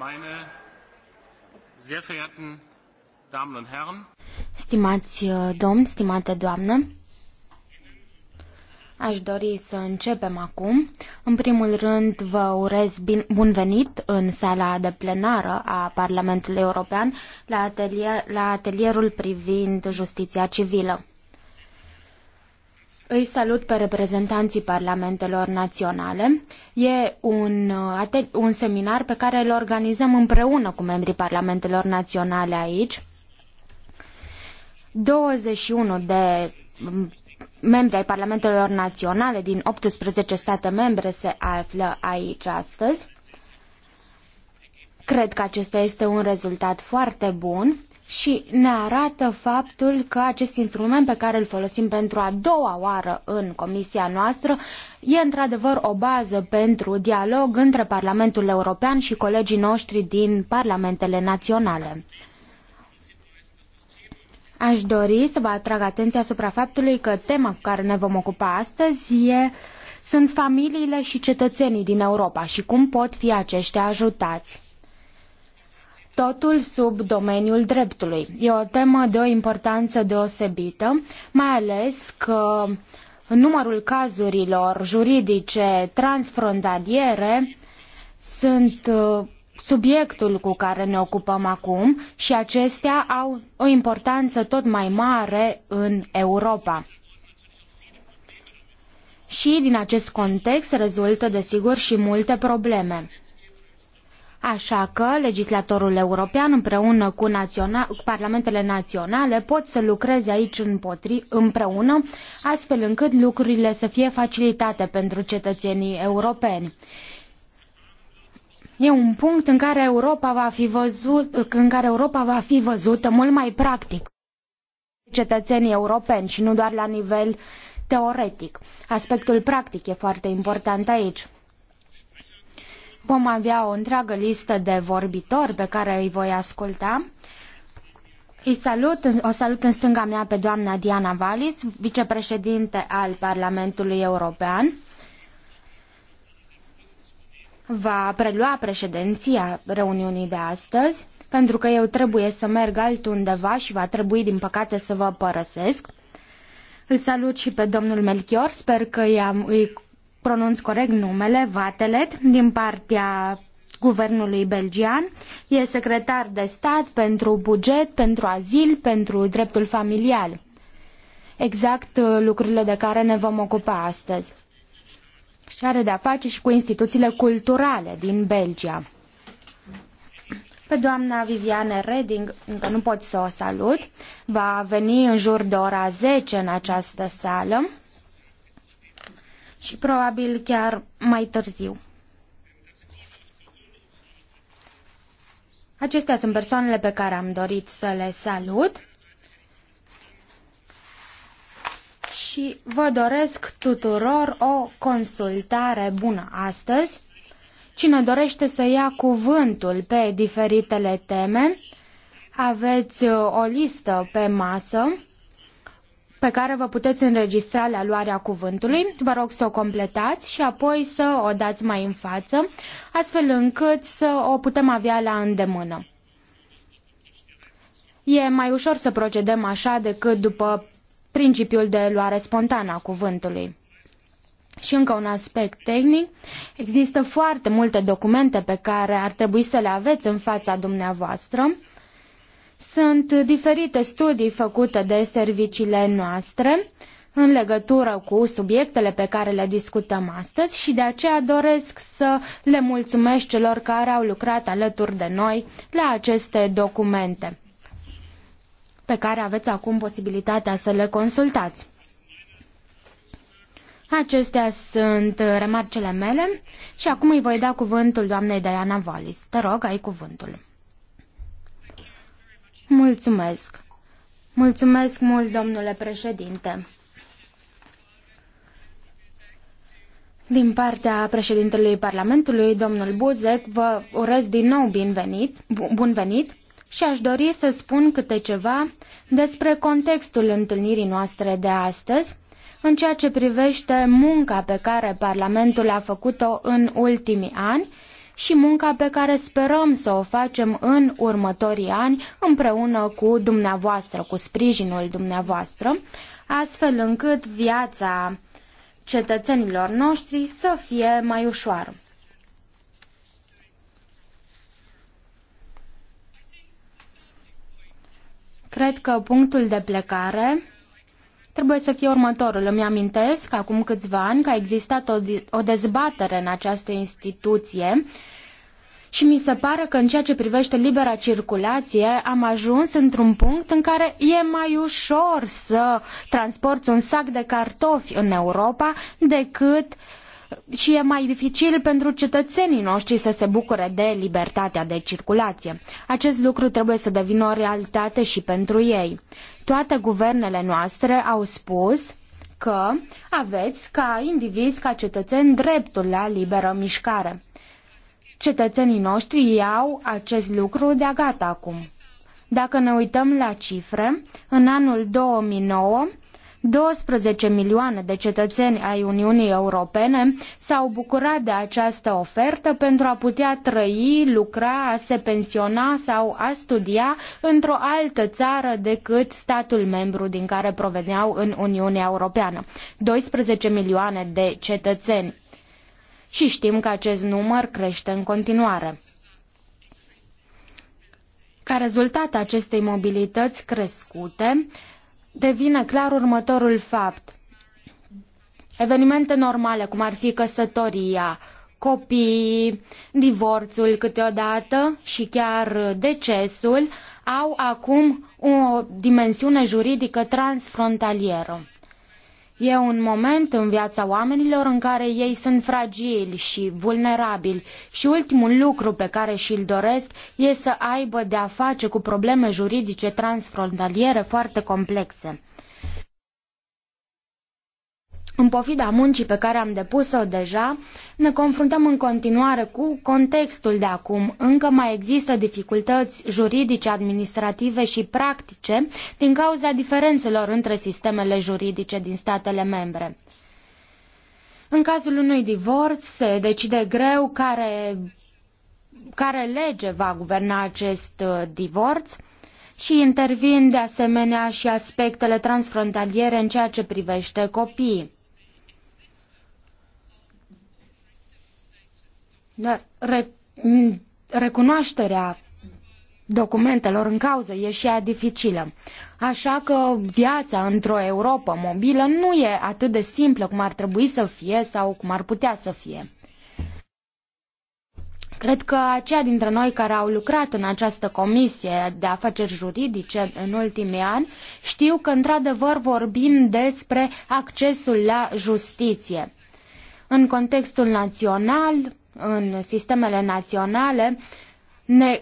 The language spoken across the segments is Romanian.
meine sehr verehrten Damen und Herren. Stimați uh, domn, stimate doamne, aș dori să începem acum. În primul rând, vă urez bun venit în sala de plenară a Parlamentului European la, atelier, la atelierul privind justiția civilă. Îi salut pe reprezentanții parlamentelor naționale. E un, uh, un seminar pe care îl organizăm împreună cu membrii parlamentelor naționale aici. 21 de mm, membri ai parlamentelor naționale din 18 state membre se află aici astăzi. Cred că acesta este un rezultat foarte bun și ne arată faptul că acest instrument pe care îl folosim pentru a doua oară în comisia noastră e într-adevăr o bază pentru dialog între Parlamentul European și colegii noștri din parlamentele naționale. Aș dori să vă atrag atenția asupra faptului că tema cu care ne vom ocupa astăzi e sunt familiile și cetățenii din Europa și cum pot fi aceștia ajutați totul sub domeniul dreptului. E o temă de o importanță deosebită, mai ales că numărul cazurilor juridice transfrontaliere sunt uh, subiectul cu care ne ocupăm acum și acestea au o importanță tot mai mare în Europa. Și din acest context rezultă, desigur, și multe probleme. Așa că legislatorul european împreună cu, naționa, cu parlamentele naționale pot să lucreze aici împreună, astfel încât lucrurile să fie facilitate pentru cetățenii europeni. E un punct în care Europa va fi, văzut, în care Europa va fi văzută mult mai practic cetățenii europeni și nu doar la nivel teoretic. Aspectul practic e foarte important aici. Vom avea o întreagă listă de vorbitori pe care îi voi asculta. Îi salut, o salut în stânga mea pe doamna Diana Valis, vicepreședinte al Parlamentului European. Va prelua președinția reuniunii de astăzi, pentru că eu trebuie să merg altundeva și va trebui, din păcate, să vă părăsesc. Îl salut și pe domnul Melchior, sper că i-am, îi pronunț corect numele, Vatelet, din partea guvernului belgian. E secretar de stat pentru buget, pentru azil, pentru dreptul familial. Exact uh, lucrurile de care ne vom ocupa astăzi. Și are de-a face și cu instituțiile culturale din Belgia. Pe doamna Viviane Reding, încă nu pot să o salut, va veni în jur de ora 10 în această sală și probabil chiar mai târziu. Acestea sunt persoanele pe care am dorit să le salut și vă doresc tuturor o consultare bună astăzi. Cine dorește să ia cuvântul pe diferitele teme, aveți o listă pe masă pe care vă puteți înregistra la luarea cuvântului. Vă rog să o completați și apoi să o dați mai în față, astfel încât să o putem avea la îndemână. E mai ușor să procedăm așa decât după principiul de luare spontană a cuvântului. Și încă un aspect tehnic, există foarte multe documente pe care ar trebui să le aveți în fața dumneavoastră. Sunt diferite studii făcute de serviciile noastre în legătură cu subiectele pe care le discutăm astăzi și de aceea doresc să le mulțumesc celor care au lucrat alături de noi la aceste documente pe care aveți acum posibilitatea să le consultați. Acestea sunt remarcele mele și acum îi voi da cuvântul doamnei Diana Wallis. Te rog, ai cuvântul. Mulțumesc. Mulțumesc mult, domnule președinte. Din partea președintelui Parlamentului, domnul Buzek, vă urez din nou binvenit, bun venit și aș dori să spun câte ceva despre contextul întâlnirii noastre de astăzi, în ceea ce privește munca pe care Parlamentul a făcut-o în ultimii ani și munca pe care sperăm să o facem în următorii ani împreună cu dumneavoastră, cu sprijinul dumneavoastră, astfel încât viața cetățenilor noștri să fie mai ușoară. Cred că punctul de plecare trebuie să fie următorul. Îmi amintesc acum câțiva ani că a existat o, dezbatere în această instituție uh, și mi se pare că în ceea ce privește libera circulație am ajuns într-un punct în care e mai ușor să transporti un sac de cartofi în Europa decât și e mai dificil pentru cetățenii noștri să se bucure de libertatea de circulație. Acest lucru trebuie să devină o realitate și pentru ei. Toate guvernele noastre au spus că aveți ca indivizi, ca cetățeni, dreptul la liberă mișcare. Cetățenii noștri iau acest lucru de-a gata acum. Dacă ne uităm la cifre, în anul 2009, 12 milioane de cetățeni ai Uniunii Europene s-au bucurat de această ofertă pentru a putea trăi, lucra, a se pensiona sau a studia într-o altă țară decât statul membru din care proveneau în Uniunea Europeană. 12 milioane de cetățeni și știm că acest număr crește în continuare. Ca rezultat acestei mobilități crescute, devine clar următorul fapt. Evenimente normale, cum ar fi căsătoria, copiii, divorțul câteodată și chiar decesul, au acum o dimensiune juridică transfrontalieră. E un moment în viața oamenilor în care ei sunt fragili și vulnerabili și ultimul lucru pe care și-l doresc e să aibă de-a face cu probleme juridice transfrontaliere foarte complexe. În pofida muncii pe care am depus-o deja, ne confruntăm în continuare cu contextul de acum. Încă mai există dificultăți juridice, administrative și practice din cauza diferențelor între sistemele juridice din statele membre. În cazul unui divorț se decide greu care, care lege va guverna acest uh, divorț și intervin de asemenea și aspectele transfrontaliere în ceea ce privește copiii. Dar re, recunoașterea documentelor în cauză e și ea dificilă. Așa că viața într-o Europa mobilă nu e atât de simplă cum ar trebui să fie sau cum ar putea să fie. Cred că aceia dintre noi care au lucrat în această comisie de afaceri juridice în ultimii ani știu că într-adevăr vorbim despre accesul la justiție. În contextul național, în sistemele naționale, ne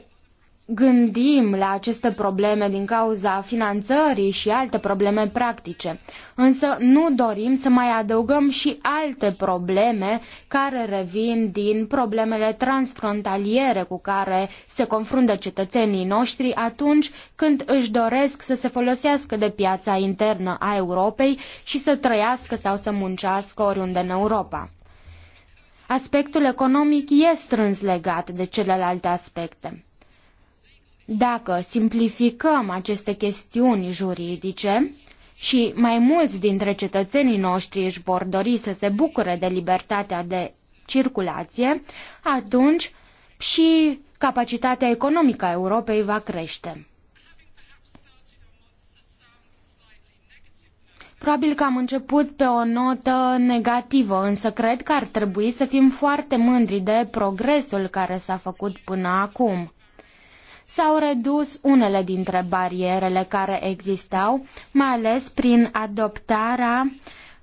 gândim la aceste probleme din cauza finanțării și alte probleme practice, însă nu dorim să mai adăugăm și alte probleme care revin din problemele transfrontaliere cu care se confruntă cetățenii noștri atunci când își doresc să se folosească de piața internă a Europei și să trăiască sau să muncească oriunde în Europa. Aspectul economic e strâns legat de celelalte aspecte. Dacă simplificăm aceste chestiuni juridice, și mai mulți dintre cetățenii noștri își vor dori să se bucure de libertatea de circulație, atunci și capacitatea economică a Europei va crește. Probabil că am început pe o notă negativă, însă cred că ar trebui să fim foarte mândri de progresul care s-a făcut până acum. S-au redus unele dintre barierele care existau, mai ales prin adoptarea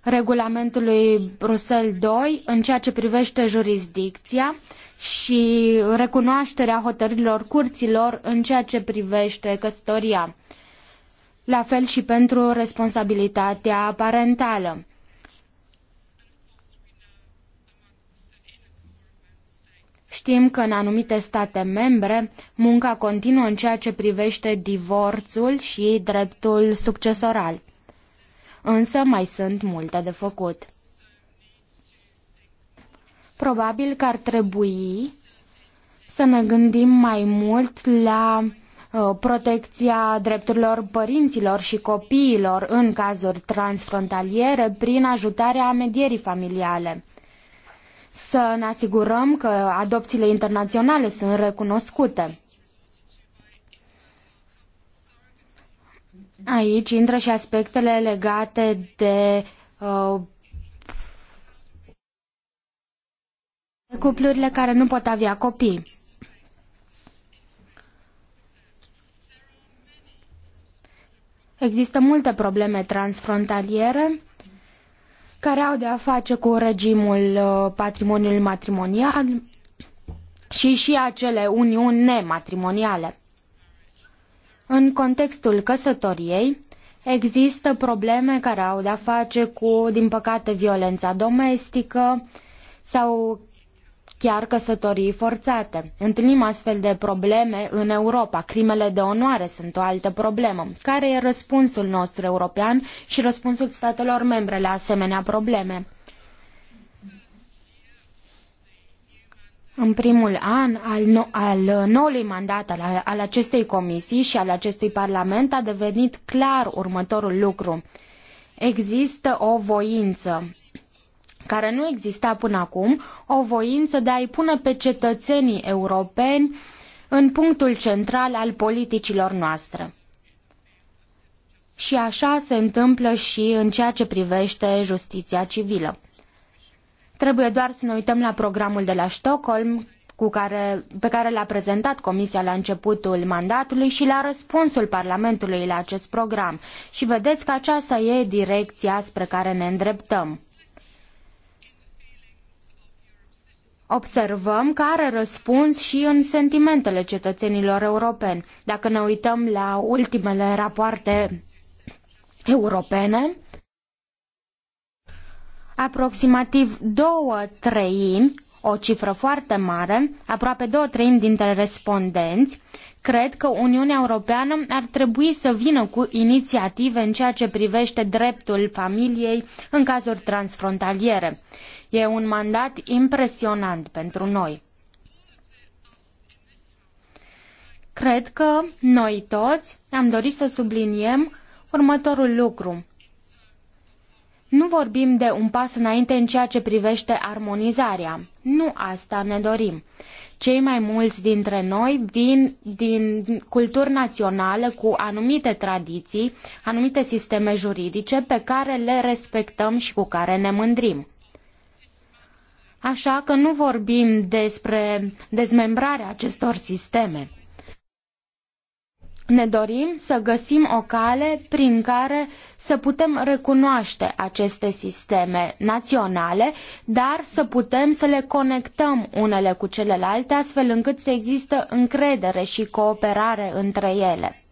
regulamentului Bruxelles II în ceea ce privește jurisdicția și recunoașterea hotărârilor curților în ceea ce privește căsătoria la fel și pentru responsabilitatea parentală. Știm că în anumite state membre munca continuă în ceea ce privește divorțul și dreptul succesoral. Însă mai sunt multe de făcut. Probabil că ar trebui să ne gândim mai mult la Uh, protecția drepturilor părinților și copiilor în cazuri transfrontaliere prin ajutarea medierii familiale. Să ne asigurăm că adopțiile internaționale sunt recunoscute. Aici intră și aspectele legate de uh, cuplurile care nu pot avea copii. Există multe probleme transfrontaliere care au de a face cu regimul uh, patrimoniului matrimonial și și acele uniuni nematrimoniale. În contextul căsătoriei, există probleme care au de-a face cu, din păcate, violența domestică sau chiar căsătorii forțate. Întâlnim astfel de probleme în Europa. Crimele de onoare sunt o altă problemă. Care e răspunsul nostru european și răspunsul statelor membre la asemenea probleme? În primul an al, no al noului mandat al, al acestei comisii și al acestui parlament a devenit clar următorul lucru. Există o voință care nu exista până acum, o voință de a-i pune pe cetățenii europeni în punctul central al politicilor noastre. Și așa se întâmplă și în ceea ce privește justiția civilă. Trebuie doar să ne uităm la programul de la Stockholm, cu care, pe care l-a prezentat Comisia la începutul mandatului și la răspunsul Parlamentului la acest program. Și vedeți că aceasta e direcția spre care ne îndreptăm. observăm că are răspuns și în sentimentele cetățenilor europeni. Dacă ne uităm la ultimele rapoarte europene, aproximativ două treimi, o cifră foarte mare, aproape două treimi dintre respondenți, cred că Uniunea Europeană ar trebui să vină cu inițiative în ceea ce privește dreptul familiei în cazuri transfrontaliere. E un mandat impresionant pentru noi. Cred că noi toți am dorit să subliniem următorul lucru. Nu vorbim de un pas înainte în ceea ce privește armonizarea. Nu asta ne dorim. Cei mai mulți dintre noi vin din culturi naționale cu anumite tradiții, anumite sisteme juridice pe care le respectăm și cu care ne mândrim. Așa că nu vorbim despre dezmembrarea acestor sisteme. Ne dorim să găsim o cale prin care să putem recunoaște aceste sisteme naționale, dar să putem să le conectăm unele cu celelalte, astfel încât să existe încredere și cooperare între ele.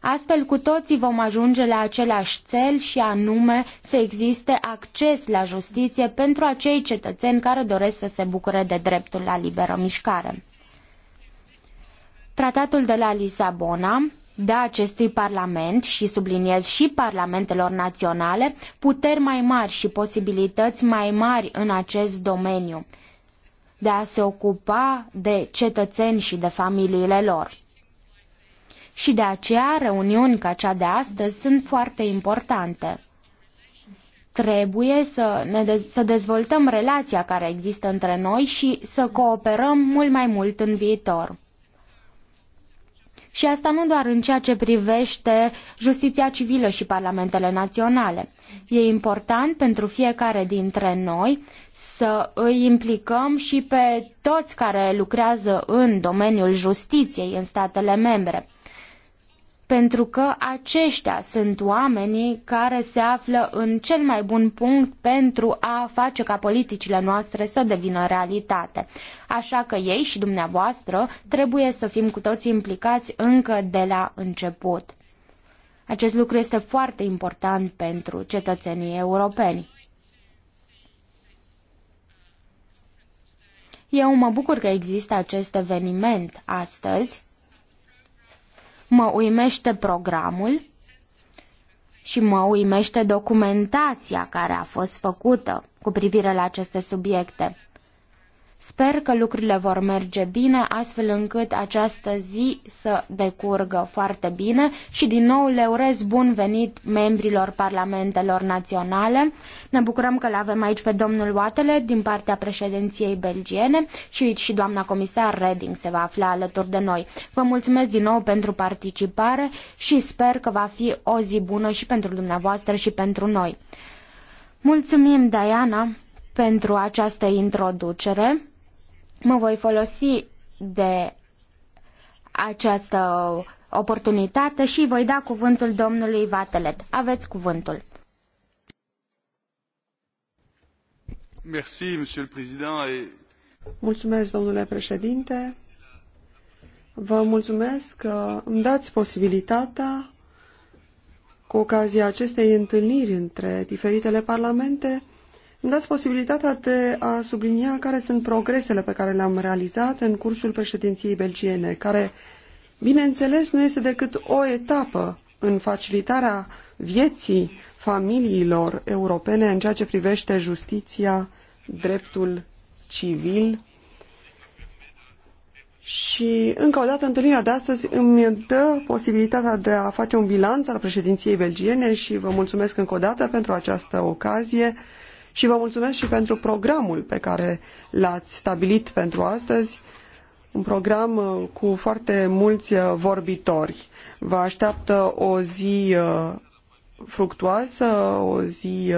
Astfel cu toții vom ajunge la același cel și anume să existe acces la justiție pentru acei cetățeni care doresc să se bucure de dreptul la liberă mișcare. Tratatul de la Lisabona dă acestui Parlament și subliniez și parlamentelor naționale puteri mai mari și posibilități mai mari în acest domeniu de a se ocupa de cetățeni și de familiile lor și de aceea reuniuni ca cea de astăzi sunt foarte importante. Trebuie să, ne de- să dezvoltăm relația care există între noi și să cooperăm mult mai mult în viitor. Și asta nu doar în ceea ce privește justiția civilă și parlamentele naționale. E important pentru fiecare dintre noi să îi implicăm și pe toți care lucrează în domeniul justiției în statele membre pentru că aceștia sunt oamenii care se află în cel mai bun punct pentru a face ca politicile noastre să devină realitate. Așa că ei și dumneavoastră trebuie să fim cu toții implicați încă de la început. Acest lucru este foarte important pentru cetățenii europeni. Eu mă bucur că există acest eveniment astăzi Mă uimește programul și mă uimește documentația care a fost făcută cu privire la aceste subiecte. Sper că lucrurile vor merge bine, astfel încât această zi să decurgă foarte bine și din nou le urez bun venit membrilor parlamentelor naționale. Ne bucurăm că l-avem aici pe domnul Oatele din partea președinției belgiene și și doamna comisar Reding se va afla alături de noi. Vă mulțumesc din nou pentru participare și sper că va fi o zi bună și pentru dumneavoastră și pentru noi. Mulțumim, Diana! pentru această introducere. Mă voi folosi de această oportunitate și voi da cuvântul domnului Vatelet. Aveți cuvântul. Mulțumesc, domnule președinte. Vă mulțumesc că îmi dați posibilitatea, cu ocazia acestei întâlniri între diferitele parlamente, îmi dați posibilitatea de a sublinia care sunt progresele pe care le-am realizat în cursul președinției belgiene, care, bineînțeles, nu este decât o etapă în facilitarea vieții familiilor europene în ceea ce privește justiția, dreptul civil și, încă o dată, întâlnirea de astăzi îmi dă posibilitatea de a face un bilanț al președinției belgiene și vă mulțumesc încă o dată pentru această ocazie și vă mulțumesc și pentru programul pe care l-ați stabilit pentru astăzi, un program uh, cu foarte mulți uh, vorbitori. Vă așteaptă o zi uh, fructuoasă, o zi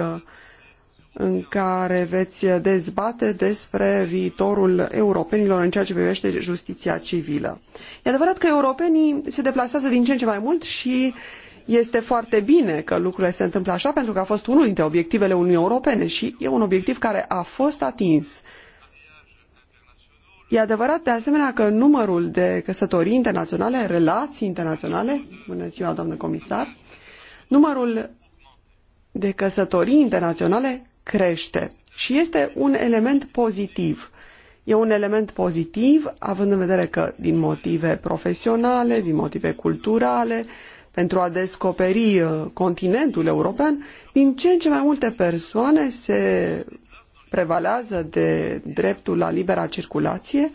în care veți dezbate despre viitorul europenilor în ceea ce privește justiția civilă. E adevărat că europenii se deplasează din ce în ce mai mult și este foarte bine că lucrurile se întâmplă așa pentru că a fost unul dintre obiectivele Uniunii Europene și e un obiectiv care a fost atins. E adevărat de asemenea că numărul de căsătorii internaționale, relații internaționale, bună ziua doamnă comisar, numărul de căsătorii internaționale crește și este un element pozitiv. E un element pozitiv, având în vedere că din motive profesionale, din motive culturale, pentru a descoperi uh, continentul european, din ce în ce mai multe persoane se prevalează de dreptul la libera circulație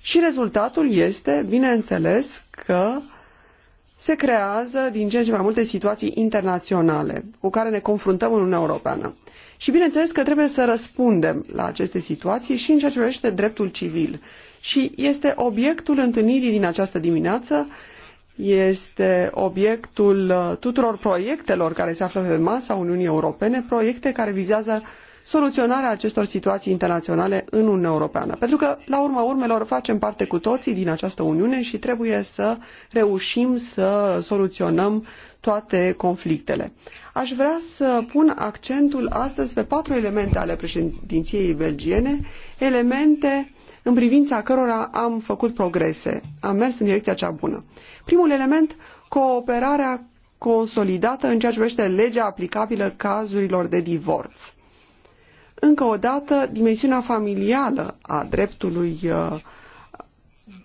și rezultatul este, bineînțeles, că se creează din ce în ce mai multe situații internaționale cu care ne confruntăm în Uniunea Europeană. Și bineînțeles că trebuie să răspundem la aceste situații și în ceea ce privește dreptul civil. Și este obiectul întâlnirii din această dimineață este obiectul uh, tuturor proiectelor care se află pe masa Uniunii Europene, proiecte care vizează soluționarea acestor situații internaționale în Uniunea Europeană. Pentru că, la urma urmelor, facem parte cu toții din această Uniune și trebuie să reușim să soluționăm toate conflictele. Aș vrea să pun accentul astăzi pe patru elemente ale președinției belgiene, elemente în privința cărora am făcut progrese, am mers în direcția cea bună. Primul element, cooperarea consolidată în ceea ce privește legea aplicabilă cazurilor de divorț. Încă o dată, dimensiunea familială a dreptului uh,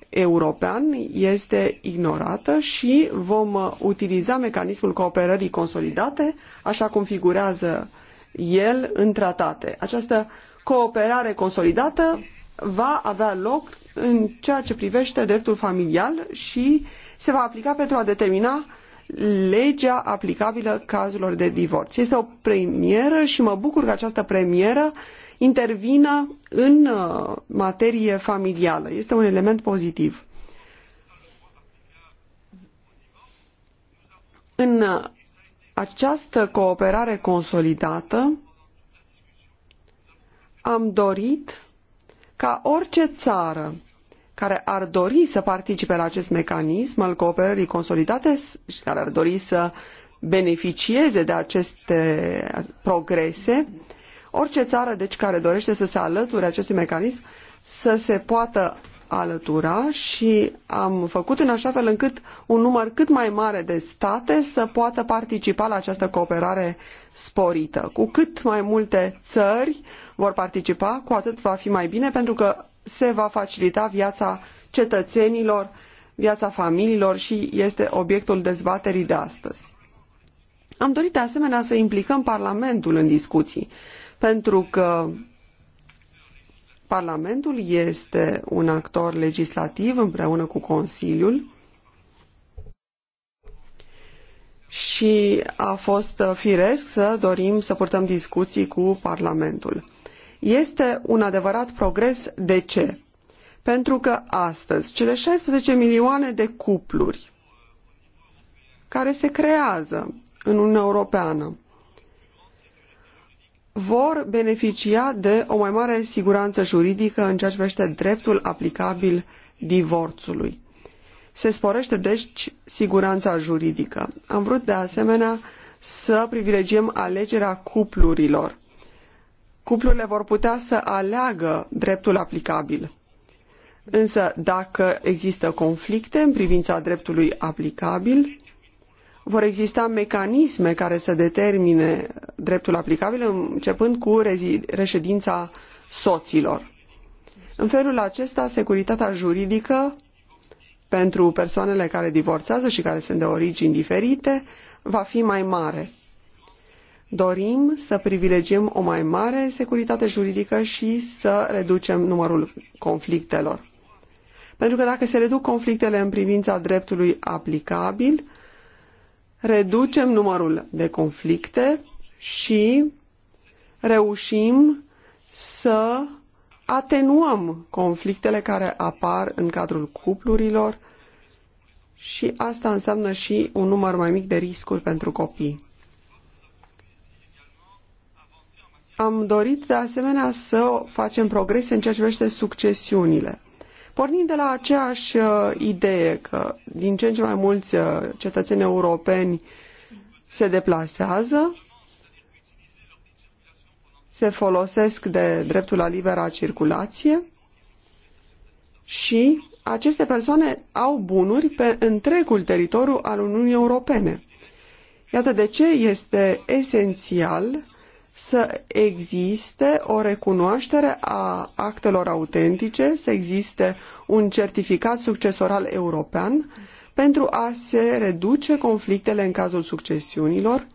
european este ignorată și vom uh, utiliza mecanismul cooperării consolidate, așa cum figurează el în tratate. Această cooperare consolidată va avea loc în ceea ce privește dreptul familial și se va aplica pentru a determina legea aplicabilă cazurilor de divorț. Este o premieră și mă bucur că această premieră intervină în uh, materie familială. Este un element pozitiv. În uh, această cooperare consolidată am dorit ca orice țară care ar dori să participe la acest mecanism al cooperării consolidate și care ar dori să beneficieze de aceste progrese, orice țară deci care dorește să se alăture acestui mecanism să se poată alătura și am făcut în așa fel încât un număr cât mai mare de state să poată participa la această cooperare sporită. Cu cât mai multe țări vor participa, cu atât va fi mai bine, pentru că se va facilita viața cetățenilor, viața familiilor și este obiectul dezbaterii de astăzi. Am dorit de asemenea să implicăm Parlamentul în discuții, pentru că Parlamentul este un actor legislativ împreună cu Consiliul și a fost firesc să dorim să purtăm discuții cu Parlamentul. Este un adevărat progres. De ce? Pentru că astăzi cele 16 milioane de cupluri care se creează în Uniunea Europeană vor beneficia de o mai mare siguranță juridică în ceea ce privește dreptul aplicabil divorțului. Se sporește, deci, siguranța juridică. Am vrut, de asemenea, să privilegiem alegerea cuplurilor cuplurile vor putea să aleagă dreptul aplicabil. Însă, dacă există conflicte în privința dreptului aplicabil, vor exista mecanisme care să determine dreptul aplicabil, începând cu reședința soților. În felul acesta, securitatea juridică pentru persoanele care divorțează și care sunt de origini diferite va fi mai mare. Dorim să privilegiem o mai mare securitate juridică și să reducem numărul conflictelor. Pentru că dacă se reduc conflictele în privința dreptului aplicabil, reducem numărul de conflicte și reușim să atenuăm conflictele care apar în cadrul cuplurilor și asta înseamnă și un număr mai mic de riscuri pentru copii. am dorit de asemenea să facem progrese în ceea ce privește succesiunile. Pornind de la aceeași uh, idee că din ce în ce mai mulți uh, cetățeni europeni se deplasează, se folosesc de dreptul la libera circulație și aceste persoane au bunuri pe întregul teritoriu al Uniunii Europene. Iată de ce este esențial să existe o recunoaștere a actelor autentice, să existe un certificat succesoral european pentru a se reduce conflictele în cazul succesiunilor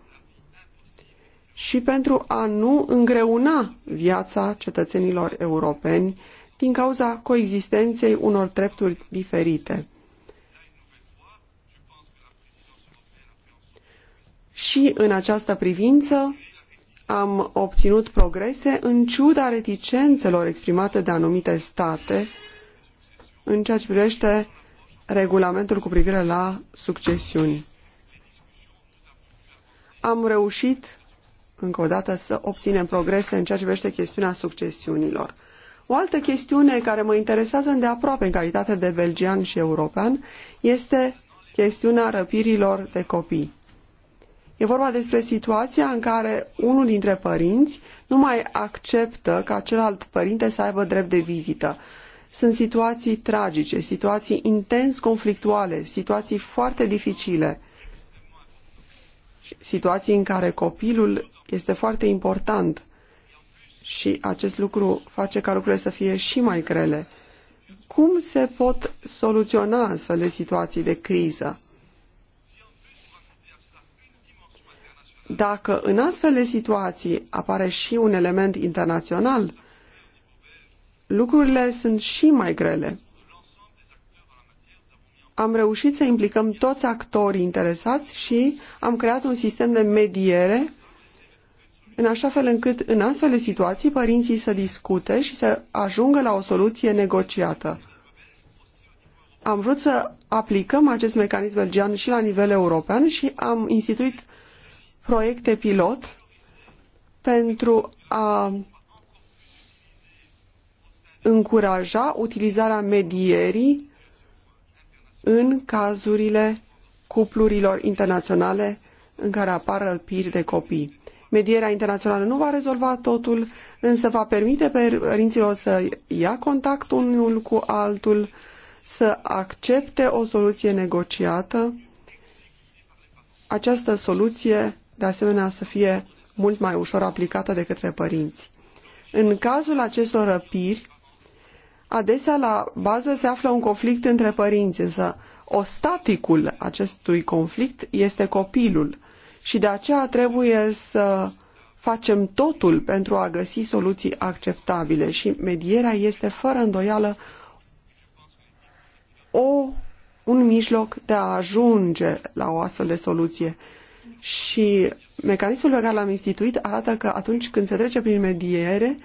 și pentru a nu îngreuna viața cetățenilor europeni din cauza coexistenței unor drepturi diferite. Și în această privință, am obținut progrese în ciuda reticențelor exprimate de anumite state în ceea ce privește regulamentul cu privire la succesiuni. Am reușit, încă o dată, să obținem progrese în ceea ce privește chestiunea succesiunilor. O altă chestiune care mă interesează îndeaproape în calitate de belgian și european este chestiunea răpirilor de copii. E vorba despre situația în care unul dintre părinți nu mai acceptă ca celălalt părinte să aibă drept de vizită. Sunt situații tragice, situații intens conflictuale, situații foarte dificile, situații în care copilul este foarte important și acest lucru face ca lucrurile să fie și mai grele. Cum se pot soluționa astfel de situații de criză? Dacă în astfel de situații apare și un element internațional, lucrurile sunt și mai grele. Am reușit să implicăm toți actorii interesați și am creat un sistem de mediere în așa fel încât în astfel de situații părinții să discute și să ajungă la o soluție negociată. Am vrut să aplicăm acest mecanism belgian și la nivel european și am instituit proiecte pilot pentru a încuraja utilizarea medierii în cazurile cuplurilor internaționale în care apar răpiri de copii. Medierea internațională nu va rezolva totul, însă va permite părinților să ia contact unul cu altul, să accepte o soluție negociată. Această soluție de asemenea să fie mult mai ușor aplicată de către părinți. În cazul acestor răpiri, adesea la bază se află un conflict între părinți, însă ostaticul acestui conflict este copilul și de aceea trebuie să facem totul pentru a găsi soluții acceptabile și medierea este fără îndoială o, un mijloc de a ajunge la o astfel de soluție. Și mecanismul pe care l-am instituit arată că atunci când se trece prin mediere,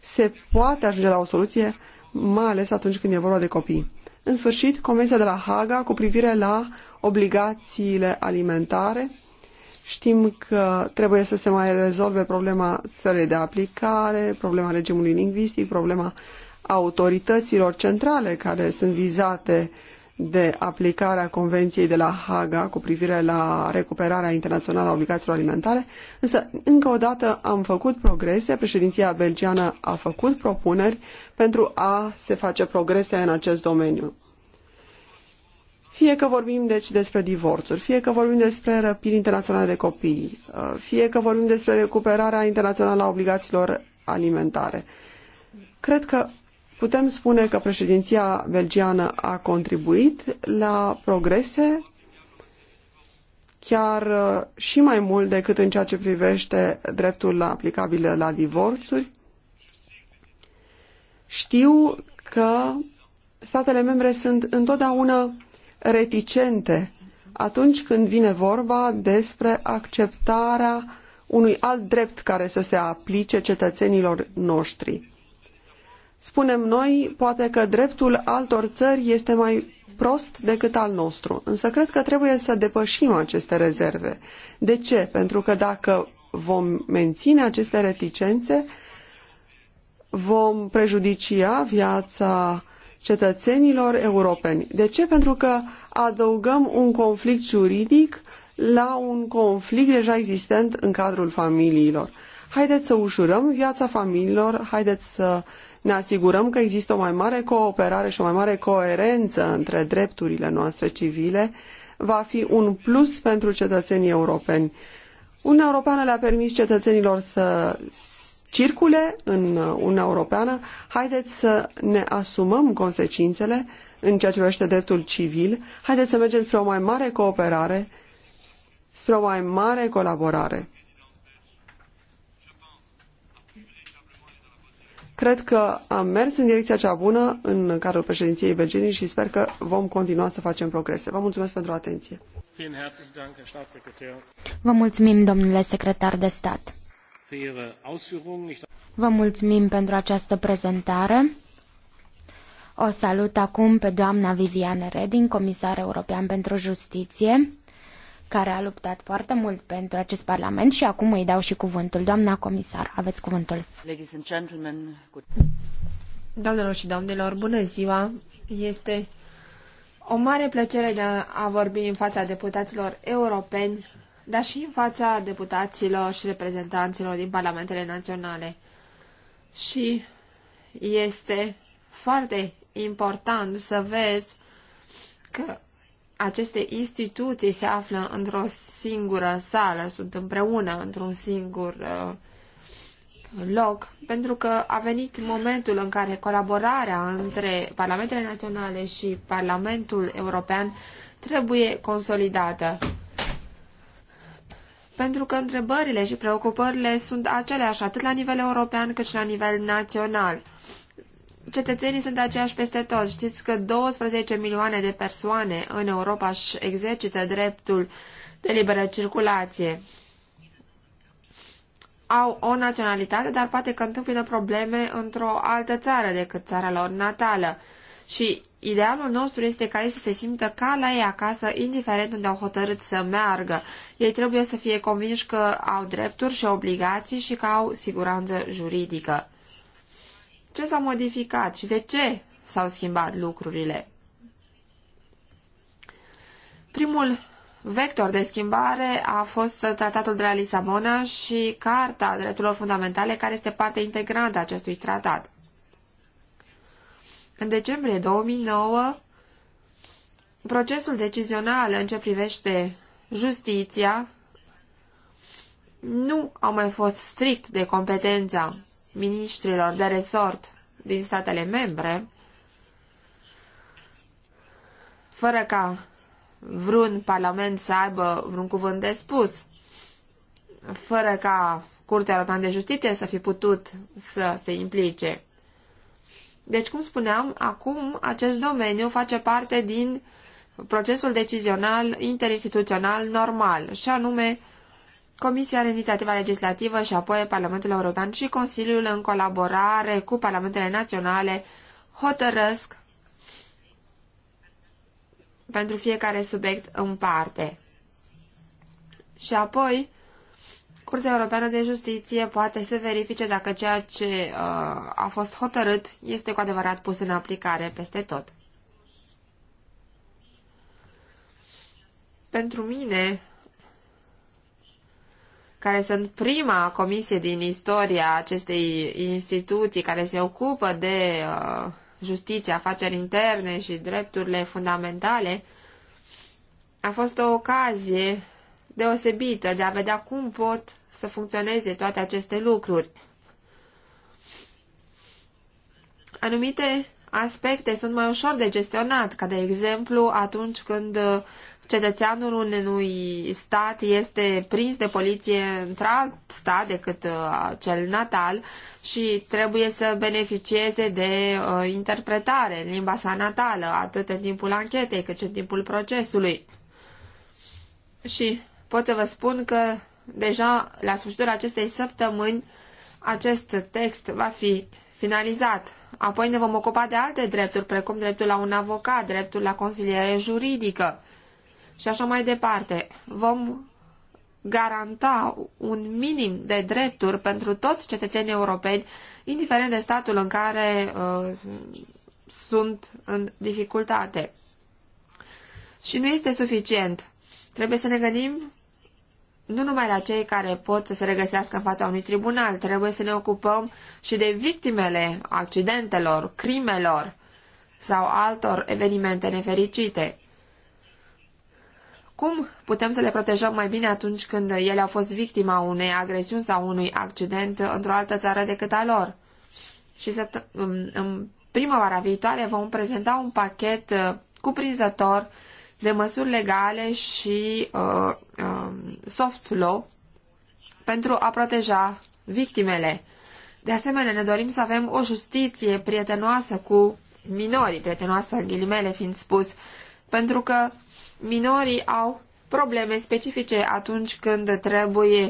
se poate ajunge la o soluție, mai ales atunci când e vorba de copii. În sfârșit, Convenția de la Haga cu privire la obligațiile alimentare. Știm că trebuie să se mai rezolve problema sferei de aplicare, problema regimului lingvistic, problema autorităților centrale care sunt vizate uh, de aplicare a Convenției de la Haga cu privire la recuperarea internațională a obligațiilor alimentare, însă încă o dată am făcut progrese, președinția belgiană a făcut propuneri pentru a se face progrese în acest domeniu. Fie că vorbim deci despre divorțuri, fie că vorbim despre răpiri internaționale de copii, uh, fie că vorbim despre recuperarea internațională a obligațiilor alimentare. Cred că Putem spune că președinția belgiană a contribuit la progrese chiar uh, și mai mult decât în ceea ce privește dreptul aplicabil la divorțuri. Știu că statele membre sunt întotdeauna reticente atunci când vine vorba despre acceptarea unui alt drept care să se aplice cetățenilor noștri. Spunem noi, poate că dreptul altor țări este mai prost decât al nostru, însă cred că trebuie să depășim aceste rezerve. De ce? Pentru că dacă vom menține aceste reticențe, vom prejudicia viața cetățenilor europeni. De ce? Pentru că adăugăm un conflict juridic la un conflict deja existent în cadrul familiilor. Haideți să ușurăm viața familiilor, haideți să uh, ne asigurăm că există o mai mare cooperare și o mai mare coerență între drepturile noastre civile, va fi un plus pentru cetățenii europeni. Uniunea Europeană le-a permis cetățenilor să circule în Uniunea Europeană, haideți să ne asumăm consecințele în ceea ce privește dreptul civil, haideți să mergem spre o mai mare cooperare, spre o mai mare colaborare. Cred că am mers în direcția cea bună în cadrul președinției Virginii și sper că vom continua să facem progrese. Vă mulțumesc pentru atenție. Vă mulțumim, domnule secretar de stat. Vă mulțumim pentru această prezentare. O salut acum pe doamna Viviane Reding, comisar european pentru justiție care a luptat foarte mult pentru acest Parlament și acum îi dau și cuvântul. Doamna comisar, aveți cuvântul. Doamnelor și domnilor, bună ziua! Este o mare plăcere de a vorbi în fața deputaților europeni, dar și în fața deputaților și reprezentanților din parlamentele naționale. Și este foarte important să vezi că aceste instituții se află într-o singură sală, sunt împreună într-un singur uh, loc, pentru că a venit momentul în care colaborarea între Parlamentele Naționale și Parlamentul European trebuie consolidată. Pentru că întrebările și preocupările sunt aceleași atât la nivel european cât și la nivel național cetățenii sunt aceiași peste tot. Știți că 12 milioane de persoane în Europa își exercită dreptul de liberă circulație. Au o naționalitate, dar poate că întâmpină probleme într-o altă țară decât țara lor natală. Și idealul nostru este ca ei să se simtă ca la ei acasă, indiferent unde au hotărât să meargă. Ei trebuie să fie convinși că au drepturi și obligații și că au siguranță juridică ce s-a modificat și de ce s-au schimbat lucrurile. Primul vector de schimbare a fost tratatul de la Lisabona și Carta Drepturilor Fundamentale, care este parte integrantă a acestui tratat. În decembrie 2009, procesul decizional în ce privește justiția nu a mai fost strict de competența ministrilor de resort din statele membre, fără ca vreun parlament să aibă vreun cuvânt de spus, fără ca Curtea Europeană de Justiție să fi putut să se implice. Deci, cum spuneam, acum acest domeniu face parte din procesul decizional interinstituțional normal, și anume Comisia are inițiativa legislativă și apoi Parlamentul European și Consiliul în colaborare cu Parlamentele Naționale hotărăsc pentru fiecare subiect în parte. Și apoi, Curtea Europeană de Justiție poate să verifice dacă ceea ce uh, a fost hotărât este cu adevărat pus în aplicare peste tot. Pentru mine, care sunt prima comisie din istoria acestei instituții care se ocupă de justiția uh, justiție, afaceri interne și drepturile fundamentale, a fost o ocazie deosebită de a vedea cum pot să funcționeze toate aceste lucruri. Anumite aspecte sunt mai ușor de gestionat, ca de exemplu atunci când uh, cetățeanul unui stat este prins de poliție într-alt stat decât uh, cel natal și trebuie să beneficieze de uh, interpretare în limba sa natală, atât în timpul anchetei cât și în timpul procesului. Și pot să vă spun că deja la sfârșitul acestei săptămâni acest text va fi finalizat. Apoi ne vom ocupa de alte drepturi, precum dreptul la un avocat, dreptul la consiliere juridică și așa mai departe. Vom garanta un minim de drepturi pentru toți cetățenii europeni, indiferent de statul în care uh, sunt în dificultate. Și nu este suficient. Trebuie să ne gândim nu numai la cei care pot să se regăsească în fața unui tribunal, trebuie să ne ocupăm și de victimele accidentelor, crimelor sau altor evenimente nefericite. Cum putem să le protejăm mai bine atunci când ele au fost victima unei agresiuni sau unui accident într-o altă țară decât a lor? Și să, în, în primăvara viitoare vom prezenta un pachet uh, cuprinzător de măsuri legale și uh, uh, soft law pentru a proteja victimele. De asemenea, ne dorim să avem o justiție prietenoasă cu minorii, prietenoasă în ghilimele fiind spus, uh, pentru că minorii au probleme specifice atunci când trebuie,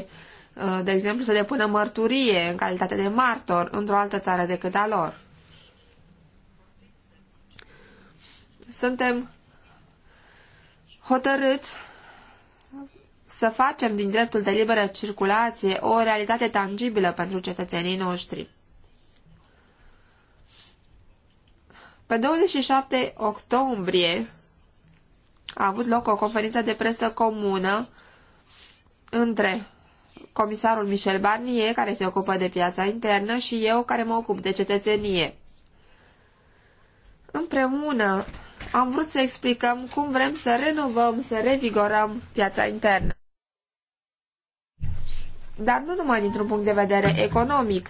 uh, de exemplu, să depună mărturie în calitate de martor într-o altă țară decât a lor. Suntem hotărâți să facem din dreptul de liberă circulație o realitate tangibilă pentru cetățenii noștri. Pe 27 octombrie a avut loc o conferință de presă comună între comisarul Michel Barnier, care se ocupă de piața internă, și eu, care mă ocup de cetățenie. Împreună am vrut să explicăm cum vrem să renovăm, să revigorăm piața internă. Dar nu numai dintr-un punct de vedere economic,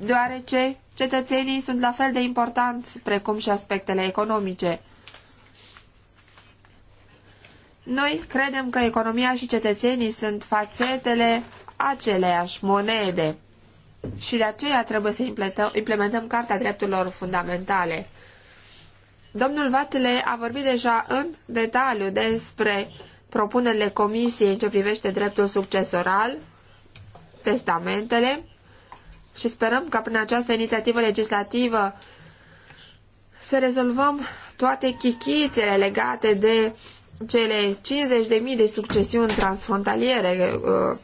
deoarece cetățenii sunt la fel de importanți precum și aspectele economice. Noi credem că economia și cetățenii sunt fațetele aceleiași monede și de aceea trebuie să implementăm Carta Drepturilor Fundamentale. Domnul Vatele a vorbit deja în detaliu despre propunerile comisiei în ce privește dreptul succesoral, testamentele și sperăm ca prin această inițiativă legislativă să rezolvăm toate chichițele legate de cele 50.000 de succesiuni transfrontaliere uh,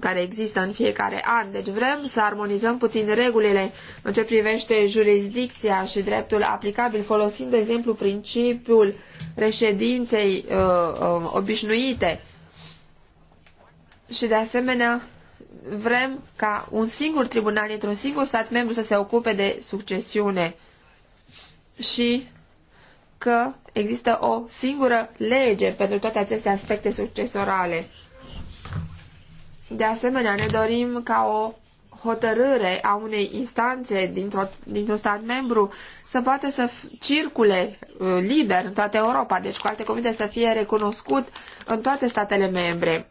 care există în fiecare an. Deci vrem să armonizăm puțin regulile în ce privește jurisdicția și dreptul aplicabil, folosind, de exemplu, principiul reședinței uh, uh obișnuite. Și, de asemenea, vrem ca un singur tribunal dintr-un singur stat membru să se ocupe de succesiune și că există o singură lege pentru toate aceste aspecte succesorale. De asemenea, ne dorim ca o hotărâre a unei instanțe dintr-un dintr stat membru să poată să circule uh, liber în toată Europa, deci cu alte cuvinte să fie recunoscut în toate statele membre.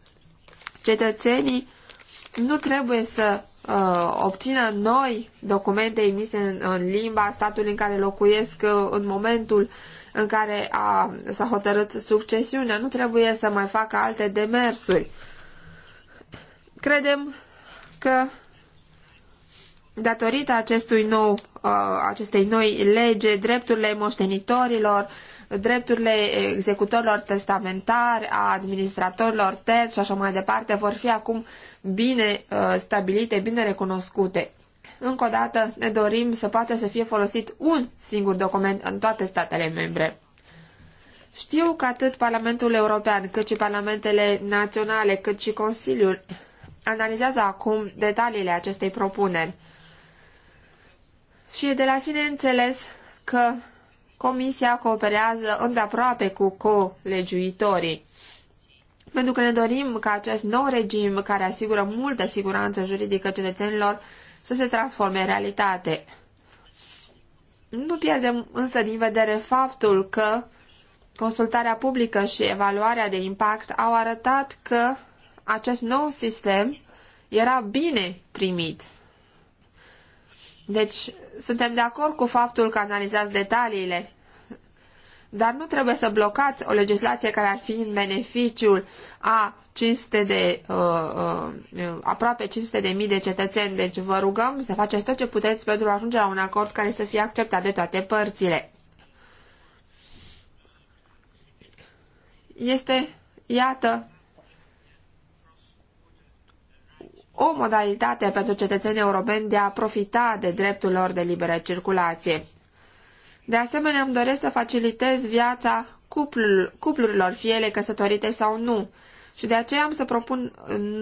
Cetățenii nu trebuie să uh, obțină noi documente emise în, în limba statului în care locuiesc uh, în momentul în care a, s-a hotărât succesiunea. Nu trebuie să mai facă alte demersuri. Credem că datorită acestui nou, uh, acestei noi lege, drepturile moștenitorilor, uh, drepturile executorilor testamentari, a administratorilor terți și așa mai departe vor fi acum bine uh, stabilite, bine recunoscute. Încă o dată ne dorim să poată să fie folosit un singur document în toate statele membre. Știu că atât Parlamentul European, cât și Parlamentele Naționale, cât și Consiliul analizează acum detaliile acestei propuneri. Și e de la sine înțeles că Comisia cooperează îndeaproape cu colegiuitorii. Pentru că ne dorim ca acest nou regim, care asigură multă siguranță juridică cetățenilor, să se transforme în realitate. Nu pierdem însă din vedere faptul că consultarea publică și evaluarea de impact au arătat că acest nou sistem era bine primit. Deci, suntem de acord cu faptul că analizați detaliile, dar nu trebuie să blocați o legislație care ar fi în beneficiul a 500 de, uh, uh, aproape 500 de mii de cetățeni. Deci vă rugăm să faceți tot ce puteți pentru a ajunge la un acord care să fie acceptat de toate părțile. Este, iată, o modalitate pentru cetățenii europeni de a profita de dreptul lor de liberă circulație. De asemenea, îmi doresc să facilitez viața cuplul, cuplurilor, fie ele căsătorite sau nu, și de aceea am să propun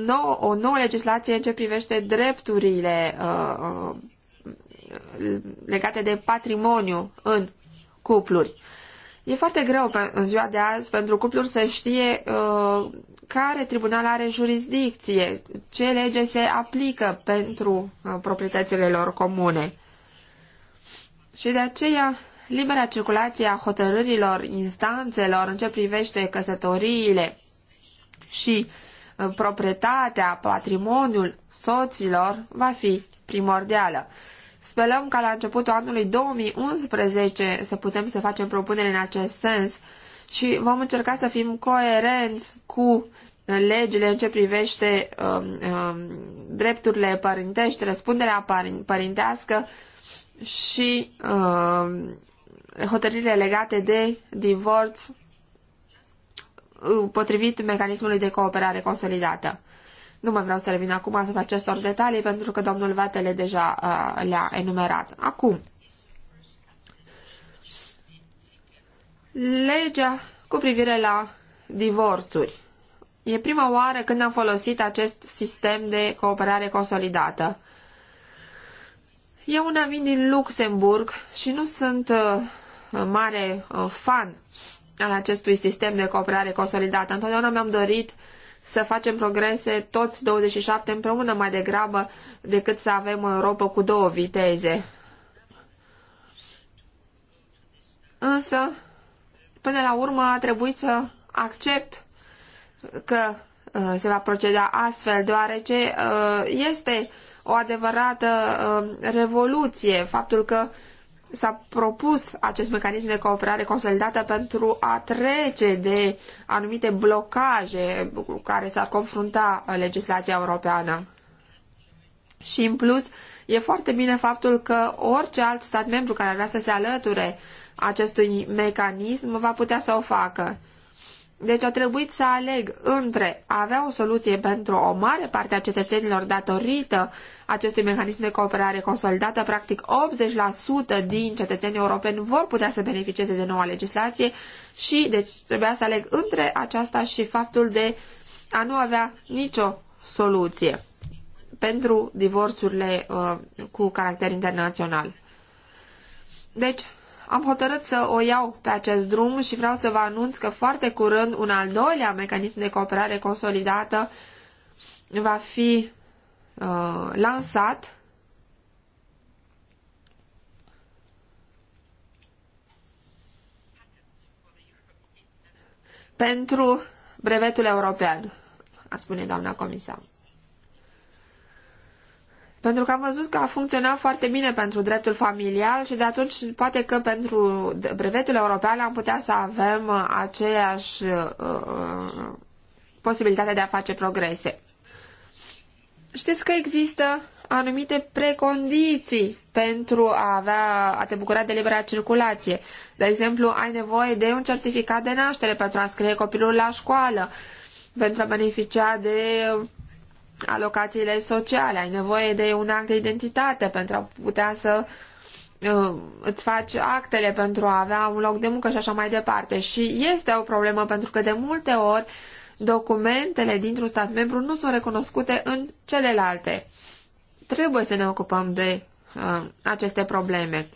nou, o nouă legislație în ce privește drepturile uh, uh, legate de patrimoniu în cupluri. E foarte greu pe, în ziua de azi pentru cupluri să știe uh, care tribunal are jurisdicție, ce lege se aplică pentru uh, proprietățile lor comune. Și de aceea, libera circulație a hotărârilor instanțelor în ce privește căsătoriile și uh, proprietatea, patrimoniul soților va fi primordială. Spălăm ca la începutul anului 2011 să putem să facem propuneri în acest sens și vom încerca să fim coerenți cu legile în ce privește um, um, drepturile părintești, răspunderea părintească și um, hotărârile legate de divorț uh, potrivit mecanismului de cooperare consolidată. Nu mai vreau să revin acum asupra acestor detalii pentru că domnul Vatele deja uh, le-a enumerat. Acum, Legea cu privire la divorțuri. E prima oară când am folosit acest sistem de cooperare consolidată. Eu una vin din Luxemburg și nu sunt uh, mare uh, fan al acestui sistem de cooperare consolidată. Întotdeauna mi-am dorit să facem progrese toți 27 împreună mai degrabă decât să avem o Europa cu două viteze. Însă, Până la urmă a trebuit să accept că uh, se va proceda astfel, deoarece uh, este o adevărată uh, revoluție faptul că s-a propus acest mecanism de cooperare consolidată pentru a trece de anumite blocaje cu care s-ar confrunta legislația europeană. Și în plus, e foarte bine faptul că orice alt stat membru care ar vrea să se alăture acestui mecanism va putea să o facă. Deci a trebuit să aleg între a avea o soluție pentru o mare parte a cetățenilor datorită acestui mecanism de cooperare consolidată, practic 80% din cetățenii europeni vor putea să beneficieze de noua legislație și deci trebuia să aleg între aceasta și faptul de a nu avea nicio soluție pentru divorțurile uh, cu caracter internațional. Deci, am hotărât să o iau pe acest drum și vreau să vă anunț că foarte curând un al doilea mecanism de cooperare consolidată va fi uh, lansat pentru brevetul european, a spune doamna comisar. Pentru că am văzut că a funcționat foarte bine pentru dreptul familial și de atunci poate că pentru brevetul european am putea să avem aceeași uh, uh, posibilitate de a face progrese. Știți că există anumite precondiții pentru a avea, a te bucura de libera circulație. De exemplu, ai nevoie de un certificat de naștere pentru a scrie copilul la școală, pentru a beneficia de alocațiile sociale, ai nevoie de un act de identitate pentru a putea să uh, îți faci actele pentru a avea un loc de muncă și așa mai departe. Și este o problemă pentru că de multe ori documentele dintr-un stat membru nu sunt recunoscute în celelalte. Trebuie să ne ocupăm de uh, aceste probleme.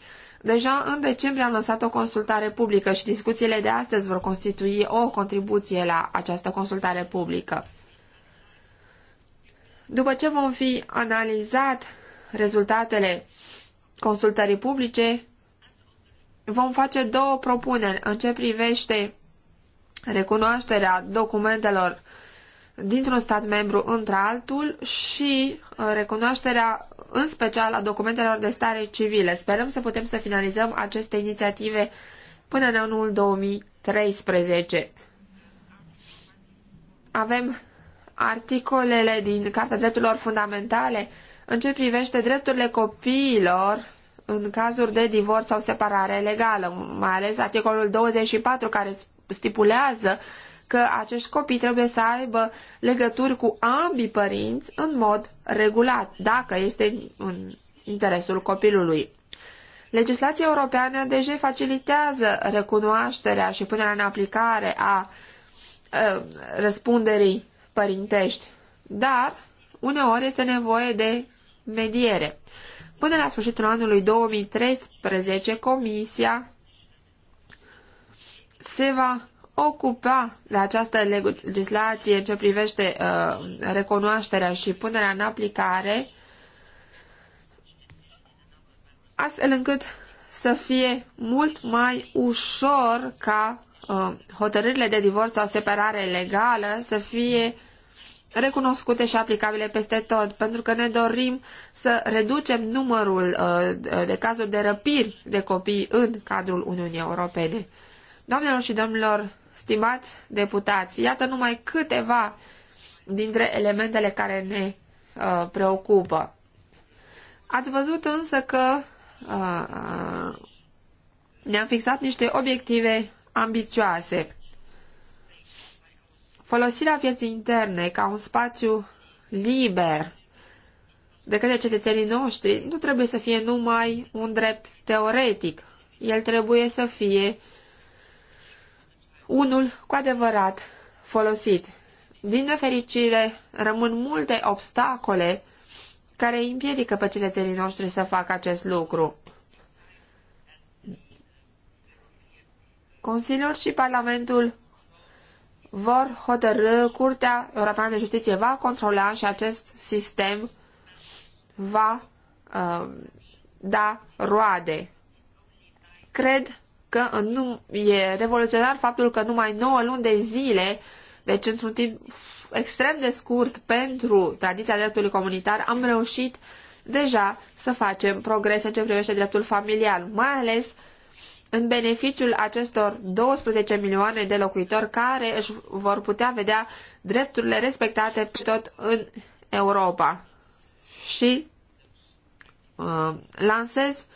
Deja în decembrie am lăsat o consultare publică și discuțiile de astăzi vor constitui o contribuție la această consultare publică. După ce vom fi analizat rezultatele consultării publice, vom face două propuneri în ce privește recunoașterea documentelor dintr-un stat membru într-altul și uh, recunoașterea în special a documentelor de stare civile. Sperăm să putem să finalizăm aceste inițiative până în anul 2013. Avem articolele din Carta Drepturilor Fundamentale în ce privește drepturile copiilor în cazuri de divorț sau separare legală, mai ales articolul 24 care stipulează că acești copii trebuie să aibă legături cu ambii părinți în mod regulat, dacă este în interesul copilului. Legislația europeană deja facilitează recunoașterea și punerea în aplicare a, a ă, răspunderii părintești, dar uneori este nevoie de mediere. Până la sfârșitul anului 2013, Comisia se va ocupa de această legislație în ce privește uh, recunoașterea și punerea în aplicare, astfel încât să fie mult mai ușor ca uh, hotărârile de divorț sau separare legală să fie recunoscute și aplicabile peste tot, pentru că ne dorim să reducem numărul uh, de cazuri de răpiri de copii în cadrul Uniunii Europene. Doamnelor și domnilor, stimați deputați, iată numai câteva dintre elementele care ne uh, preocupă. Ați văzut însă că uh, ne-am fixat niște obiective ambițioase. Folosirea pieții interne ca un spațiu liber de către cetățenii noștri nu trebuie să fie numai un drept teoretic. El trebuie să fie unul cu adevărat folosit. Din nefericire, rămân multe obstacole care îi împiedică pe cetățenii noștri să facă acest lucru. Consiliul și Parlamentul vor hotărâ, Curtea Europeană de Justiție va controla și acest sistem va uh, da roade. Cred că nu e revoluționar faptul că numai 9 luni de zile, deci într-un timp extrem de scurt pentru tradiția dreptului comunitar, am reușit deja să facem progrese în ce privește dreptul familial, mai ales în beneficiul acestor 12 milioane de locuitori care își vor putea vedea drepturile respectate tot în Europa. Și uh, lansez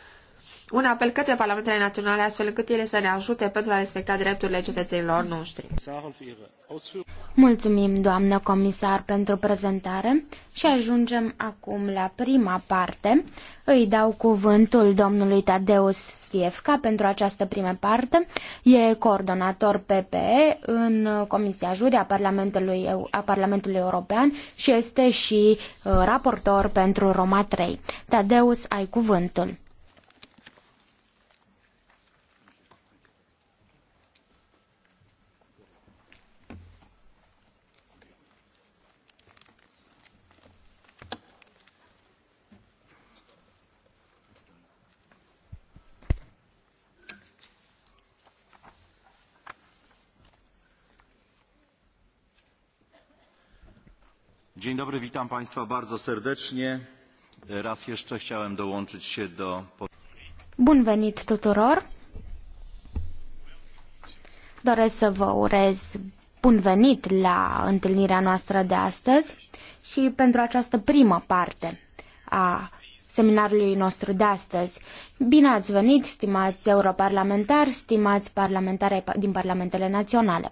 un apel către Parlamentele Naționale astfel încât ele să ne ajute pentru a respecta drepturile cetățenilor noștri. Mulțumim, doamnă comisar, pentru prezentare și ajungem acum la prima parte. Îi dau cuvântul domnului Tadeus Sfiefca pentru această prima parte. E coordonator PPE în Comisia Juri a Parlamentului, a Parlamentului European și este și uh, raportor pentru Roma 3. Tadeus, ai cuvântul. Dzień dobry, witam Państwa bardzo serdecznie. Raz jeszcze chciałem dołączyć się do... Bun venit tuturor! Doresc să vă urez bun venit la întâlnirea noastră de astăzi și pentru această primă parte a seminarului nostru de astăzi. Bine ați venit, stimați europarlamentari, stimați parlamentari din parlamentele naționale.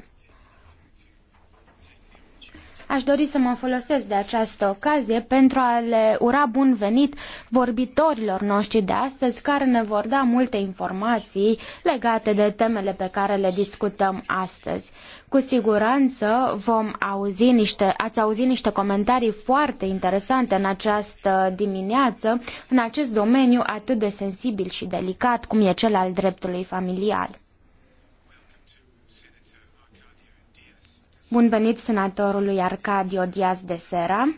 Aș dori să mă folosesc de această ocazie pentru a le ura bun venit vorbitorilor noștri de astăzi care ne vor da multe informații legate de temele pe care le discutăm astăzi. Cu siguranță vom auzi niște, ați auzit niște comentarii foarte interesante în această dimineață, în acest domeniu atât de sensibil și delicat cum e cel al dreptului familial. Bun venit senatorului Arcadio Diaz de Sera.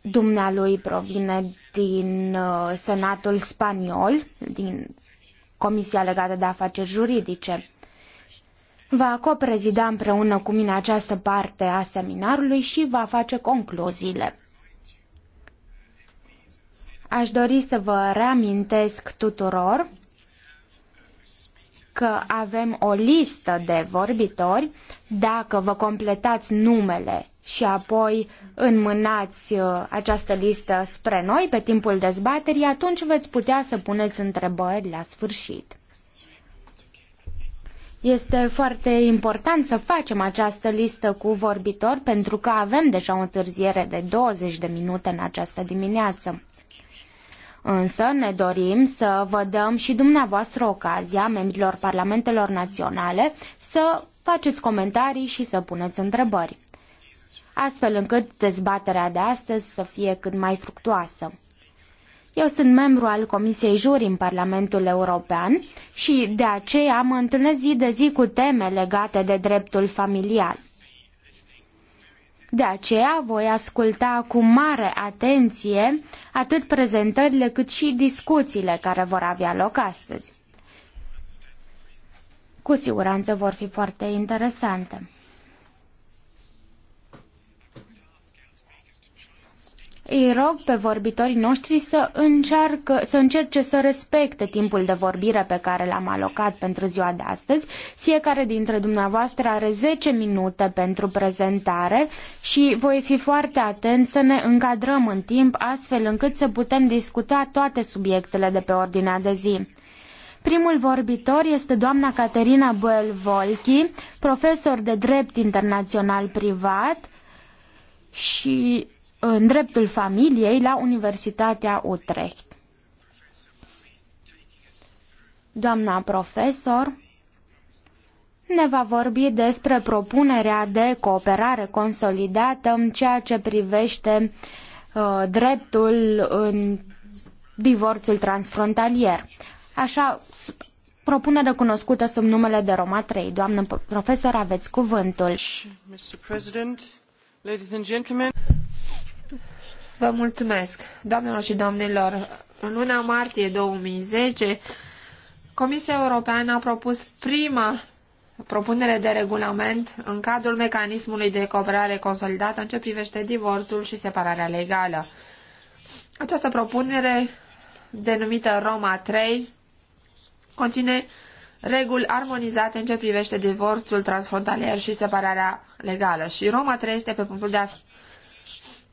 Dumnealui provine din uh, Senatul Spaniol, din Comisia legată de afaceri juridice. Va coprezida împreună cu mine această parte a seminarului și va face concluziile. Aș dori să vă reamintesc tuturor că avem o listă de vorbitori, dacă vă completați numele și apoi înmânați uh, această listă spre noi pe timpul dezbaterii, atunci veți putea să puneți întrebări la sfârșit. Este foarte important să facem această listă cu vorbitori pentru că avem deja o întârziere de 20 de minute în această dimineață. Însă ne dorim să vă dăm și dumneavoastră ocazia, membrilor parlamentelor naționale, să faceți comentarii și să puneți întrebări, astfel încât dezbaterea de astăzi să fie cât mai fructuoasă. Eu sunt membru al Comisiei Juri în Parlamentul European și de aceea mă întâlnesc zi de zi cu teme legate de dreptul familial. De aceea voi asculta cu mare atenție atât prezentările cât și discuțiile care vor avea loc astăzi. Cu siguranță vor fi foarte interesante. Îi rog pe vorbitorii noștri să, încearcă, să încerce să respecte timpul de vorbire pe care l-am alocat pentru ziua de astăzi. Fiecare dintre dumneavoastră are 10 minute pentru prezentare și voi fi foarte atent să ne încadrăm în timp astfel încât să putem discuta toate subiectele de pe ordinea de zi. Primul vorbitor este doamna Caterina boel volchi profesor de drept internațional privat și în dreptul familiei la Universitatea Utrecht. Doamna profesor ne va vorbi despre propunerea de cooperare consolidată în ceea ce privește uh, dreptul în divorțul transfrontalier. Așa, propunere cunoscută sub numele de Roma 3. Doamnă profesor, aveți cuvântul. Vă mulțumesc, doamnelor și domnilor. În luna martie 2010, Comisia Europeană a propus prima propunere de regulament în cadrul mecanismului de cooperare consolidată în ce privește divorțul și separarea legală. Această propunere, denumită Roma 3, conține reguli armonizate în ce privește divorțul transfrontalier și separarea legală și Roma 3 este pe punctul de a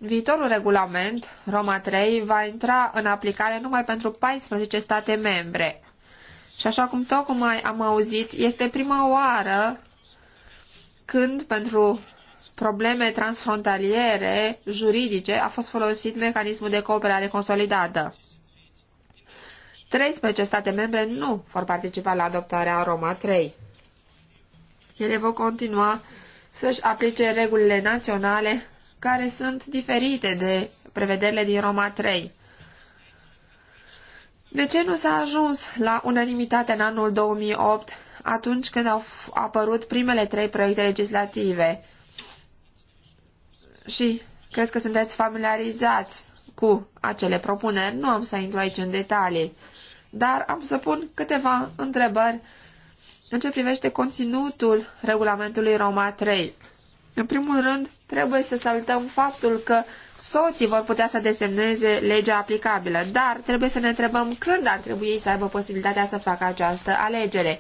Viitorul regulament, Roma 3, va intra în aplicare numai pentru 14 state membre. Și așa cum tocmai am auzit, este prima oară când pentru probleme transfrontaliere juridice a fost folosit mecanismul de cooperare consolidată. 13 state membre nu vor participa la adoptarea Roma 3. Ele vor continua să-și aplice regulile naționale care sunt diferite de prevederile din Roma 3. De ce nu s-a ajuns la unanimitate în anul 2008, atunci când au apărut primele trei proiecte legislative? Și cred că sunteți familiarizați cu acele propuneri, nu am să intru aici în detalii, dar am să pun câteva întrebări în ce privește conținutul regulamentului Roma 3. În primul rând, trebuie să salutăm faptul că soții vor putea să desemneze legea aplicabilă, dar trebuie să ne întrebăm când ar trebui să aibă posibilitatea să facă această alegere.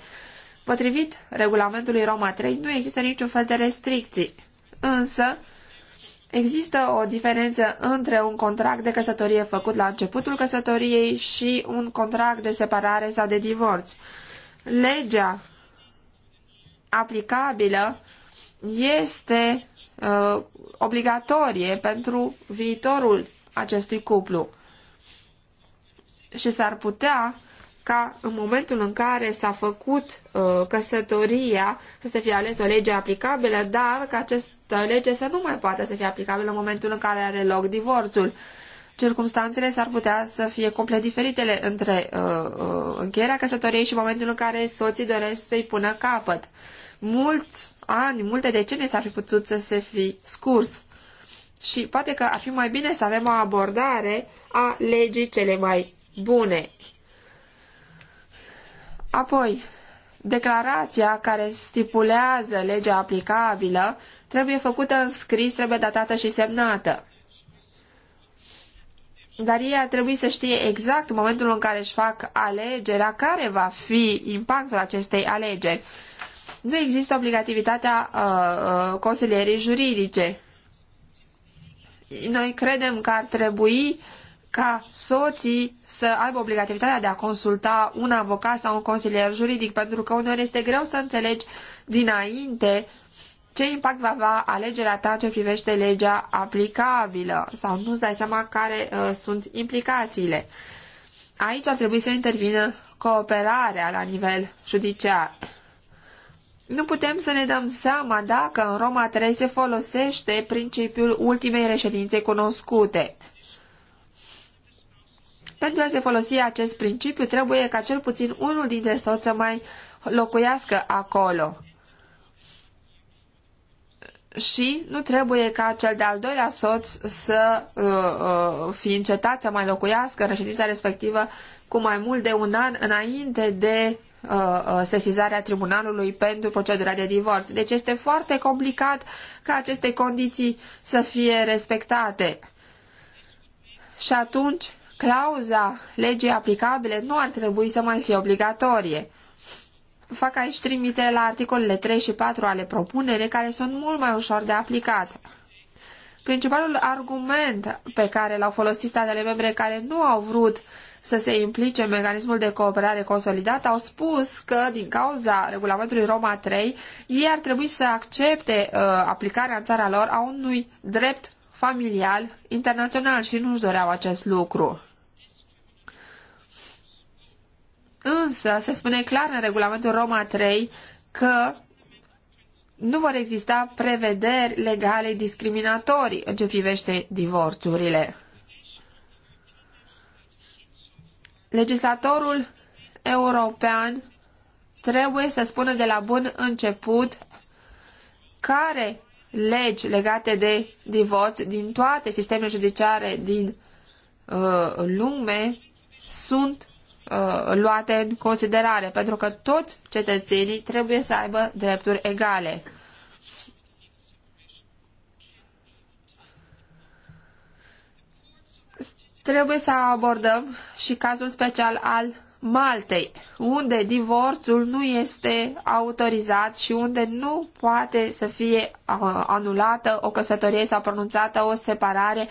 Potrivit regulamentului Roma 3, nu există niciun fel de restricții, însă există o diferență între un contract de căsătorie făcut la începutul căsătoriei și un contract de separare sau de divorț. Legea aplicabilă este uh, obligatorie pentru viitorul acestui cuplu. Și s-ar putea ca în momentul în care s-a făcut uh, căsătoria să se fie ales o lege aplicabilă, dar că această lege să nu mai poată să fie aplicabilă în momentul în care are loc divorțul. Circumstanțele s-ar putea să fie complet diferitele între uh, uh, încheierea căsătoriei și momentul în care soții doresc să-i pună capăt mulți ani, multe decenii s-ar fi putut să se fi scurs. Și poate că ar fi mai bine să avem o abordare a legii cele mai bune. Apoi, declarația care stipulează legea aplicabilă trebuie făcută în scris, trebuie datată și semnată. Dar ei ar trebui să știe exact momentul în care își fac alegerea, care va fi impactul acestei alegeri nu există obligativitatea uh, uh, consilierii juridice. Noi credem că ar trebui ca soții să aibă obligativitatea de a consulta un avocat sau un consilier juridic, pentru că uneori este greu să înțelegi dinainte ce impact va avea alegerea ta ce privește legea aplicabilă sau nu-ți dai seama care uh, sunt implicațiile. Aici ar trebui să intervină cooperarea la nivel judiciar. Nu putem să ne dăm seama dacă în Roma 3 se folosește principiul ultimei reședințe cunoscute. Pentru a se folosi acest principiu, trebuie ca cel puțin unul dintre soți să mai locuiască acolo. Și nu trebuie ca cel de-al doilea soț să uh, uh, fie încetat să mai locuiască în reședința respectivă cu mai mult de un an înainte de Uh, uh, sesizarea tribunalului pentru procedura de divorț. Deci este foarte complicat ca aceste condiții să fie respectate. Și atunci, clauza legii aplicabile nu ar trebui să mai fie obligatorie. Fac aici trimitere la articolele 3 și 4 ale propunerii, care sunt mult mai ușor de aplicat. Principalul argument pe care l-au folosit statele membre care nu au vrut să se implice în mecanismul de cooperare consolidat au spus că din cauza regulamentului Roma 3 ei ar trebui să accepte uh, aplicarea în țara lor a unui drept familial internațional și nu-și doreau acest lucru. Însă se spune clar în regulamentul Roma 3 că nu vor exista prevederi legale discriminatorii în ce privește divorțurile. Legislatorul european trebuie să spună de la bun început care legi legate de divorț din toate sistemele judiciare din uh, lume sunt Uh, luate în considerare, pentru că toți cetățenii trebuie să aibă drepturi egale. Trebuie să abordăm și cazul special al Maltei, unde divorțul nu este autorizat și unde nu poate să fie uh, anulată o căsătorie sau pronunțată o separare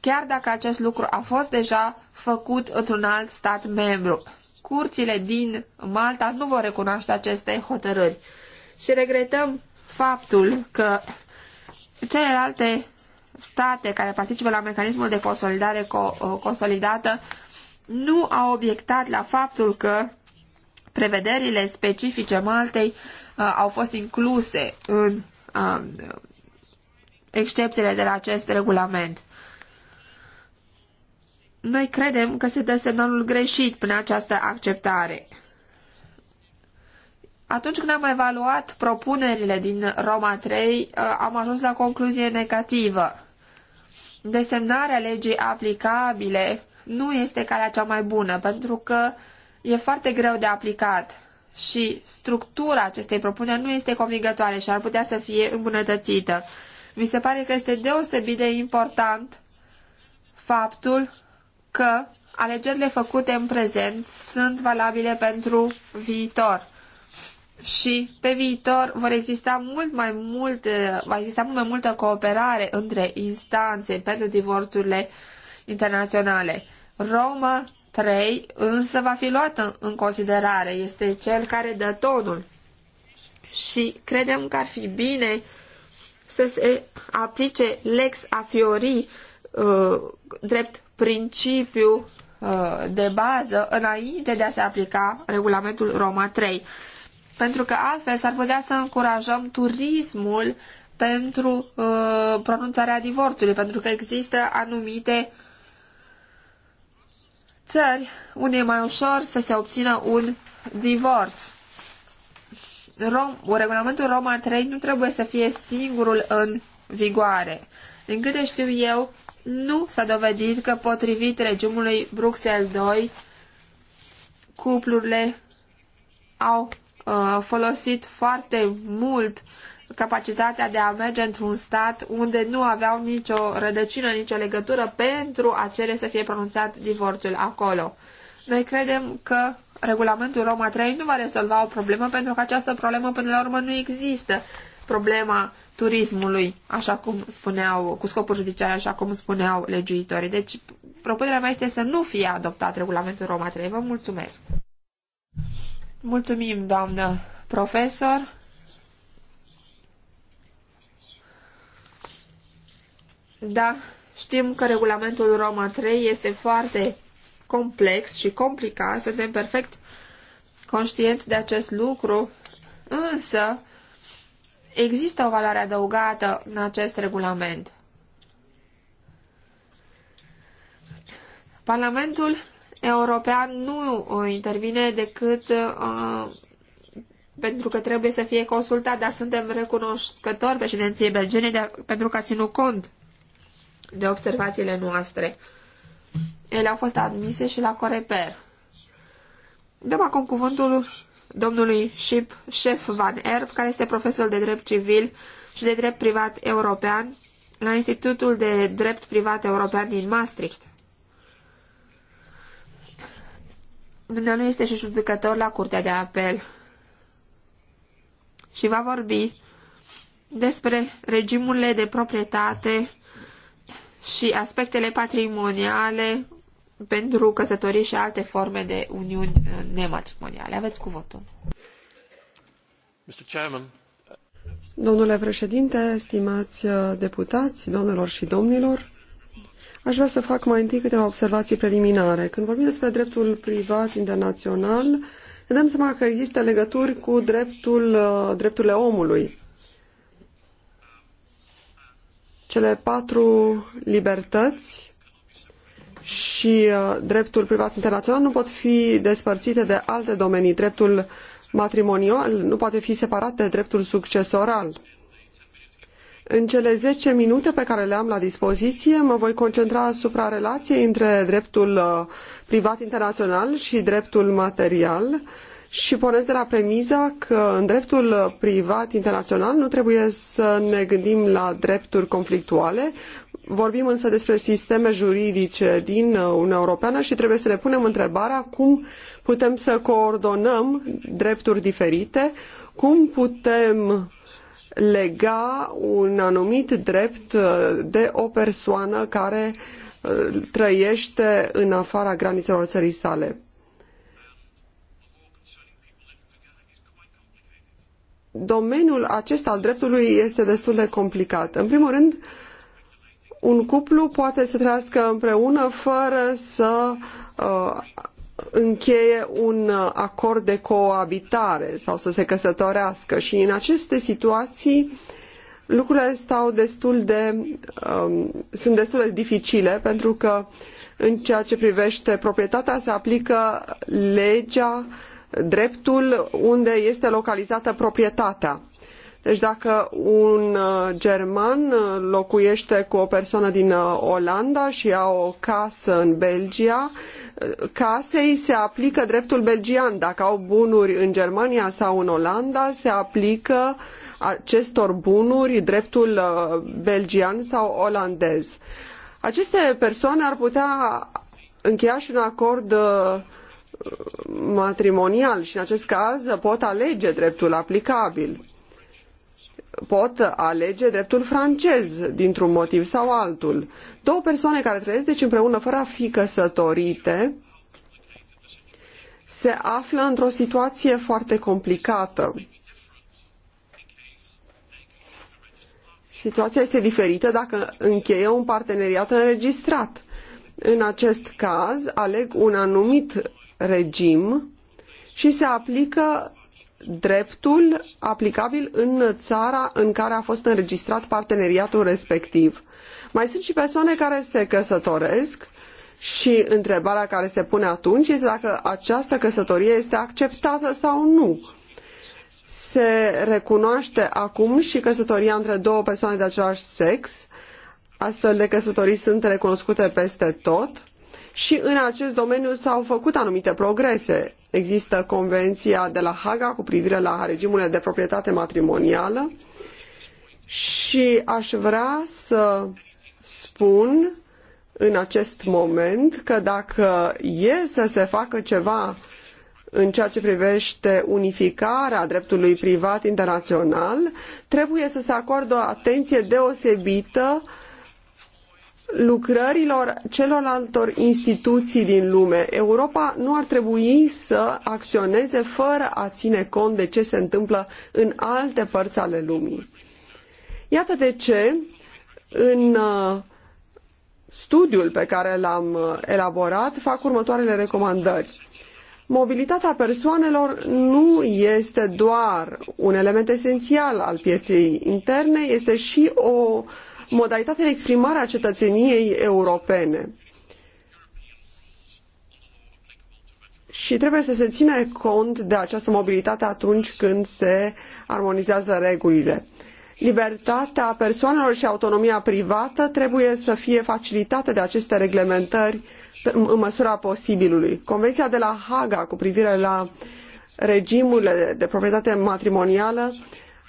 chiar dacă acest lucru a fost deja făcut într-un alt stat membru. Curțile din Malta nu vor recunoaște aceste hotărâri. Și regretăm faptul că celelalte state care participă la mecanismul de consolidare co uh, consolidată nu au obiectat la faptul că prevederile specifice Maltei uh, au fost incluse în uh, excepțiile de la acest regulament. Noi credem că se dă semnalul greșit prin această acceptare. Atunci când am evaluat propunerile din Roma 3, uh, am ajuns la concluzie negativă. Desemnarea legii aplicabile nu este calea cea mai bună, pentru că e foarte greu de aplicat și structura acestei propuneri nu este convingătoare și ar putea să fie îmbunătățită. Mi se pare că este deosebit de important faptul că alegerile făcute în prezent sunt valabile pentru viitor. Și pe viitor vor exista mult mai multe, va exista mult mai multă cooperare între instanțe pentru divorțurile internaționale. Roma 3 însă va fi luată în considerare, este cel care dă tonul. Și credem că ar fi bine să se aplice lex a fiori uh, drept principiu uh, de bază înainte de a se aplica regulamentul Roma 3. Pentru că altfel s-ar putea să încurajăm turismul pentru uh, pronunțarea divorțului, pentru că există anumite țări unde e mai ușor să se obțină un divorț. Rom, regulamentul Roma 3 nu trebuie să fie singurul în vigoare. Din câte știu eu, nu s-a dovedit că potrivit regimului Bruxelles II, cuplurile au uh, folosit foarte mult capacitatea de a merge într-un stat unde nu aveau nicio rădăcină, nicio legătură pentru a cere să fie pronunțat divorțul acolo. Noi credem că regulamentul Roma 3 nu va rezolva o problemă pentru că această problemă până la urmă nu există. Problema turismului, așa cum spuneau, cu scopul judiciar, așa cum spuneau legiuitorii. Deci, propunerea mea este să nu fie adoptat regulamentul Roma 3. Vă mulțumesc! Mulțumim, doamnă profesor! Da, știm că regulamentul Roma 3 este foarte complex și complicat, suntem perfect conștienți de acest lucru, însă există o valoare adăugată în acest regulament. Parlamentul European nu uh, intervine decât uh, pentru că trebuie să fie consultat, dar suntem recunoscători președinției belgene de, pentru că a ținut cont de observațiile noastre. Ele au fost admise și la Coreper. Dăm acum cuvântul domnului Ship Chef Van Erp, care este profesor de drept civil și de drept privat european la Institutul de Drept Privat European din Maastricht. Dumnealui este și judecător la Curtea de Apel și va vorbi despre regimurile de proprietate și aspectele patrimoniale pentru căsătorii și alte forme de uniuni uh, nematrimoniale. Aveți cuvântul. Mr. Chairman. Domnule președinte, stimați uh, deputați, domnilor și domnilor, aș vrea să fac mai întâi câteva observații preliminare. Când vorbim despre dreptul privat internațional, ne dăm seama că există legături cu dreptul, uh, drepturile omului. Cele patru libertăți și uh, dreptul privat internațional nu pot fi despărțite de alte domenii. Dreptul matrimonial nu poate fi separat de dreptul succesoral. În cele zece minute pe care le am la dispoziție, mă voi concentra asupra relației între dreptul uh, privat internațional și dreptul material și pornesc de la premiza că în dreptul privat internațional nu trebuie să ne gândim la drepturi conflictuale, Vorbim însă despre sisteme juridice din uh, Uniunea Europeană și trebuie să ne punem întrebarea cum putem să coordonăm drepturi diferite, cum putem lega un anumit drept uh, de o persoană care uh, trăiește în afara granițelor țării sale. Domeniul acesta al dreptului este destul de complicat. În primul rând, un cuplu poate să trăiască împreună fără să uh, încheie un uh, acord de coabitare sau să se căsătorească și în aceste situații lucrurile stau destul de um, sunt destul de dificile pentru că în ceea ce privește proprietatea se aplică legea dreptul unde este localizată proprietatea deci dacă un uh, german uh, locuiește cu o persoană din uh, Olanda și au o casă în Belgia, casei se aplică dreptul belgian. Dacă au bunuri în Germania sau în Olanda, se aplică acestor bunuri dreptul belgian sau olandez. Aceste persoane ar putea încheia și un acord matrimonial și în acest caz pot alege dreptul aplicabil pot alege dreptul francez dintr-un motiv sau altul. Două persoane care trăiesc deci împreună fără a fi căsătorite se află într-o situație foarte complicată. Situația este diferită dacă încheie un parteneriat înregistrat. În acest caz, aleg un anumit regim și se aplică dreptul aplicabil în țara în care a fost înregistrat parteneriatul respectiv. Mai sunt și persoane care se căsătoresc și întrebarea care se pune atunci este dacă această căsătorie este acceptată sau nu. Se recunoaște acum și căsătoria între două persoane de același sex, astfel de căsătorii sunt recunoscute peste tot și în acest domeniu s-au făcut anumite progrese Există convenția de la Haga cu privire la regimurile de proprietate matrimonială și aș vrea să spun în acest moment că dacă e să se facă ceva în ceea ce privește unificarea dreptului privat internațional, trebuie să se acordă o atenție deosebită uh, lucrărilor celorlaltor instituții din lume. Europa nu ar trebui să acționeze fără a ține cont de ce se întâmplă în alte părți ale lumii. Iată de ce în uh, studiul pe care l-am uh, elaborat fac următoarele recomandări. Mobilitatea persoanelor nu este doar un element esențial al pieței interne, este și o uh, Modalitatea de exprimare a cetățeniei europene. Și trebuie să se ține cont de această mobilitate atunci când se armonizează regulile. Libertatea persoanelor și autonomia privată trebuie să fie facilitate de aceste reglementări în măsura posibilului. Convenția de la Haga cu privire la regimurile de proprietate matrimonială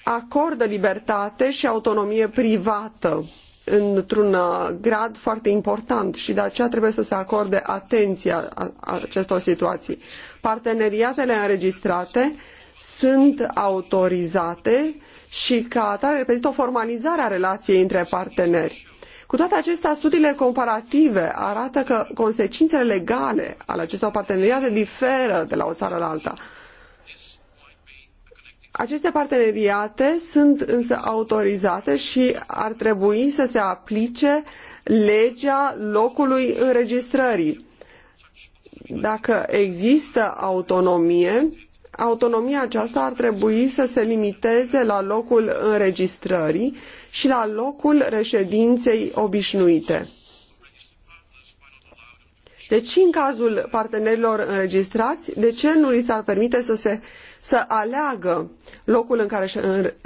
acordă libertate și autonomie privată într-un uh, grad foarte important și de aceea trebuie să se acorde atenția acestor situații. Parteneriatele înregistrate sunt autorizate și ca atare reprezintă o formalizare a relației între parteneri. Cu toate acestea, studiile comparative arată că consecințele legale ale acestor parteneriate diferă de la o țară la alta. Aceste parteneriate sunt însă autorizate și ar trebui să se aplice legea locului înregistrării. Dacă există autonomie, autonomia aceasta ar trebui să se limiteze la locul înregistrării și la locul reședinței obișnuite. Deci în cazul partenerilor înregistrați, de ce nu li s-ar permite să se să aleagă locul în care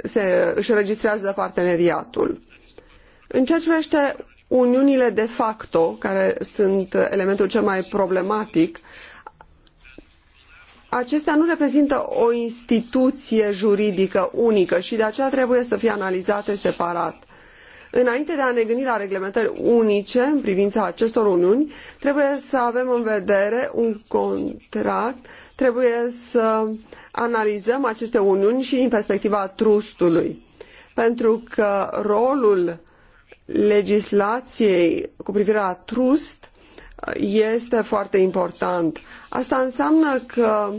se, își înregistrează parteneriatul. În ceea ce privește uniunile de facto, care sunt elementul cel mai problematic, acestea nu reprezintă o instituție juridică unică și de aceea trebuie să fie analizate separat. Înainte de a ne gândi la reglementări unice în privința acestor uniuni, trebuie să avem în vedere un contract Trebuie să analizăm aceste uniuni și din perspectiva trustului, pentru că rolul legislației cu privire la trust este foarte important. Asta înseamnă că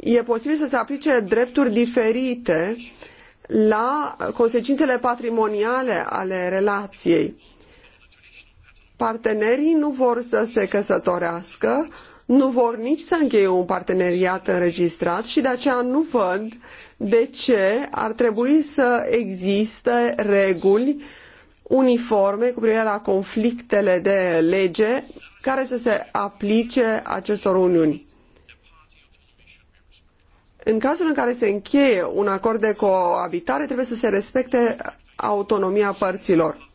e posibil să se aplice drepturi diferite la consecințele patrimoniale ale relației. Partenerii nu vor să se căsătorească, nu vor nici să încheie un parteneriat înregistrat și de aceea nu văd de ce ar trebui să existe reguli uniforme cu privire la conflictele de lege care să se aplice acestor uniuni. În cazul în care se încheie un acord de coabitare, trebuie să se respecte autonomia părților.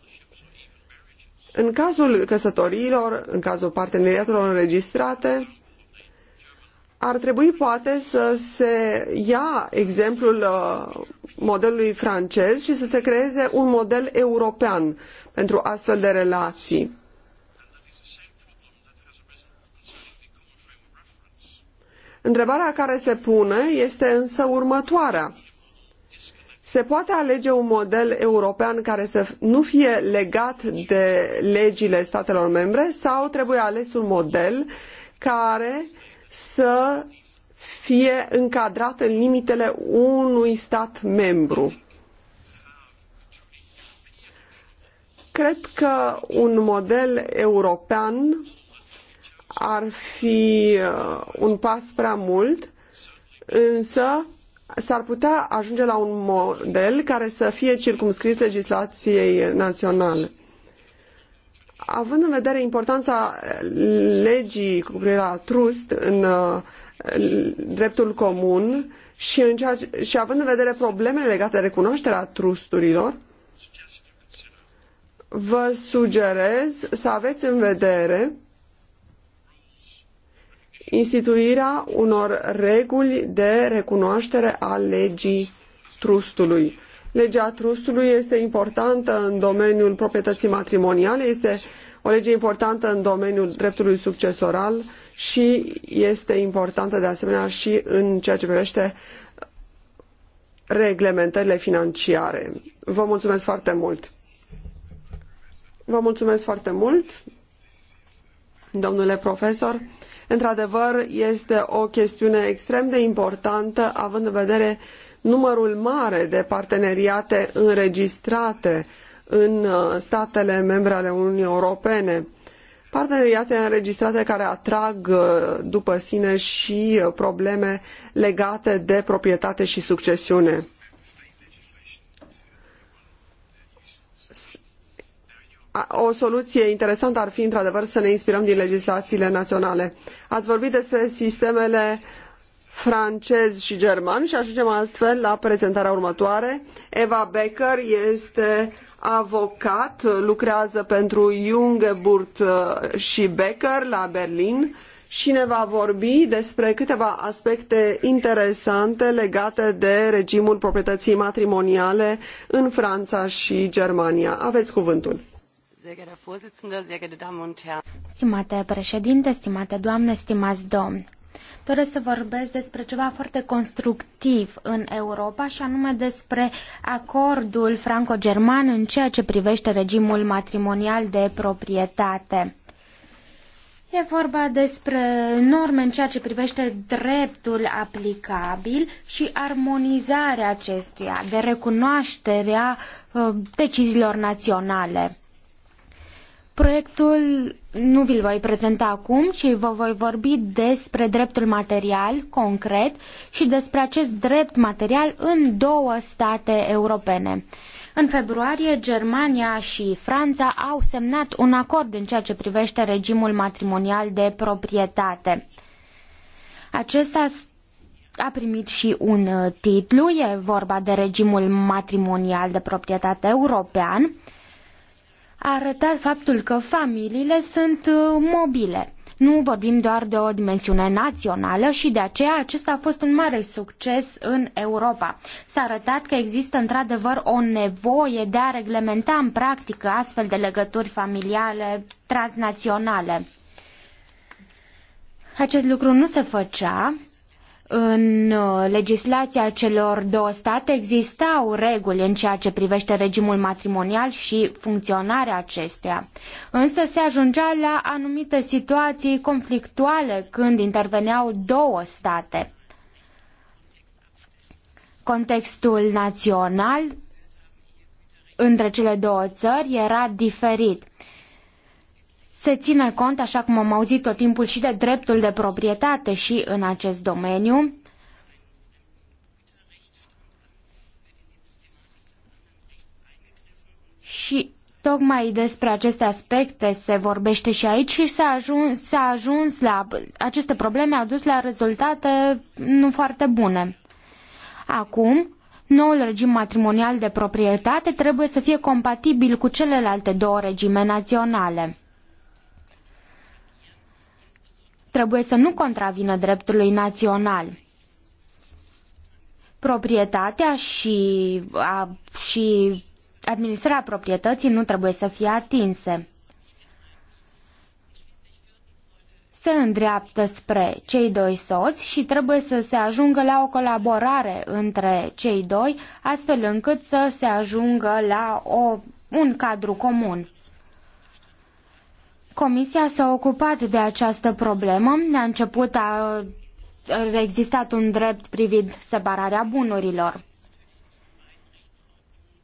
În cazul căsătoriilor, în cazul parteneriatelor înregistrate, ar trebui poate să se ia exemplul uh, modelului francez și să se creeze un model european pentru astfel de relații. Întrebarea care se pune este însă următoarea. Se poate alege un model european care să nu fie legat de legile statelor membre sau trebuie ales un model care să fie încadrat în limitele unui stat membru. Cred că un model european ar fi uh, un pas prea mult, însă s-ar putea ajunge la un model care să fie circumscris legislației naționale. Având în vedere importanța legii cu privire la trust uh, în dreptul comun și, în ceea ce, și având în vedere problemele legate de recunoașterea trusturilor, vă sugerez să aveți în vedere instituirea unor reguli de recunoaștere a legii trustului. Legea trustului este importantă în domeniul proprietății matrimoniale, este o lege importantă în domeniul dreptului succesoral și este importantă de asemenea și în ceea ce privește reglementările financiare. Vă mulțumesc foarte mult! Vă mulțumesc foarte mult, domnule profesor! Într-adevăr, este o chestiune extrem de importantă, având în vedere numărul mare de parteneriate înregistrate în uh, statele membre ale Uniunii Europene. Parteneriate înregistrate care atrag uh, după sine și uh, probleme legate de proprietate și succesiune. o soluție interesantă ar fi, într-adevăr, să ne inspirăm din legislațiile naționale. Ați vorbit despre sistemele francez și german și ajungem astfel la prezentarea următoare. Eva Becker este avocat, lucrează pentru Jungeburt uh, și Becker la Berlin și ne va vorbi despre câteva aspecte interesante legate de regimul proprietății matrimoniale în Franța și Germania. Aveți cuvântul. Stimate președinte, stimate doamne, stimați domni, doresc să vorbesc despre ceva foarte constructiv în Europa și anume despre acordul franco-german în ceea ce privește regimul matrimonial de proprietate. E vorba despre norme în ceea ce privește dreptul aplicabil și armonizarea acestuia, de recunoașterea uh, deciziilor naționale. Proiectul nu vi-l voi prezenta acum, ci vă voi vorbi despre dreptul material concret și despre acest drept material în două state europene. În februarie, Germania și Franța au semnat un acord în ceea ce privește regimul matrimonial de proprietate. Acesta a primit și un titlu, e vorba de regimul matrimonial de proprietate european a arătat faptul că familiile sunt uh, mobile. Nu vorbim doar de o dimensiune națională și de aceea acesta a fost un mare succes în Europa. S-a arătat că există într-adevăr o nevoie de a reglementa în practică astfel de legături familiale transnaționale. Acest lucru nu se făcea în uh, legislația celor două state existau reguli în ceea ce privește regimul matrimonial și funcționarea acesteia. Însă se ajungea la anumite situații conflictuale când interveneau două state. Contextul național între cele două țări era diferit se ține cont, așa cum am auzit tot timpul, și de dreptul de proprietate și în acest domeniu. Și tocmai despre aceste aspecte se vorbește și aici și s-a ajuns, s-a ajuns la... Aceste probleme au dus la rezultate nu foarte bune. Acum, noul regim matrimonial de proprietate trebuie să fie compatibil cu celelalte două regime naționale. trebuie să nu contravină dreptului național. Proprietatea și, a, și administrarea proprietății nu trebuie să fie atinse. se îndreaptă spre cei doi soți și trebuie să se ajungă la o colaborare între cei doi, astfel încât să se ajungă la o, un cadru comun. Comisia s-a ocupat de această problemă. A început a, a existat un drept privind separarea bunurilor.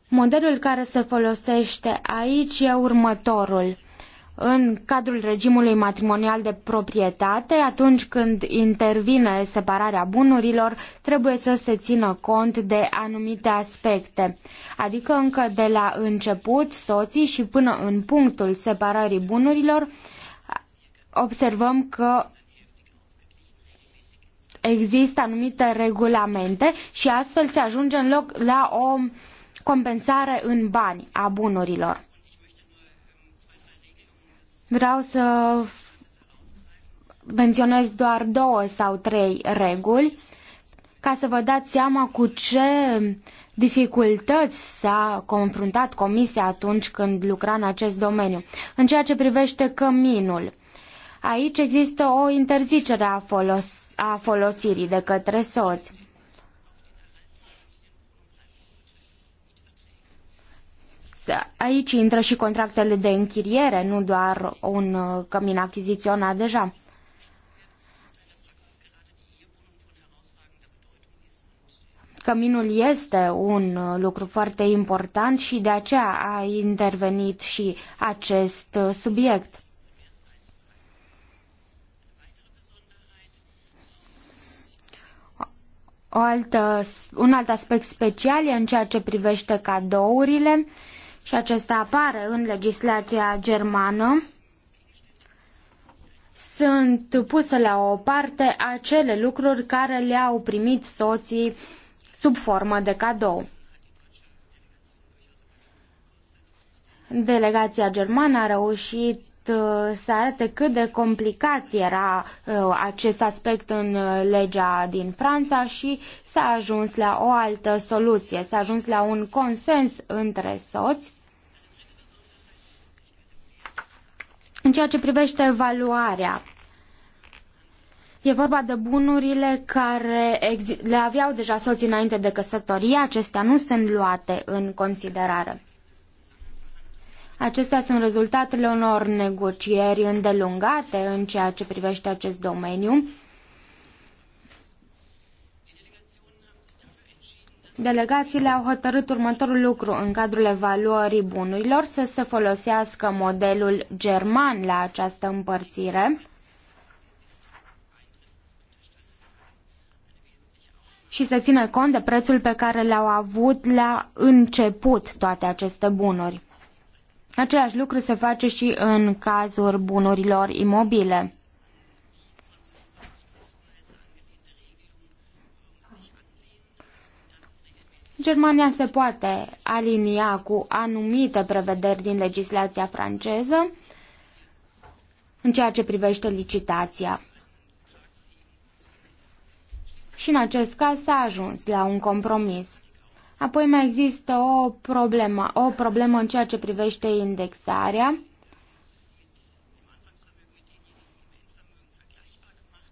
Modelul care se folosește aici e următorul în cadrul regimului matrimonial de proprietate, atunci când intervine separarea bunurilor, trebuie să se țină cont de anumite aspecte. Adică încă de la început, soții și până în punctul separării bunurilor, observăm că există anumite regulamente și astfel se ajunge în loc la o compensare în bani a bunurilor. Vreau să menționez doar două sau trei reguli ca să vă dați seama cu ce dificultăți s-a confruntat Comisia atunci când lucra în acest domeniu. În ceea ce privește căminul, aici există o interzicere a, folos- a folosirii de către soți. aici intră și contractele de închiriere, nu doar un uh, cămin achiziționat deja. Căminul este un uh, lucru foarte important și de aceea a intervenit și acest uh, subiect. O altă, un alt aspect special în ceea ce privește cadourile și acesta apare în legislația germană, sunt puse la o parte acele lucruri care le-au primit soții sub formă de cadou. Delegația germană a reușit Uh, să arate cât de complicat era uh, acest aspect în uh, legea din Franța și s-a ajuns la o altă soluție, s-a ajuns la un consens între soți. În ceea ce privește evaluarea, e vorba de bunurile care le aveau deja soții înainte de căsătorie, acestea nu sunt luate în considerare. Acestea sunt rezultatele unor negocieri îndelungate în ceea ce privește acest domeniu. Delegațiile au hotărât următorul lucru în cadrul evaluării bunurilor să se folosească modelul german la această împărțire. și să țină cont de prețul pe care l-au avut la început toate aceste bunuri. Același lucru se face și în cazul bunurilor imobile. Germania se poate alinia cu anumite prevederi din legislația franceză în ceea ce privește licitația. Și în acest caz s-a ajuns la un compromis. Apoi mai există o problemă, o problemă în ceea ce privește indexarea.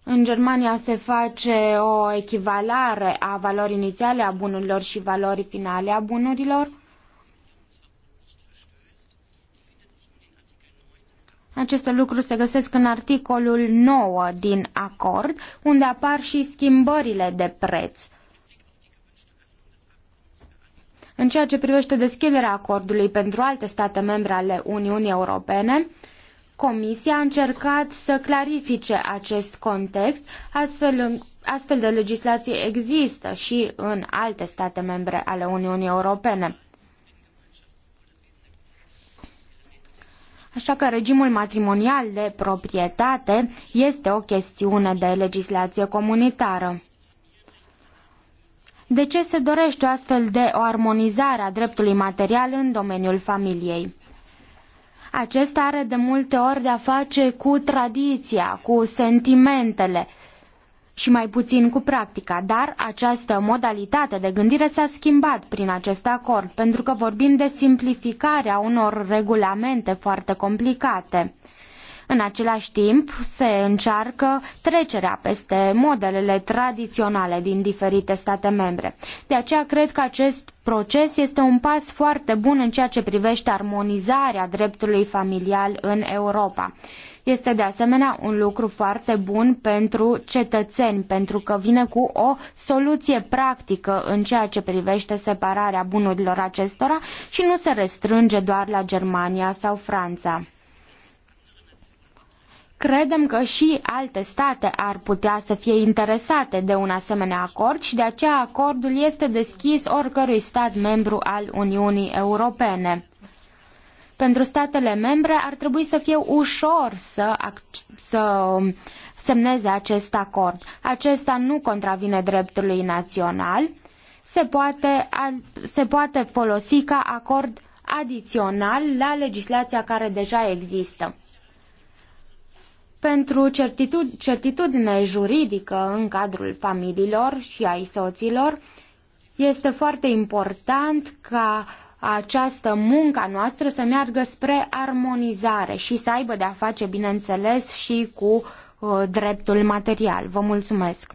În Germania se face o echivalare a valorii inițiale a bunurilor și valorii finale a bunurilor. Aceste lucruri se găsesc în articolul 9 din acord, unde apar și schimbările de preț. În ceea ce privește deschiderea acordului pentru alte state membre ale Uniunii Europene, Comisia a încercat să clarifice acest context, astfel, astfel de legislație există și în alte state membre ale Uniunii Europene. Așa că regimul matrimonial de proprietate este o chestiune de legislație comunitară. De ce se dorește o astfel de o armonizare a dreptului material în domeniul familiei? Acesta are de multe ori de-a face cu tradiția, cu sentimentele și mai puțin cu practica, dar această modalitate de gândire s-a schimbat prin acest acord, pentru că vorbim de simplificarea unor regulamente foarte complicate. În același timp, se încearcă trecerea peste modelele tradiționale din diferite state membre. De aceea, cred că acest proces este un pas foarte bun în ceea ce privește armonizarea dreptului familial în Europa. Este de asemenea un lucru foarte bun pentru cetățeni, pentru că vine cu o soluție practică în ceea ce privește separarea bunurilor acestora și nu se restrânge doar la Germania sau Franța. Credem că și alte state ar putea să fie interesate de un asemenea acord și de aceea acordul este deschis oricărui stat membru al Uniunii Europene. Pentru statele membre ar trebui să fie ușor să, să semneze acest acord. Acesta nu contravine dreptului național, se poate, se poate folosi ca acord adițional la legislația care deja există pentru certitud- certitudine juridică în cadrul familiilor și ai soților, este foarte important ca această muncă noastră să meargă spre armonizare și să aibă de-a face, bineînțeles, și cu uh, dreptul material. Vă mulțumesc!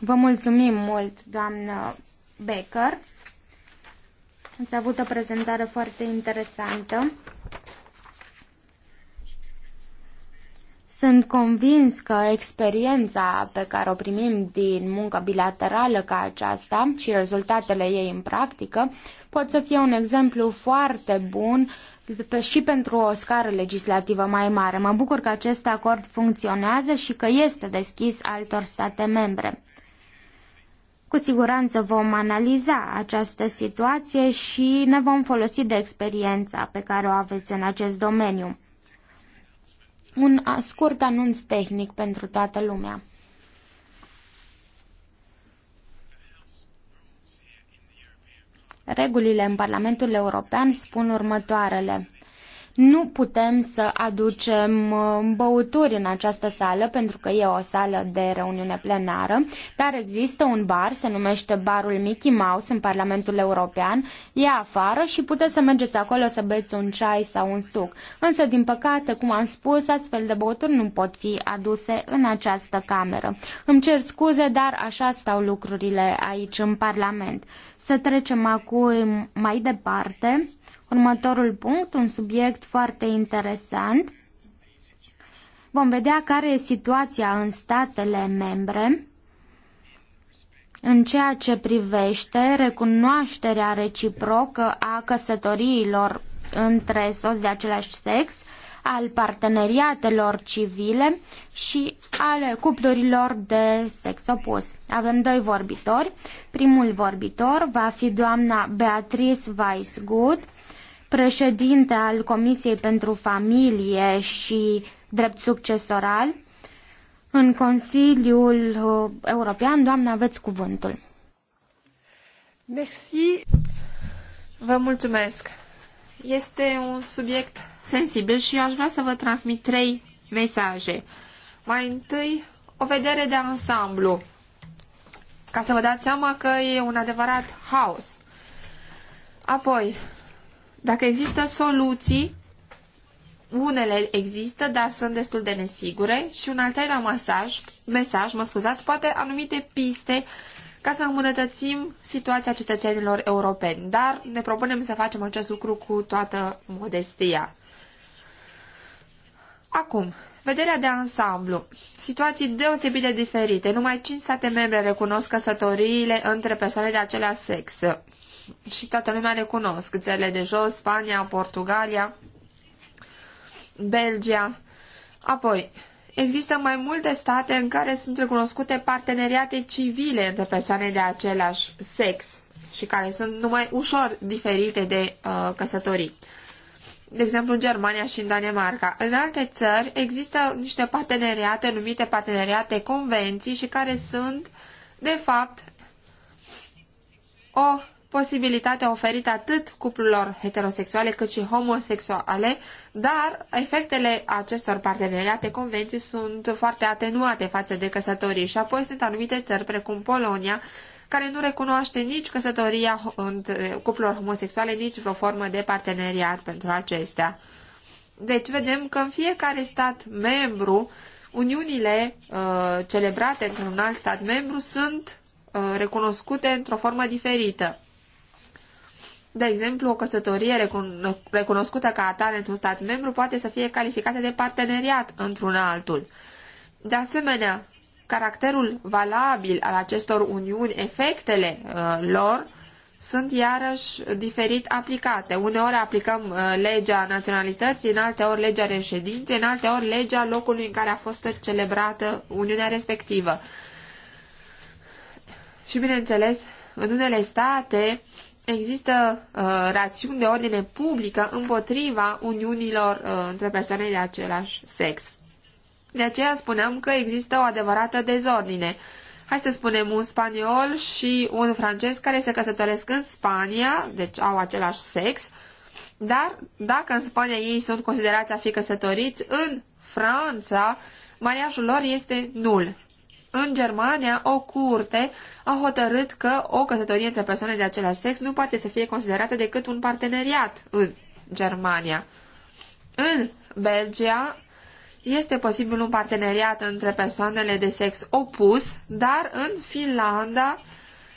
Vă mulțumim mult, doamnă Becker. Ați avut o prezentare foarte interesantă. Sunt convins că experiența pe care o primim din muncă bilaterală ca aceasta și rezultatele ei în practică pot să fie un exemplu foarte bun și pentru o scară legislativă mai mare. Mă bucur că acest acord funcționează și că este deschis altor state membre. Cu siguranță vom analiza această situație și ne vom folosi de experiența pe care o aveți în acest domeniu. Un scurt anunț tehnic pentru toată lumea. Regulile în Parlamentul European spun următoarele. Nu putem să aducem uh, băuturi în această sală, pentru că e o sală de reuniune plenară, dar există un bar, se numește Barul Mickey Mouse în Parlamentul European, e afară și puteți să mergeți acolo să beți un ceai sau un suc. Însă, din păcate, cum am spus, astfel de băuturi nu pot fi aduse în această cameră. Îmi cer scuze, dar așa stau lucrurile aici în Parlament. Să trecem acum mai departe Următorul punct, un subiect foarte interesant. Vom vedea care e situația în statele membre în ceea ce privește recunoașterea reciprocă a căsătoriilor între soți de același sex, al parteneriatelor civile și ale cuplurilor de sex opus. Avem doi vorbitori. Primul vorbitor va fi doamna Beatrice Weisgut, președinte al Comisiei pentru Familie și Drept Succesoral. În Consiliul uh, European, doamnă, aveți cuvântul. Merci. Vă mulțumesc. Este un subiect sensibil și eu aș vrea să vă transmit trei mesaje. Mai întâi, o vedere de ansamblu, ca să vă dați seama că e un adevărat haos. Apoi, dacă există soluții, unele există, dar sunt destul de nesigure și un al treilea masaj, mesaj, mă scuzați, poate anumite piste ca să îmbunătățim situația cetățenilor europeni, dar ne propunem să facem acest lucru cu toată modestia. Acum, vederea de ansamblu. Situații deosebit de diferite. Numai 5 state membre recunosc căsătoriile între persoane de același sex și toată lumea le cunosc. Țările de jos, Spania, Portugalia, Belgia. Apoi, există mai multe state în care sunt recunoscute parteneriate civile între persoane de același sex și care sunt numai ușor diferite de uh, căsătorii. De exemplu, în Germania și în Danemarca. În alte țări există niște parteneriate numite parteneriate convenții și care sunt, de fapt, o posibilitatea oferită atât cuplurilor heterosexuale cât și homosexuale, dar efectele acestor parteneriate convenții sunt foarte atenuate față de căsătorii și apoi sunt anumite țări, precum Polonia, care nu recunoaște nici căsătoria între cuplurilor homosexuale, nici vreo formă de parteneriat pentru acestea. Deci vedem că în fiecare stat membru, uniunile uh, celebrate într-un alt stat membru sunt uh, recunoscute într-o formă diferită. De exemplu, o căsătorie recunoscută ca atare într-un stat membru poate să fie calificată de parteneriat într-un altul. De asemenea, caracterul valabil al acestor uniuni, efectele uh, lor, sunt iarăși diferit aplicate. Uneori aplicăm uh, legea naționalității, în alte ori legea reședinței, în alte ori legea locului în care a fost celebrată uniunea respectivă. Și bineînțeles, în unele state, există uh, rațiuni de ordine publică împotriva uniunilor uh, între persoane de același sex. De aceea spuneam că există o adevărată dezordine. Hai să spunem un spaniol și un francez care se căsătoresc în Spania, deci au același sex, dar dacă în Spania ei sunt considerați a fi căsătoriți, în Franța mariajul lor este nul. În Germania, o curte a hotărât că o căsătorie între persoane de același sex nu poate să fie considerată decât un parteneriat în Germania. În Belgia este posibil un parteneriat între persoanele de sex opus, dar în Finlanda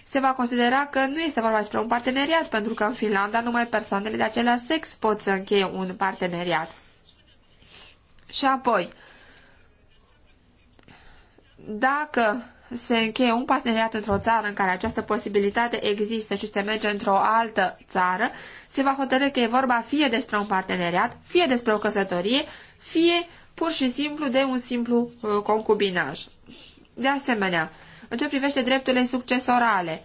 se va considera că nu este vorba despre un parteneriat, pentru că în Finlanda numai persoanele de același sex pot să încheie un parteneriat. Și apoi, dacă se încheie un parteneriat într-o țară în care această posibilitate există și se merge într-o altă țară, se va hotărâ că e vorba fie despre un parteneriat, fie despre o căsătorie, fie pur și simplu de un simplu uh, concubinaj. De asemenea, în ce privește drepturile succesorale,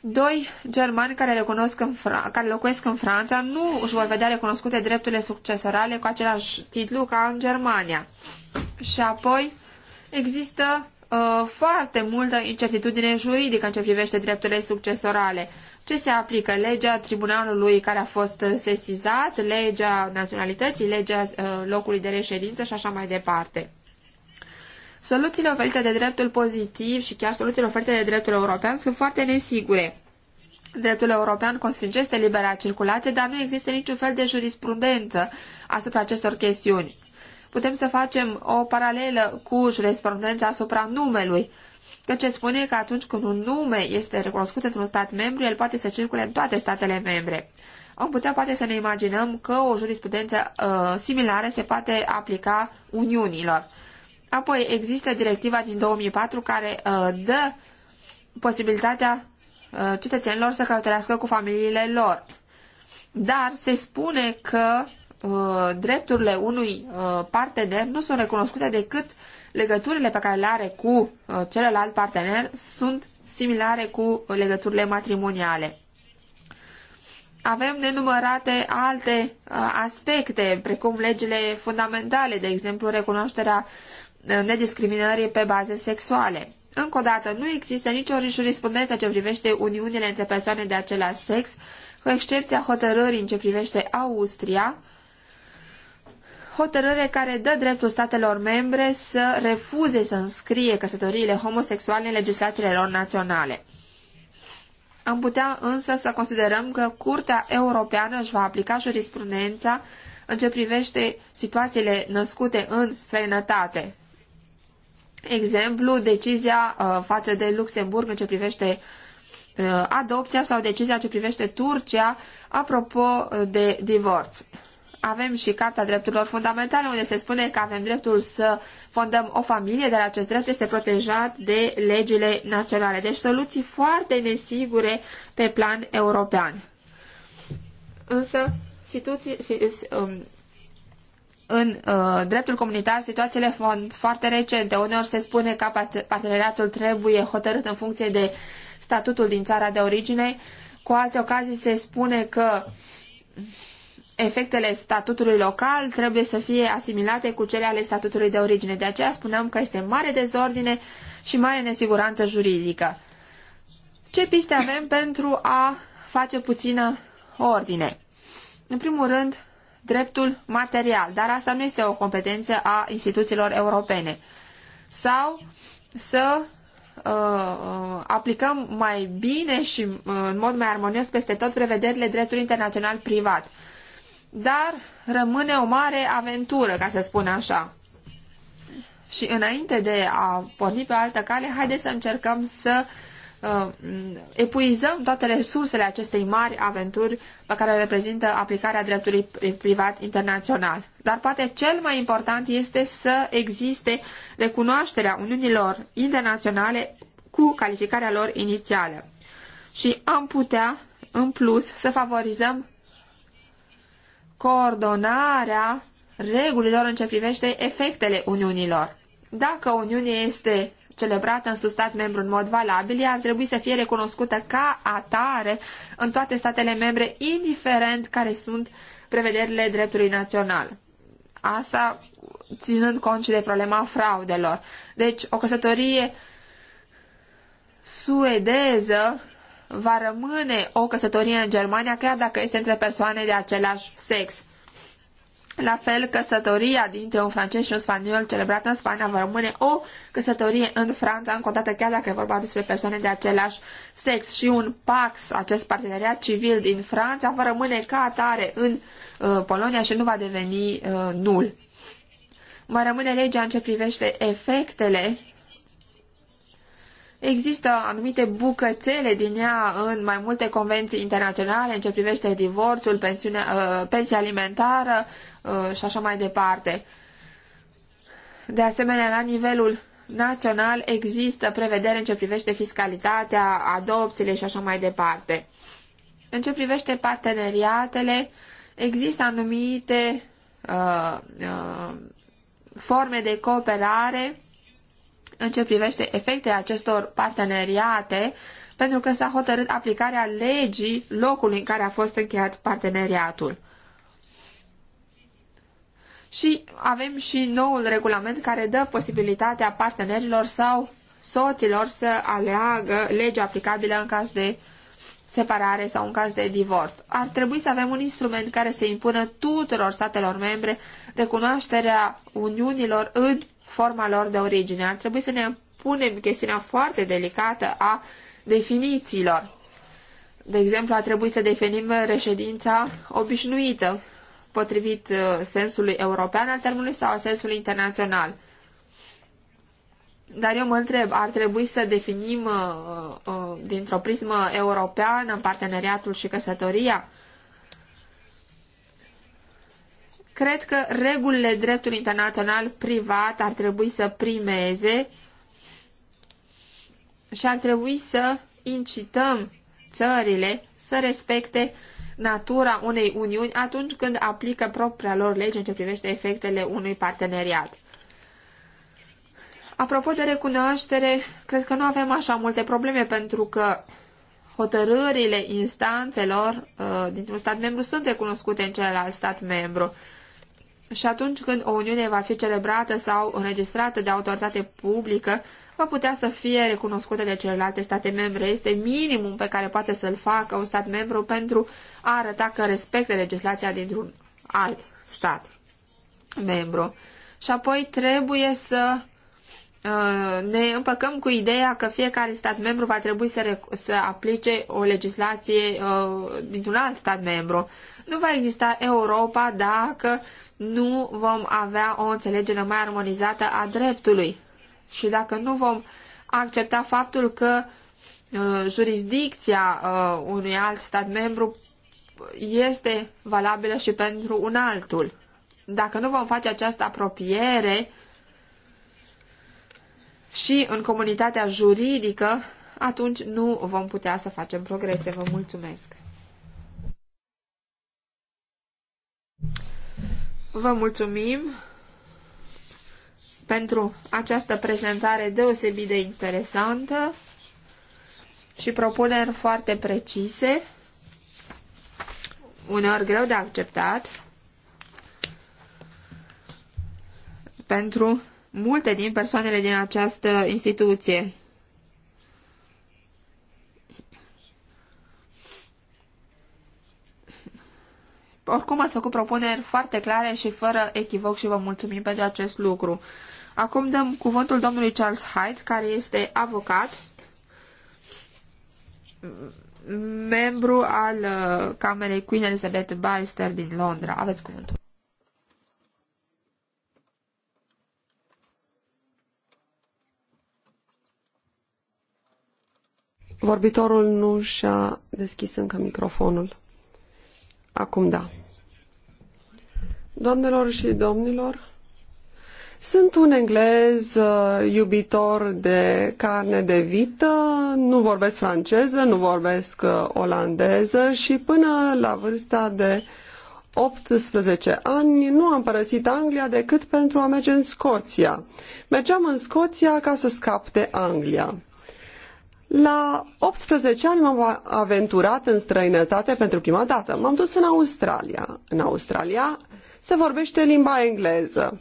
doi germani care, recunosc în Fra- care locuiesc în Franța nu își vor vedea recunoscute drepturile succesorale cu același titlu ca în Germania. Și apoi, există uh, foarte multă incertitudine juridică în ce privește drepturile succesorale. Ce se aplică? Legea tribunalului care a fost sesizat, legea naționalității, legea uh, locului de reședință și așa mai departe. Soluțiile oferite de dreptul pozitiv și chiar soluțiile oferite de dreptul european sunt foarte nesigure. Dreptul european constrângește libera circulație, dar nu există niciun fel de jurisprudență asupra acestor chestiuni putem să facem o paralelă cu jurisprudența asupra numelui, căci se spune că atunci când un nume este recunoscut într-un stat membru, el poate să circule în toate statele membre. Am putea poate să ne imaginăm că o jurisprudență uh, similară se poate aplica uniunilor. Apoi există directiva din 2004 care uh, dă posibilitatea uh, cetățenilor să călătorească cu familiile lor. Dar se spune că Uh, drepturile unui uh, partener nu sunt recunoscute decât legăturile pe care le are cu uh, celălalt partener sunt similare cu legăturile matrimoniale. Avem nenumărate alte aspecte, precum legile fundamentale, de exemplu recunoașterea nediscriminării pe baze sexuale. Încă o dată, nu există nicio jurisprudență ce privește uniunile între persoane de același sex, cu excepția hotărârii în ce privește Austria, hotărâre care dă dreptul statelor membre să refuze să înscrie căsătoriile homosexuale în legislațiile lor naționale. Am putea însă să considerăm că Curtea Europeană își va aplica jurisprudența în ce privește situațiile născute în străinătate. Exemplu, decizia uh, față de Luxemburg în ce privește uh, adopția sau decizia ce privește Turcia apropo de divorț avem și Carta Drepturilor Fundamentale, unde se spune că avem dreptul să fondăm o familie, dar acest drept este protejat de legile naționale. Deci soluții foarte nesigure pe plan european. Însă, situații, um, în uh, dreptul comunitar situațiile sunt foarte recente. Uneori se spune că parteneriatul trebuie hotărât în funcție de statutul din țara de origine. Cu alte ocazii se spune că efectele statutului local trebuie să fie asimilate cu cele ale statutului de origine. De aceea spuneam că este mare dezordine și mare nesiguranță juridică. Ce piste avem pentru a face puțină ordine? În primul rând, dreptul material, dar asta nu este o competență a instituțiilor europene. Sau să uh, uh aplicăm mai bine și uh, în mod mai armonios peste tot prevederile dreptului internațional privat dar rămâne o mare aventură, ca să spun așa. Și înainte de a porni pe altă cale, haideți să încercăm să uh, epuizăm toate resursele acestei mari aventuri pe care reprezintă aplicarea dreptului privat internațional. Dar poate cel mai important este să existe recunoașterea uniunilor internaționale cu calificarea lor inițială. Și am putea, în plus, să favorizăm coordonarea regulilor în ce privește efectele Uniunilor. Dacă Uniunea este celebrată în sus stat membru în mod valabil, ea ar trebui să fie recunoscută ca atare în toate statele membre, indiferent care sunt prevederile dreptului național. Asta ținând cont și de problema fraudelor. Deci, o căsătorie suedeză va rămâne o căsătorie în Germania, chiar dacă este între persoane de același sex. La fel, căsătoria dintre un francez și un spaniol celebrată în Spania va rămâne o căsătorie în Franța, încă o dată chiar dacă e vorba despre persoane de același sex și un pax, acest parteneriat civil din Franța, va rămâne ca atare în uh, Polonia și nu va deveni uh, nul. Va rămâne legea în ce privește efectele Există anumite bucățele din ea în mai multe convenții internaționale în ce privește divorțul, uh, pensia alimentară uh, și așa mai departe. De asemenea, la nivelul național există prevedere în ce privește fiscalitatea, adopțiile și așa mai departe. În ce privește parteneriatele, există anumite uh, uh, forme de cooperare în ce privește efectele acestor parteneriate, pentru că s-a hotărât aplicarea legii locului în care a fost încheiat parteneriatul. Și avem și noul regulament care dă posibilitatea partenerilor sau soților să aleagă legea aplicabilă în caz de separare sau în caz de divorț. Ar trebui să avem un instrument care să impună tuturor statelor membre recunoașterea uniunilor în forma lor de origine. Ar trebui să ne punem chestiunea foarte delicată a definițiilor. De exemplu, ar trebui să definim reședința obișnuită, potrivit uh, sensului european al termenului sau sensului internațional. Dar eu mă întreb, ar trebui să definim uh, uh, dintr-o prismă europeană parteneriatul și căsătoria? Cred că regulile dreptului internațional privat ar trebui să primeze și ar trebui să incităm țările să respecte natura unei uniuni atunci când aplică propria lor lege în ce privește efectele unui parteneriat. Apropo de recunoaștere, cred că nu avem așa multe probleme pentru că hotărârile instanțelor uh, dintr-un stat membru sunt recunoscute în celălalt stat membru. Și atunci când o uniune va fi celebrată sau înregistrată de autoritate publică, va putea să fie recunoscută de celelalte state membre. Este minimum pe care poate să-l facă un stat membru pentru a arăta că respectă legislația dintr-un alt stat membru. Și apoi trebuie să uh, ne împăcăm cu ideea că fiecare stat membru va trebui să, să aplice o legislație uh, dintr-un alt stat membru. Nu va exista Europa dacă nu vom avea o înțelegere mai armonizată a dreptului și dacă nu vom accepta faptul că uh, jurisdicția uh, unui alt stat membru este valabilă și pentru un altul. Dacă nu vom face această apropiere și în comunitatea juridică, atunci nu vom putea să facem progrese. Vă mulțumesc! Vă mulțumim pentru această prezentare deosebit de interesantă și propuneri foarte precise, uneori greu de acceptat, pentru multe din persoanele din această instituție. oricum ați făcut propuneri foarte clare și fără echivoc și vă mulțumim pentru acest lucru. Acum dăm cuvântul domnului Charles Hyde, care este avocat, membru al uh, Camerei Queen Elizabeth Byster din Londra. Aveți cuvântul. Vorbitorul nu și-a deschis încă microfonul. Acum da. Doamnelor și domnilor, sunt un englez uh, iubitor de carne de vită, nu vorbesc franceză, nu vorbesc uh, olandeză și până la vârsta de 18 ani nu am părăsit Anglia decât pentru a merge în Scoția. Mergeam în Scoția ca să scap de Anglia. La 18 ani m-am aventurat în străinătate pentru prima dată. M-am dus în Australia. În Australia se vorbește limba engleză.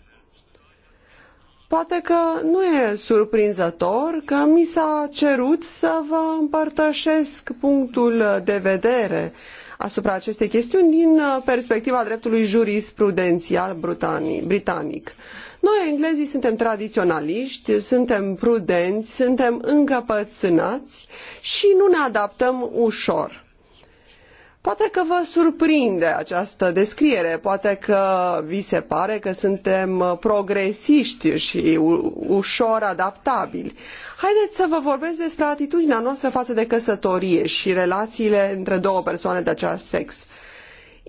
Poate că nu e surprinzător că mi s-a cerut să vă împărtășesc punctul de vedere asupra acestei chestiuni din perspectiva dreptului jurisprudențial britanic. Noi, englezii, suntem tradiționaliști, suntem prudenți, suntem încăpățânați și nu ne adaptăm ușor. Poate că vă surprinde această descriere, poate că vi se pare că suntem uh, progresiști și ușor adaptabili. Haideți să vă vorbesc despre atitudinea noastră față de căsătorie și relațiile între două persoane de același sex.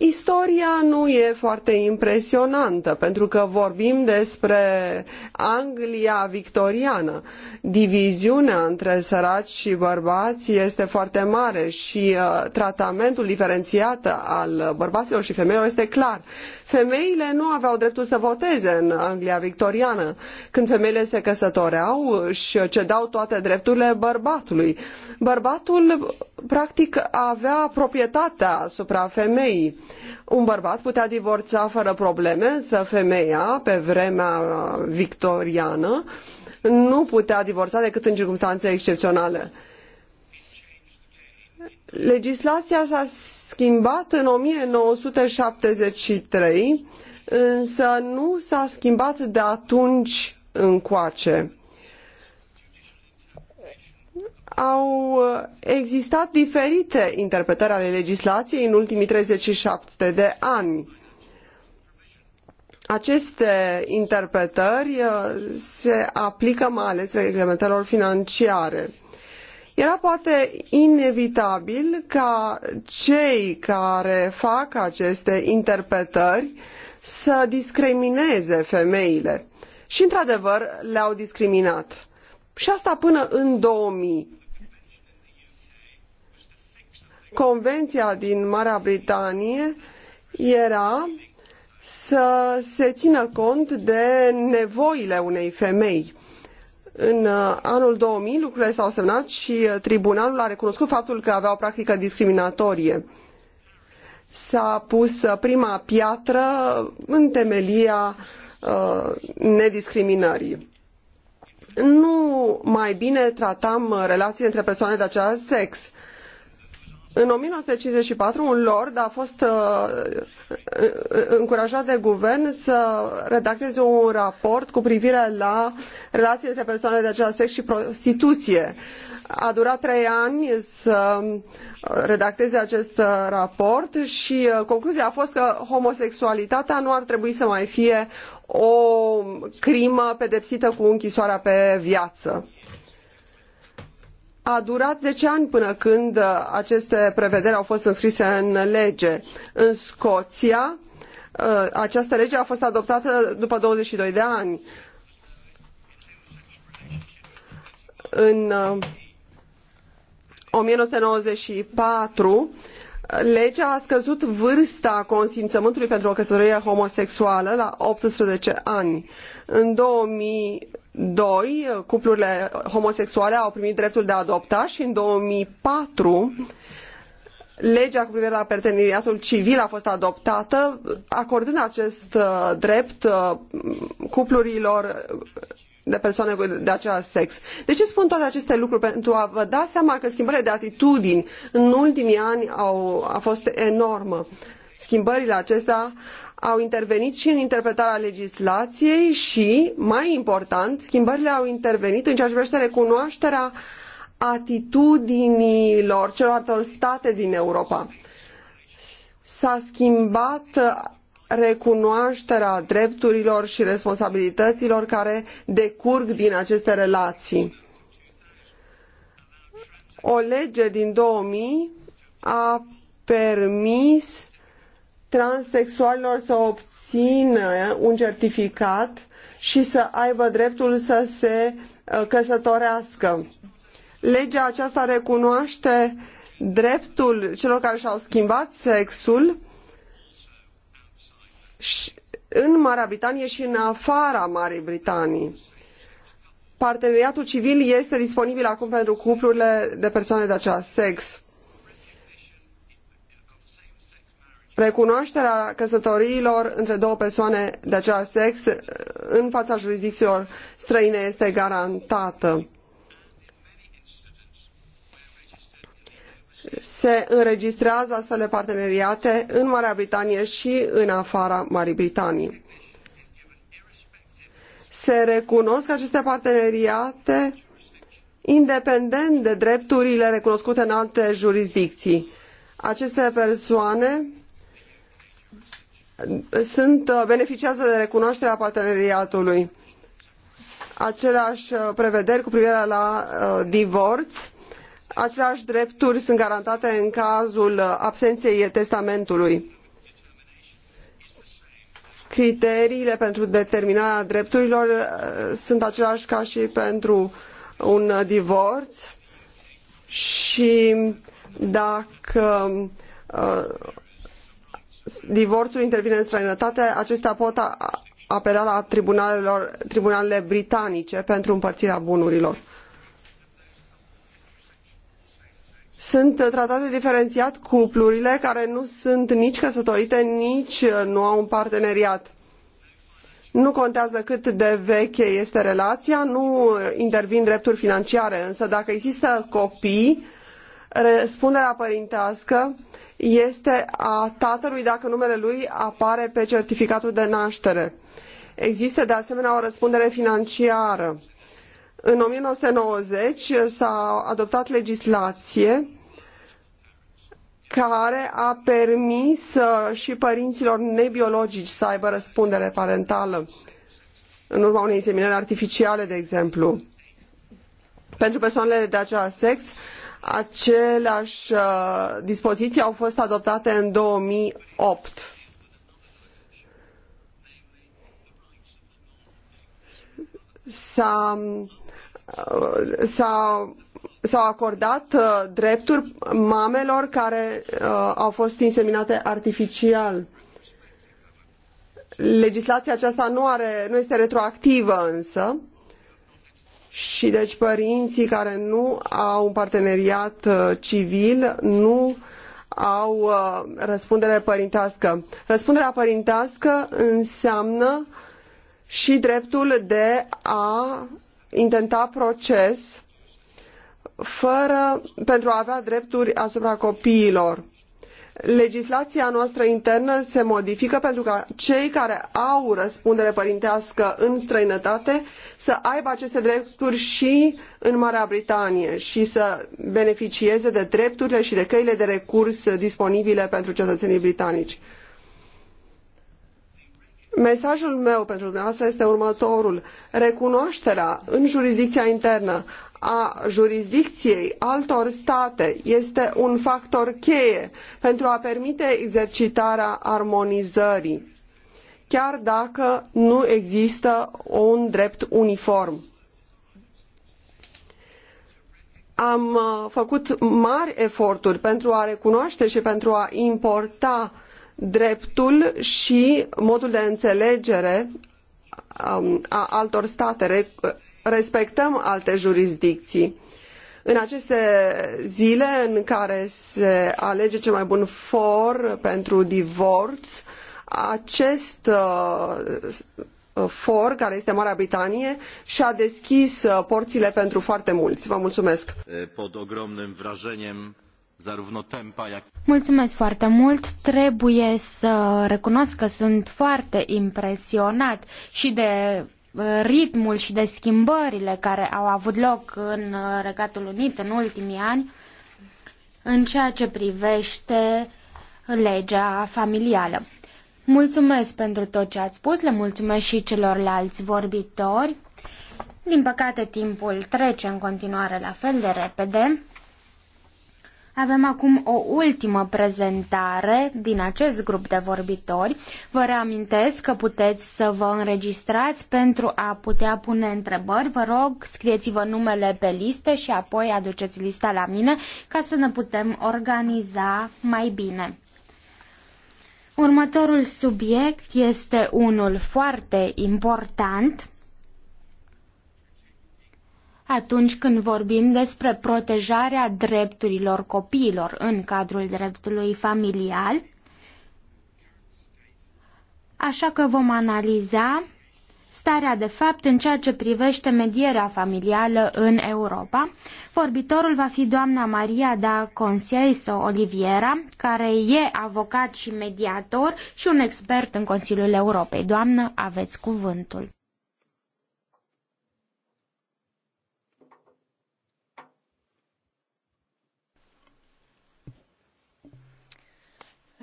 Istoria nu e foarte impresionantă, pentru că vorbim despre Anglia victoriană. Diviziunea între săraci și bărbați este foarte mare și uh, tratamentul diferențiat al uh, bărbaților și femeilor este clar femeile nu aveau dreptul să voteze în Anglia victoriană. Când femeile se căsătoreau și cedau toate drepturile bărbatului. Bărbatul practic avea proprietatea asupra femeii. Un bărbat putea divorța fără probleme, însă femeia, pe vremea victoriană, nu putea divorța decât în circunstanțe excepționale. Legislația s-a schimbat în 1973, însă nu s-a schimbat de atunci încoace. Au existat diferite interpretări ale legislației în ultimii 37 de ani. Aceste interpretări uh, se aplică mai ales reglementelor financiare. Era poate inevitabil ca cei care fac aceste interpretări să discrimineze femeile. Și, într-adevăr, le-au discriminat. Și asta până în 2000. Convenția din Marea Britanie era să se țină cont de nevoile unei femei. În uh, anul 2000 lucrurile s-au semnat și uh, tribunalul a recunoscut faptul că avea o practică discriminatorie. S-a pus uh, prima piatră în temelia uh, nediscriminării nu mai bine tratam relațiile între persoane de același sex. În 1954, un lord a fost uh, uh, încurajat de guvern să redacteze un raport cu privire la relații între persoane de același sex și prostituție. A durat trei ani să redacteze acest uh, raport și concluzia a fost că homosexualitatea nu ar trebui să mai fie o crimă pedepsită cu închisoarea pe viață. A durat zece ani până când uh, aceste prevederi au fost înscrise în lege. În Scoția, uh, această lege a fost adoptată după 22 de ani. În 1994, uh, legea a scăzut vârsta consimțământului pentru o căsătorie homosexuală la 18 ani. În 2000 2002 cuplurile homosexuale au primit dreptul de a adopta și în 2004 legea cu privire la parteneriatul civil a fost adoptată, acordând acest uh, drept uh, cuplurilor de persoane de același sex. De ce spun toate aceste lucruri? Pentru a vă da seama că schimbările de atitudini în ultimii ani au, a fost enormă. Schimbările acestea au intervenit și în interpretarea legislației și, mai important, schimbările au intervenit în ceea ce privește recunoașterea atitudinilor celorlalte state din Europa. S-a schimbat recunoașterea drepturilor și responsabilităților care decurg din aceste relații. O lege din 2000 a permis transexualilor să obțină un certificat și să aibă dreptul să se uh, căsătorească. Legea aceasta recunoaște dreptul celor care și-au schimbat sexul în Marea Britanie și în afara Marii Britanii. Parteneriatul civil este disponibil acum pentru cuplurile de persoane de același sex. recunoașterea căsătoriilor între două persoane de același sex uh, în fața jurisdicțiilor străine este garantată. Se înregistrează astfel de parteneriate în Marea Britanie și în afara Marii Britanii. Se recunosc aceste parteneriate independent de drepturile recunoscute în alte jurisdicții. Aceste persoane sunt, uh, beneficiază de recunoașterea parteneriatului. Aceleași uh, prevederi cu privire la uh, divorț, aceleași drepturi sunt garantate în cazul uh, absenței testamentului. Criteriile pentru determinarea drepturilor sunt aceleași ca și pentru un divorț și dacă divorțul intervine în străinătate, acestea pot apela la tribunalelor, tribunalele britanice pentru împărțirea bunurilor. Sunt tratate diferențiat cuplurile care nu sunt nici căsătorite, nici uh, nu au un parteneriat. Nu contează cât de veche este relația, nu uh, intervin drepturi financiare, însă dacă există copii, răspunderea părintească este a tatălui dacă numele lui apare pe certificatul de naștere. Există de asemenea o răspundere financiară. În 1990 s-a adoptat legislație care a permis uh, și părinților nebiologici să aibă răspundere parentală în urma unei inseminări artificiale, de exemplu. Pentru persoanele de același sex, Aceleași uh, dispoziții au fost adoptate în 2008. S-a, uh, s-a s-au acordat uh, drepturi mamelor care uh, au fost inseminate artificial. Legislația aceasta nu, are, nu este retroactivă însă. Și deci părinții care nu au un parteneriat uh, civil nu au uh, răspundere părintească. Răspunderea părintească înseamnă și dreptul de a intenta proces fără, pentru a avea drepturi asupra copiilor legislația noastră internă se modifică pentru ca cei care au răspundere părintească în străinătate să aibă aceste drepturi și în Marea Britanie și să beneficieze de drepturile și de căile de recurs disponibile pentru cetățenii britanici. Mesajul meu pentru dumneavoastră este următorul. Recunoașterea în jurisdicția internă a jurisdicției altor state este un factor cheie pentru a permite exercitarea armonizării, chiar dacă nu există un drept uniform. Am uh, făcut mari eforturi pentru a recunoaște și pentru a importa dreptul și modul de înțelegere um, a altor state, respectăm alte jurisdicții. În aceste zile în care se alege cel mai bun for pentru divorț, acest uh, for, care este Marea Britanie, și-a deschis uh, porțile pentru foarte mulți. Vă mulțumesc! Pod ogromnym wrażeniem Mulțumesc foarte mult. Trebuie să recunosc că sunt foarte impresionat și de Uh, ritmul și de schimbările care au avut loc în uh, Regatul Unit în ultimii ani în ceea ce privește legea familială. Mulțumesc pentru tot ce ați spus, le mulțumesc și celorlalți vorbitori. Din păcate, timpul trece în continuare la fel de repede. Avem acum o ultimă prezentare din acest grup de vorbitori. Vă reamintesc că puteți să vă înregistrați pentru a putea pune întrebări. Vă rog, scrieți-vă numele pe listă și apoi aduceți lista la mine ca să ne putem organiza mai bine. Următorul subiect este unul foarte important atunci când vorbim despre protejarea drepturilor copiilor în cadrul dreptului familial. Așa că vom analiza starea de fapt în ceea ce privește medierea familială în Europa. Vorbitorul va fi doamna Maria da Conseiso Oliviera, care e avocat și mediator și un expert în Consiliul Europei. Doamnă, aveți cuvântul.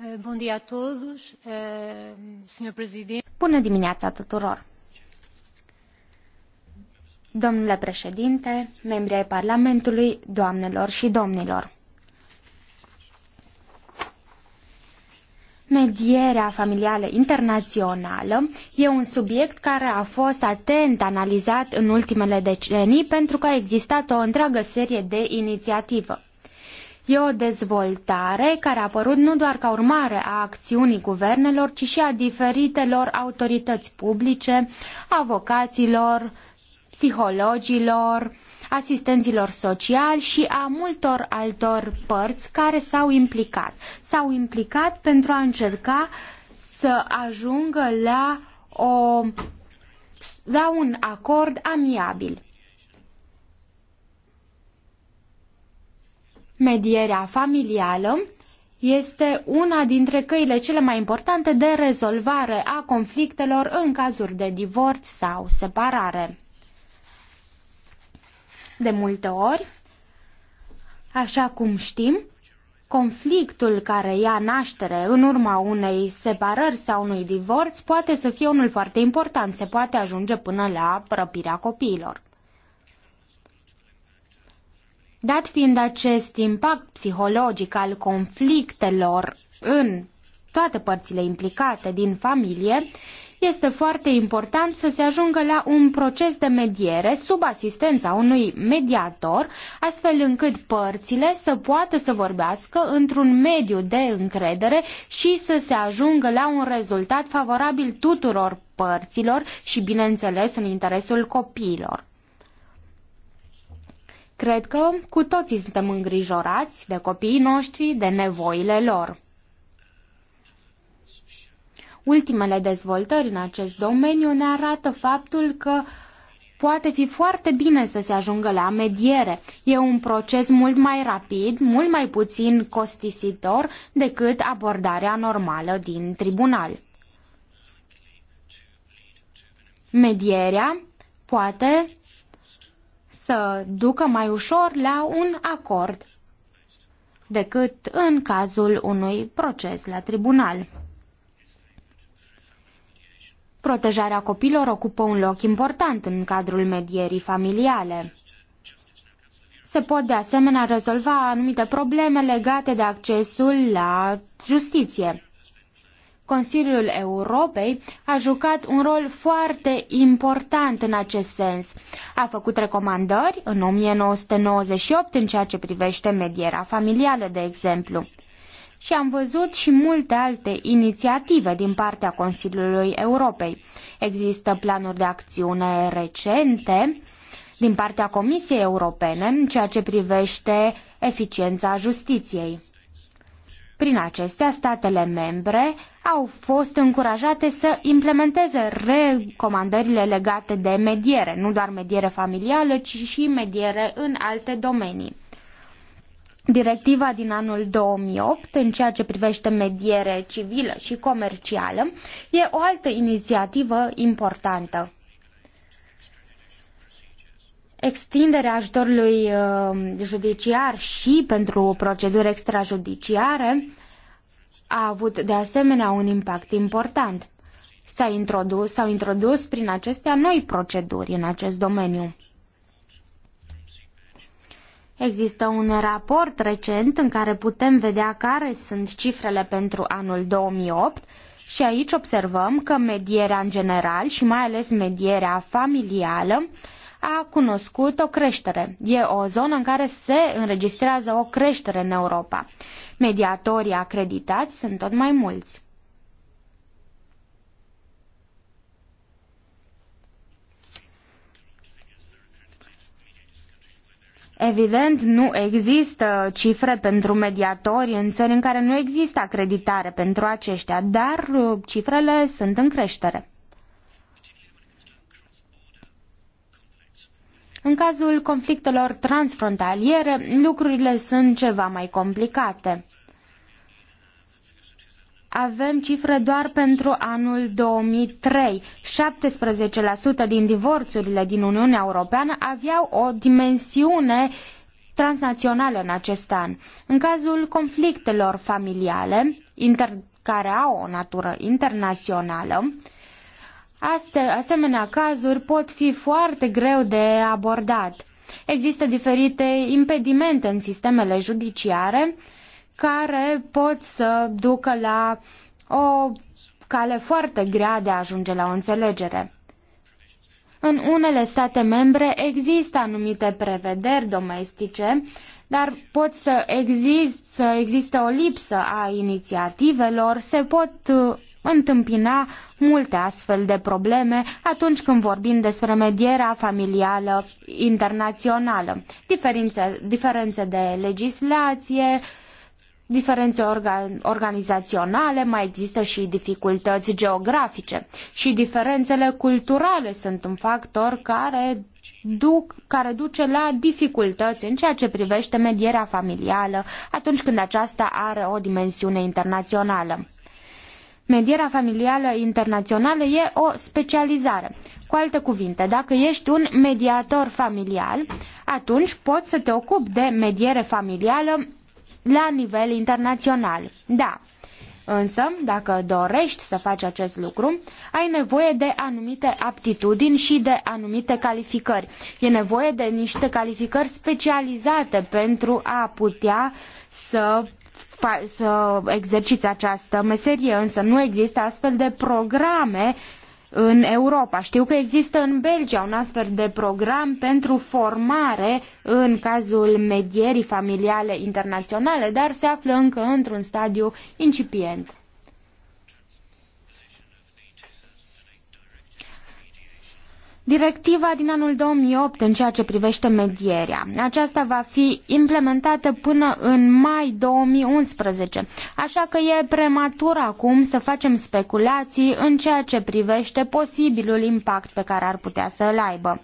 Eh, eh, Bună dimineața tuturor! Domnule președinte, membri ai Parlamentului, doamnelor și domnilor! Medierea familială internațională e un subiect care a fost atent analizat în ultimele decenii pentru că a existat o întreagă serie de inițiative E o dezvoltare care a apărut nu doar ca urmare a acțiunii guvernelor, ci și a diferitelor autorități publice, avocaților, psihologilor, asistenților sociali și a multor altor părți care s-au implicat. S-au implicat pentru a încerca să ajungă la, o, la un acord amiabil. Medierea familială este una dintre căile cele mai importante de rezolvare a conflictelor în cazuri de divorț sau separare. De multe ori, așa cum știm, conflictul care ia naștere în urma unei separări sau unui divorț poate să fie unul foarte important, se poate ajunge până la răpirea copiilor. Dat fiind acest impact psihologic al conflictelor în toate părțile implicate din familie, este foarte important să se ajungă la un proces de mediere sub asistența unui mediator, astfel încât părțile să poată să vorbească într-un mediu de încredere și să se ajungă la un rezultat favorabil tuturor părților și, bineînțeles, în interesul copiilor. Cred că cu toții suntem îngrijorați de copiii noștri, de nevoile lor. Ultimele dezvoltări în acest domeniu ne arată faptul că poate fi foarte bine să se ajungă la mediere. E un proces mult mai rapid, mult mai puțin costisitor decât abordarea normală din tribunal. Medierea poate să ducă mai ușor la un acord decât în cazul unui proces la tribunal. Protejarea copilor ocupă un loc important în cadrul medierii familiale. Se pot de asemenea rezolva anumite probleme legate de accesul la justiție. Consiliul Europei a jucat un rol foarte important în acest sens. A făcut recomandări în 1998 în ceea ce privește medierea familială, de exemplu. Și am văzut și multe alte inițiative din partea Consiliului Europei. Există planuri de acțiune recente din partea Comisiei Europene în ceea ce privește eficiența justiției. Prin acestea, statele membre au fost încurajate să implementeze recomandările legate de mediere, nu doar mediere familială, ci și mediere în alte domenii. Directiva din anul 2008 în ceea ce privește mediere civilă și comercială e o altă inițiativă importantă extinderea ajutorului uh, judiciar și pentru proceduri extrajudiciare a avut de asemenea un impact important. S-au introdus, s-au introdus prin acestea noi proceduri în acest domeniu. Există un raport recent în care putem vedea care sunt cifrele pentru anul 2008 și aici observăm că medierea în general și mai ales medierea familială a cunoscut o creștere. E o zonă în care se înregistrează o creștere în Europa. Mediatorii acreditați sunt tot mai mulți. Evident, nu există cifre pentru mediatori în țări în care nu există acreditare pentru aceștia, dar uh, cifrele sunt în creștere. În cazul conflictelor transfrontaliere, lucrurile sunt ceva mai complicate. Avem cifre doar pentru anul 2003. 17% din divorțurile din Uniunea Europeană aveau o dimensiune transnațională în acest an. În cazul conflictelor familiale, inter- care au o natură internațională, Aste, asemenea cazuri pot fi foarte greu de abordat. Există diferite impedimente în sistemele judiciare care pot să ducă la o cale foarte grea de a ajunge la o înțelegere. În unele state membre există anumite prevederi domestice, dar pot să, exist, să existe o lipsă a inițiativelor, se pot uh, întâmpina multe astfel de probleme atunci când vorbim despre medierea familială internațională. Diferențe, diferențe de legislație, diferențe organ- organizaționale, mai există și dificultăți geografice și diferențele culturale sunt un factor care duc, care duce la dificultăți în ceea ce privește medierea familială atunci când aceasta are o dimensiune internațională. Medierea familială internațională e o specializare. Cu alte cuvinte, dacă ești un mediator familial, atunci poți să te ocupi de mediere familială la nivel internațional. Da, Însă, dacă dorești să faci acest lucru, ai nevoie de anumite aptitudini și de anumite calificări. E nevoie de niște calificări specializate pentru a putea să să exerciți această meserie, însă nu există astfel de programe în Europa. Știu că există în Belgia un astfel de program pentru formare în cazul medierii familiale internaționale, dar se află încă într-un stadiu incipient. Directiva din anul 2008 în ceea ce privește medierea. Aceasta va fi implementată până în mai 2011, așa că e prematur acum să facem speculații în ceea ce privește posibilul impact pe care ar putea să îl aibă.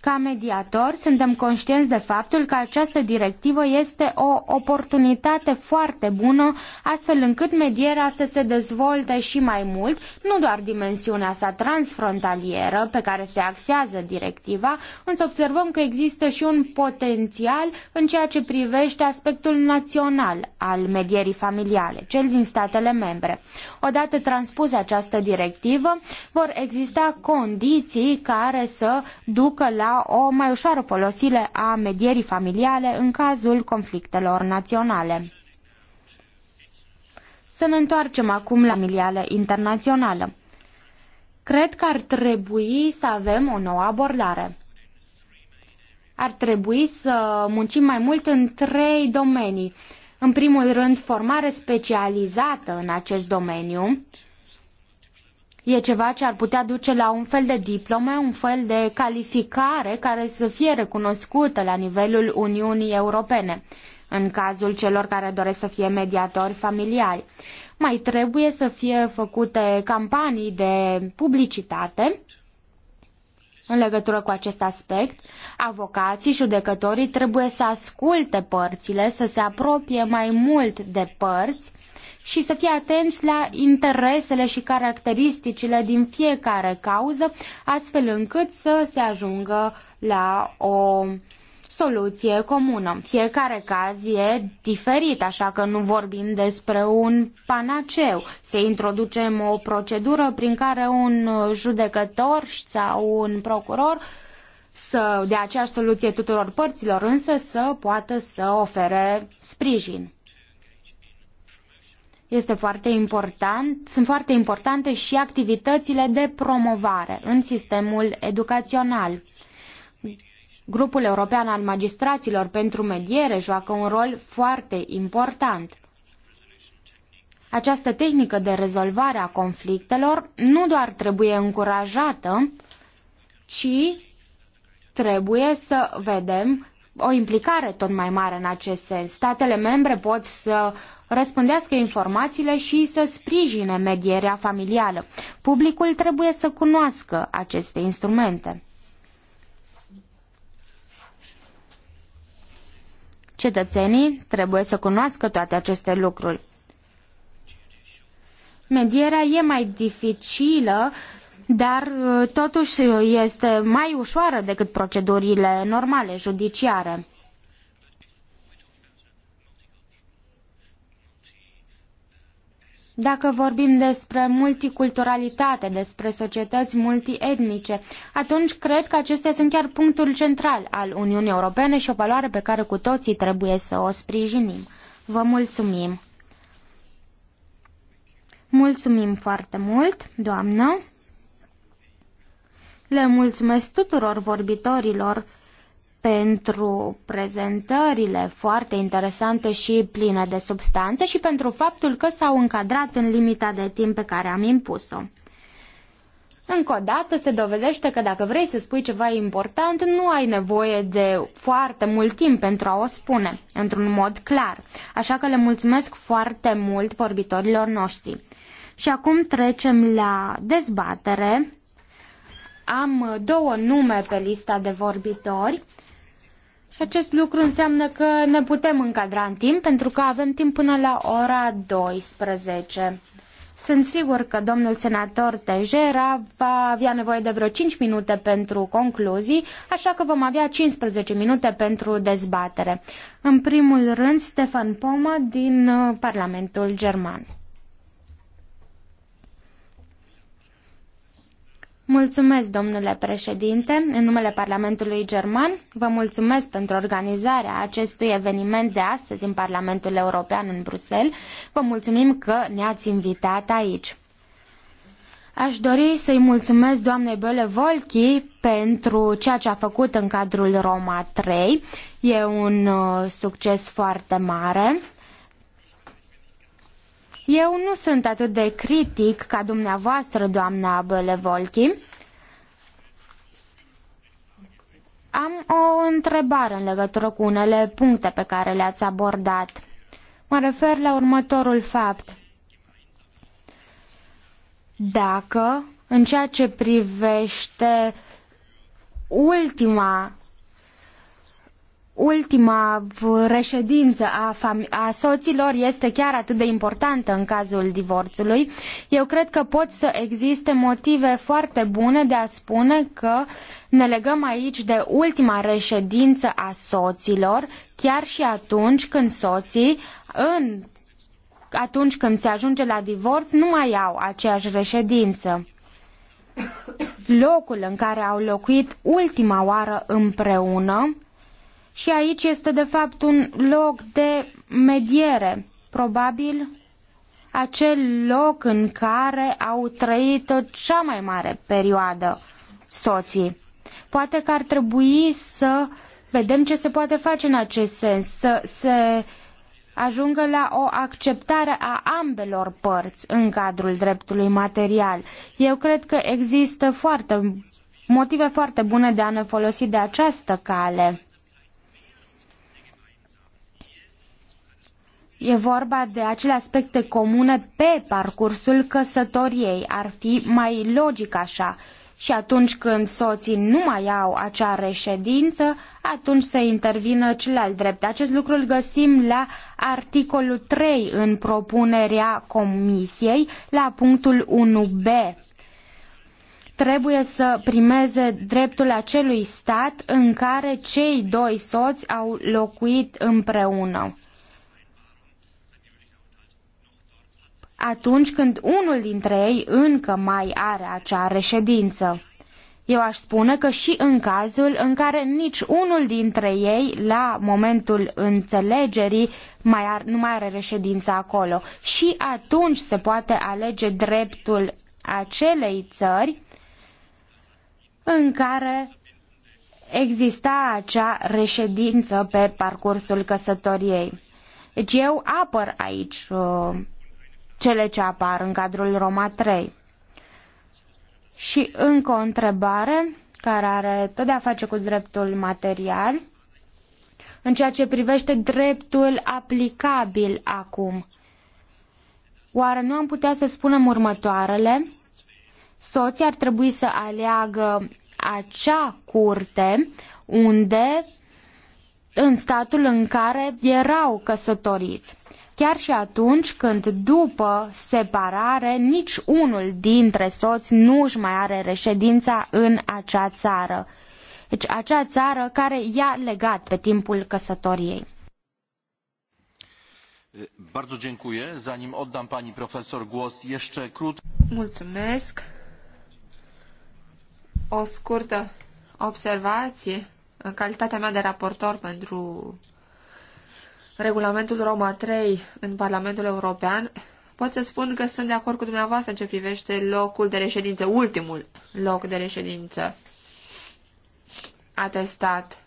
Ca mediator, suntem conștienți de faptul că această directivă este o oportunitate foarte bună, astfel încât medierea să se dezvolte și mai mult, nu doar dimensiunea sa transfrontalieră pe care se axează directiva, însă observăm că există și un potențial în ceea ce privește aspectul național al medierii familiale, cel din statele membre. Odată transpusă această directivă, vor exista condiții care să ducă la avea o mai ușoară folosire a medierii familiale în cazul conflictelor naționale. Să ne întoarcem acum la familiale internaționale. Cred că ar trebui să avem o nouă abordare. Ar trebui să muncim mai mult în trei domenii. În primul rând, formare specializată în acest domeniu, E ceva ce ar putea duce la un fel de diplome, un fel de calificare care să fie recunoscută la nivelul Uniunii Europene, în cazul celor care doresc să fie mediatori familiali. Mai trebuie să fie făcute campanii de publicitate în legătură cu acest aspect, avocații și judecătorii trebuie să asculte părțile, să se apropie mai mult de părți și să fie atenți la interesele și caracteristicile din fiecare cauză, astfel încât să se ajungă la o soluție comună. Fiecare caz e diferit, așa că nu vorbim despre un panaceu. Se introducem o procedură prin care un judecător sau un procuror să dea aceeași soluție tuturor părților, însă să poată să ofere sprijin. Este foarte important, sunt foarte importante și activitățile de promovare în sistemul educațional. Grupul European al Magistraților pentru Mediere joacă un rol foarte important. Această tehnică de rezolvare a conflictelor nu doar trebuie încurajată, ci trebuie să vedem o implicare tot mai mare în acest sens. Statele membre pot să răspândească informațiile și să sprijine medierea familială. Publicul trebuie să cunoască aceste instrumente. Cetățenii trebuie să cunoască toate aceste lucruri. Medierea e mai dificilă, dar uh, totuși este mai ușoară decât procedurile normale judiciare. Dacă vorbim despre multiculturalitate, despre societăți multietnice, atunci cred că acestea sunt chiar punctul central al Uniunii Europene și o valoare pe care cu toții trebuie să o sprijinim. Vă mulțumim! Mulțumim foarte mult, doamnă! Le mulțumesc tuturor vorbitorilor pentru prezentările foarte interesante și pline de substanță și pentru faptul că s-au încadrat în limita de timp pe care am impus-o. Încă o dată se dovedește că dacă vrei să spui ceva important, nu ai nevoie de foarte mult timp pentru a o spune, într-un mod clar. Așa că le mulțumesc foarte mult vorbitorilor noștri. Și acum trecem la dezbatere. Am două nume pe lista de vorbitori. Și acest lucru înseamnă că ne putem încadra în timp, pentru că avem timp până la ora 12. Sunt sigur că domnul senator Tejera va avea nevoie de vreo 5 minute pentru concluzii, așa că vom avea 15 minute pentru dezbatere. În primul rând, Stefan Poma din uh, Parlamentul German. Mulțumesc, domnule președinte, în numele Parlamentului German. Vă mulțumesc pentru organizarea acestui eveniment de astăzi în Parlamentul European în Bruxelles. Vă mulțumim că ne-ați invitat aici. Aș dori să-i mulțumesc doamnei Bele Volchi pentru ceea ce a făcut în cadrul Roma 3. E un uh, succes foarte mare. Eu nu sunt atât de critic ca dumneavoastră, doamna Bălevolchi. Am o întrebare în legătură cu unele puncte pe care le-ați abordat. Mă refer la următorul fapt. Dacă, în ceea ce privește ultima ultima reședință a, a soților este chiar atât de importantă în cazul divorțului, eu cred că pot să existe motive foarte bune de a spune că ne legăm aici de ultima reședință a soților, chiar și atunci când soții în atunci când se ajunge la divorț, nu mai au aceeași reședință. Locul în care au locuit ultima oară împreună și aici este de fapt un loc de mediere, probabil acel loc în care au trăit o cea mai mare perioadă soții. Poate că ar trebui să vedem ce se poate face în acest sens, să se ajungă la o acceptare a ambelor părți în cadrul dreptului material. Eu cred că există foarte, motive foarte bune de a ne folosi de această cale. E vorba de acele aspecte comune pe parcursul căsătoriei. Ar fi mai logic așa. Și atunci când soții nu mai au acea reședință, atunci să intervină celălalt drept. Acest lucru îl găsim la articolul 3 în propunerea comisiei, la punctul 1b trebuie să primeze dreptul acelui stat în care cei doi soți au locuit împreună. atunci când unul dintre ei încă mai are acea reședință. Eu aș spune că și în cazul în care nici unul dintre ei, la momentul înțelegerii, mai ar, nu mai are reședința acolo, și atunci se poate alege dreptul acelei țări în care exista acea reședință pe parcursul căsătoriei. Deci eu apăr aici uh, cele ce apar în cadrul Roma 3. Și încă o întrebare care are tot de a face cu dreptul material în ceea ce privește dreptul aplicabil acum. Oare nu am putea să spunem următoarele? Soții ar trebui să aleagă acea curte unde, în statul în care erau căsătoriți chiar și atunci când după separare nici unul dintre soți nu își mai are reședința în acea țară. Deci acea țară care i-a legat pe timpul căsătoriei. Bardzo dziękuję. Zanim oddam pani profesor głos, jeszcze krótko. Mulțumesc. O scurtă observație în calitatea mea de raportor pentru regulamentul Roma 3 în Parlamentul European, pot să spun că sunt de acord cu dumneavoastră în ce privește locul de reședință, ultimul loc de reședință atestat.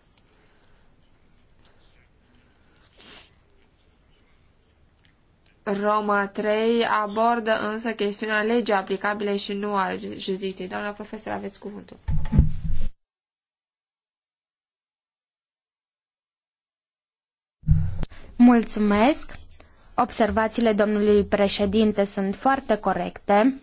Roma 3 abordă însă chestiunea legii aplicabile și nu a justiției. Doamna profesor, aveți cuvântul. Mulțumesc. Observațiile domnului președinte sunt foarte corecte.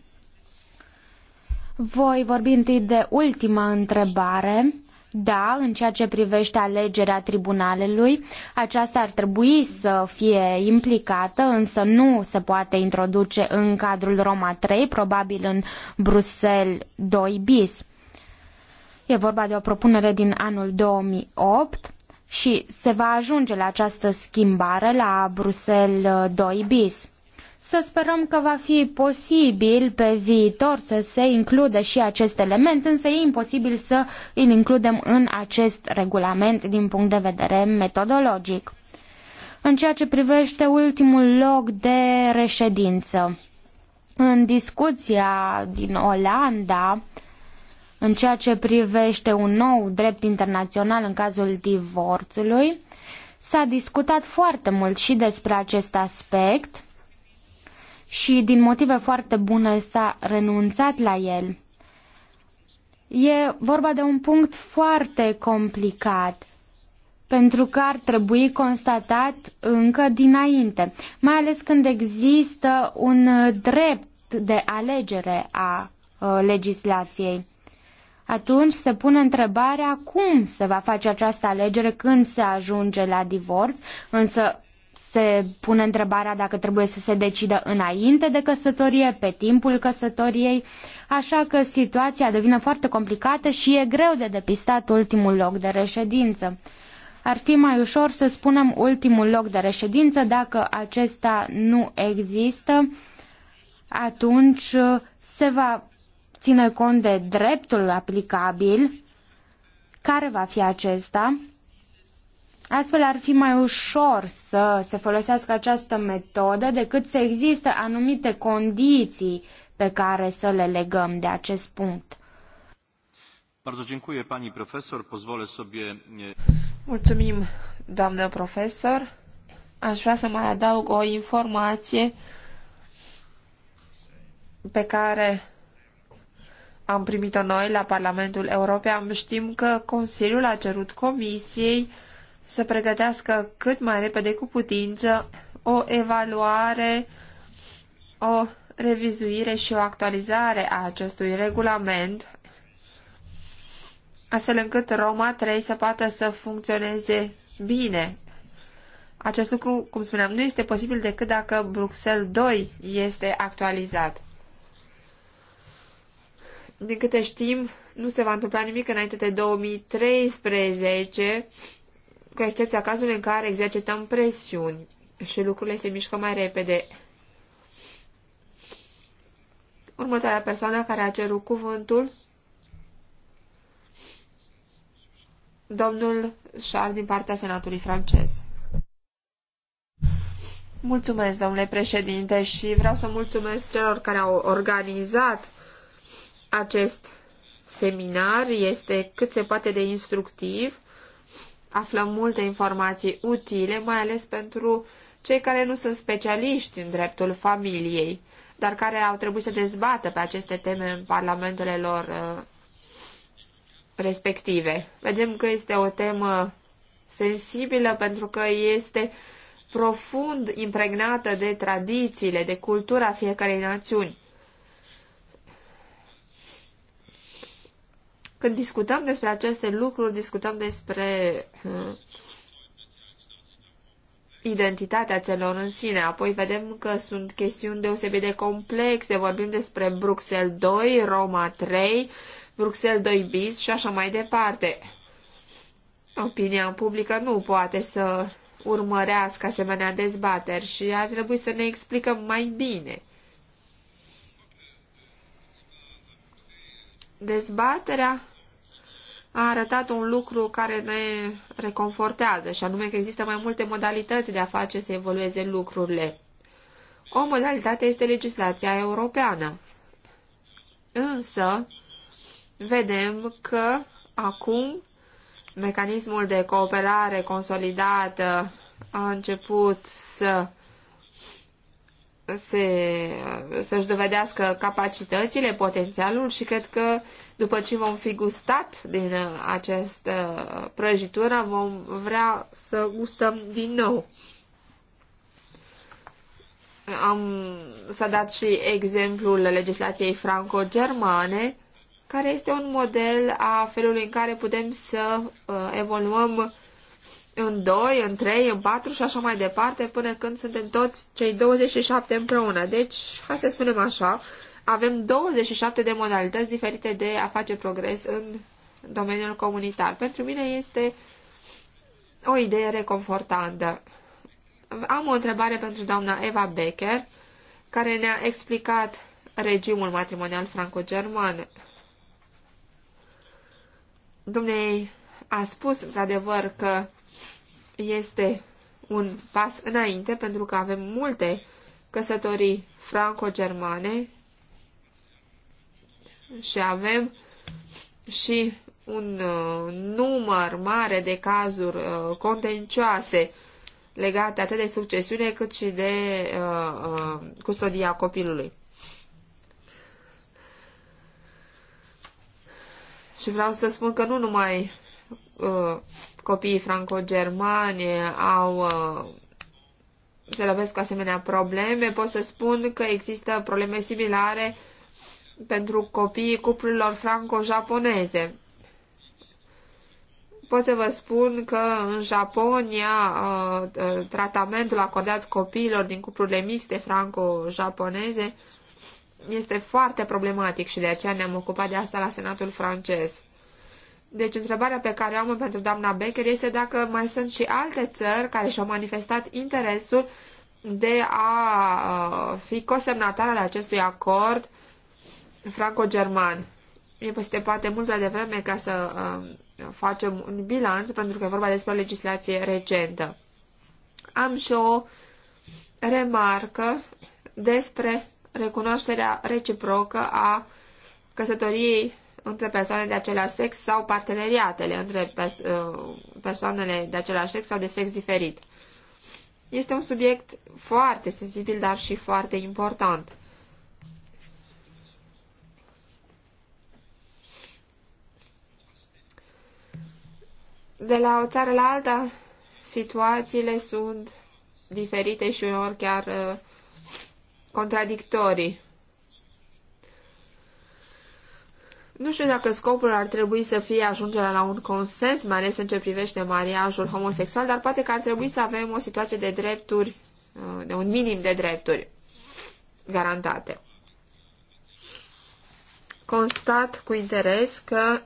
Voi vorbi întâi de ultima întrebare. Da, în ceea ce privește alegerea tribunalului, aceasta ar trebui să fie implicată, însă nu se poate introduce în cadrul Roma 3, probabil în Bruxelles 2 bis. E vorba de o propunere din anul 2008 și se va ajunge la această schimbare la Bruxelles 2 bis. Să sperăm că va fi posibil pe viitor să se includă și acest element, însă e imposibil să îl includem în acest regulament din punct de vedere metodologic. În ceea ce privește ultimul loc de reședință, în discuția din Olanda, uh, în ceea ce privește un nou drept internațional în cazul divorțului, s-a discutat foarte mult și despre acest aspect și din motive foarte bune s-a renunțat la el. E vorba de un punct foarte complicat pentru că ar trebui constatat încă dinainte, mai ales când există un drept de alegere a uh, legislației atunci se pune întrebarea cum se va face această alegere când se ajunge la divorț, însă se pune întrebarea dacă trebuie să se decidă înainte de căsătorie, pe timpul căsătoriei, așa că situația devine foarte complicată și e greu de depistat ultimul loc de reședință. Ar fi mai ușor să spunem ultimul loc de reședință dacă acesta nu există, atunci se va ține cont de dreptul aplicabil, care va fi acesta. Astfel ar fi mai ușor să se folosească această metodă decât să existe anumite condiții pe care să le legăm de acest punct. Mulțumim, doamnă profesor. Aș vrea să mai adaug o informație pe care am primit-o noi la Parlamentul European, știm că Consiliul a cerut Comisiei să pregătească cât mai repede cu putință o evaluare, o revizuire și o actualizare a acestui regulament, astfel încât Roma 3 să poată să funcționeze bine. Acest lucru, cum spuneam, nu este posibil decât dacă Bruxelles 2 este actualizat din câte știm, nu se va întâmpla nimic înainte de 2013, cu excepția cazului în care exercităm presiuni și lucrurile se mișcă mai repede. Următoarea persoană care a cerut cuvântul, domnul Charles din partea Senatului francez. Mulțumesc, domnule președinte, și vreau să mulțumesc celor care au organizat acest seminar este cât se poate de instructiv, aflăm multe informații utile, mai ales pentru cei care nu sunt specialiști în dreptul familiei, dar care au trebuit să dezbată pe aceste teme în parlamentele lor uh, respective. Vedem că este o temă sensibilă pentru că este profund impregnată de tradițiile, de cultura fiecarei națiuni. Când discutăm despre aceste lucruri, discutăm despre uh, identitatea celor în sine. Apoi vedem că sunt chestiuni deosebit de complexe. Vorbim despre Bruxelles 2, Roma 3, Bruxelles 2 bis și așa mai departe. Opinia publică nu poate să urmărească asemenea dezbateri și ar trebui să ne explicăm mai bine Dezbaterea a arătat un lucru care ne reconfortează, și anume că există mai multe modalități de a face să evolueze lucrurile. O modalitate este legislația europeană. Însă, vedem că acum mecanismul de cooperare consolidată a început să se, să-și dovedească capacitățile, potențialul și cred că după ce vom fi gustat din această prăjitură, vom vrea să gustăm din nou. Am, s-a dat și exemplul legislației franco-germane, care este un model a felului în care putem să uh, evoluăm în doi, în trei, în patru și așa mai departe, până când suntem toți cei 27 împreună. Deci, hai să spunem așa, avem 27 de modalități diferite de a face progres în domeniul comunitar. Pentru mine este o idee reconfortantă. Am o întrebare pentru doamna Eva Becker, care ne-a explicat regimul matrimonial franco-german. Dumnei a spus într-adevăr că este un pas înainte pentru că avem multe căsătorii franco-germane și avem și un uh, număr mare de cazuri uh, contencioase legate atât de succesiune cât și de uh, uh custodia copilului. Și vreau să spun că nu numai uh, copiii franco-germani au uh, se lovesc cu asemenea probleme, pot să spun că există probleme similare pentru copiii cuplurilor franco-japoneze. Pot să vă spun că în Japonia uh, tratamentul acordat copiilor din cuplurile mixte franco-japoneze este foarte problematic și de aceea ne-am ocupat de asta la Senatul francez. Deci întrebarea pe care o am pentru doamna Becker este dacă mai sunt și alte țări care și-au manifestat interesul de a fi cosemnatar al acestui acord franco-german. Este poate mult prea devreme ca să facem un bilanț, pentru că e vorba despre o legislație recentă. Am și o remarcă despre recunoașterea reciprocă a căsătoriei între persoane de același sex sau parteneriatele între pers uh, persoanele de același sex sau de sex diferit. Este un subiect foarte sensibil, dar și foarte important. De la o țară la alta, situațiile sunt diferite și uneori chiar uh, contradictorii. Nu știu dacă scopul ar trebui să fie ajungerea la un consens, mai ales în ce privește mariajul homosexual, dar poate că ar trebui să avem o situație de drepturi, uh, de un minim de drepturi garantate. Constat cu interes că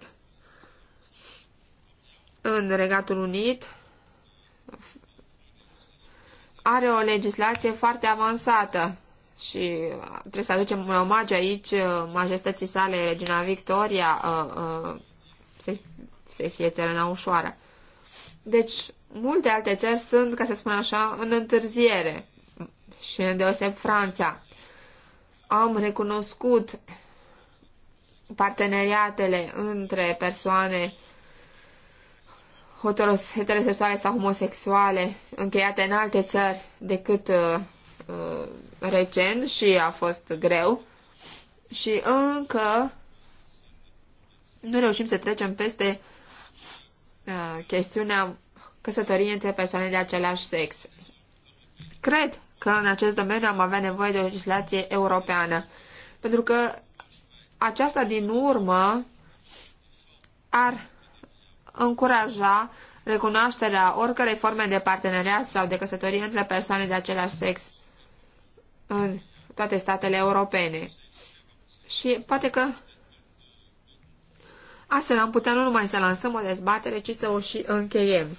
în Regatul Unit are o legislație foarte avansată și uh, trebuie să aducem un omagiu aici uh, majestății sale, Regina Victoria, să se, se fie țărâna ușoară. Deci, multe alte țări sunt, ca să spun așa, în întârziere și în deoseb Franța. Am recunoscut parteneriatele între persoane heterosexuale sau homosexuale încheiate în alte țări decât uh, Uh, recent și a fost greu și încă nu reușim să trecem peste uh, chestiunea căsătoriei între persoane de același sex. Cred că în acest domeniu am avea nevoie de o legislație europeană, pentru că aceasta din urmă ar încuraja recunoașterea oricărei forme de parteneriat sau de căsătorie între persoane de același sex în toate statele europene. Și poate că astfel am putea nu numai să lansăm o dezbatere, ci să o și încheiem.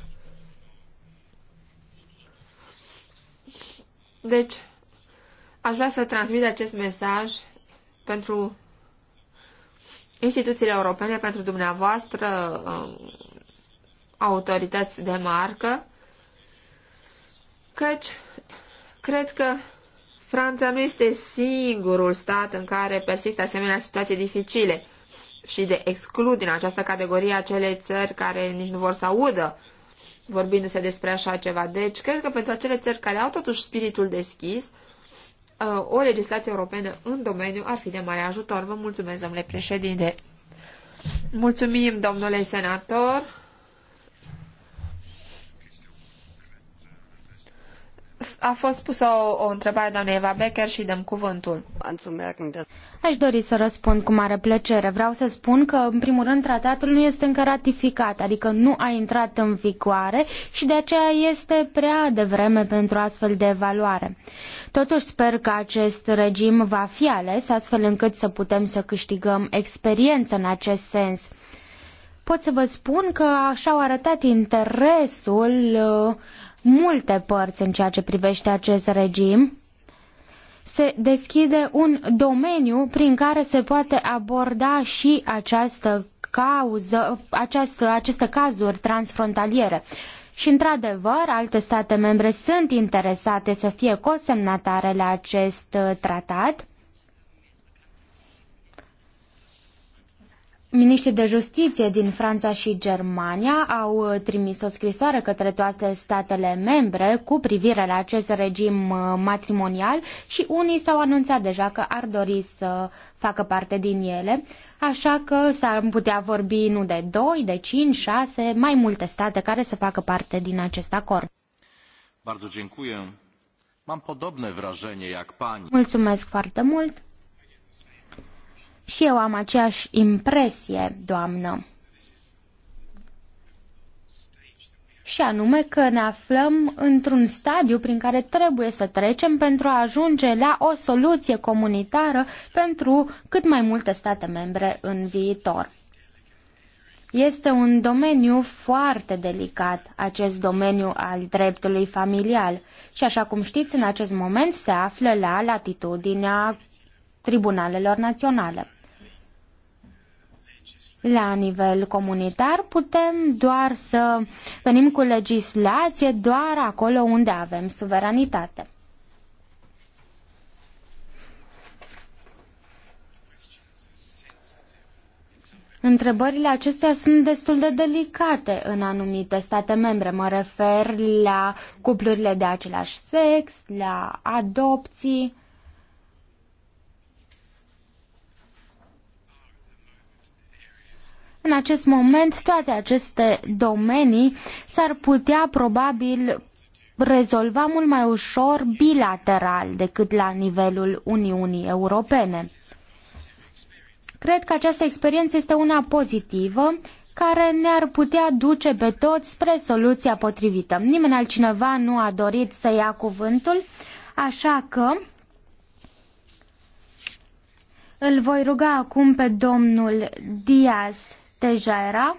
Deci, aș vrea să transmit acest mesaj pentru instituțiile europene, pentru dumneavoastră, um, autorități de marcă, căci cred că Franța nu este singurul stat în care persistă asemenea situații dificile și de exclud din această categorie acele țări care nici nu vor să audă vorbindu-se despre așa ceva. Deci, cred că pentru acele țări care au totuși spiritul deschis, uh, o legislație europeană în domeniu ar fi de mare ajutor. Vă mulțumesc, domnule președinte. Mulțumim, domnule senator. A fost pusă o, o întrebare doamnei Eva Becker și dăm cuvântul. Aș dori să răspund cu mare plăcere. Vreau să spun că, în primul rând, tratatul nu este încă ratificat, adică nu a intrat în vigoare și de aceea este prea devreme pentru astfel de evaluare. Totuși sper că acest regim va fi ales astfel încât să putem să câștigăm experiență în acest sens. Pot să vă spun că așa au arătat interesul uh, multe părți în ceea ce privește acest regim, se deschide un domeniu prin care se poate aborda și această cauză, această, aceste cazuri transfrontaliere. Și, într-adevăr, alte state membre sunt interesate să fie cosemnatare la acest uh, tratat Miniștrii de justiție din Franța și Germania au trimis o scrisoare către toate statele membre cu privire la acest regim uh, matrimonial și unii s-au anunțat deja că ar dori să facă parte din ele, așa că s-ar putea vorbi nu de 2, de 5, 6, mai multe state care să facă parte din acest acord. Bardzo dziękuję. Mam podobne wrażenie jak pani. Mulțumesc foarte mult. Și eu am aceeași impresie, doamnă. și anume că ne aflăm într-un stadiu prin care trebuie să trecem pentru a ajunge la o soluție comunitară pentru cât mai multe state membre în viitor. Este un domeniu foarte delicat, acest domeniu al dreptului familial și, așa cum știți, în acest moment se află la latitudinea tribunalelor naționale la nivel comunitar, putem doar să venim cu legislație doar acolo unde avem suveranitate. Întrebările acestea sunt destul de delicate în anumite state membre. Mă refer la cuplurile de același sex, la adopții. În acest moment, toate aceste domenii s-ar putea probabil rezolva mult mai ușor bilateral decât la nivelul Uniunii Europene. Cred că această experiență este una pozitivă care ne-ar putea duce pe toți spre soluția potrivită. Nimeni altcineva nu a dorit să ia cuvântul, așa că îl voi ruga acum pe domnul Diaz deja era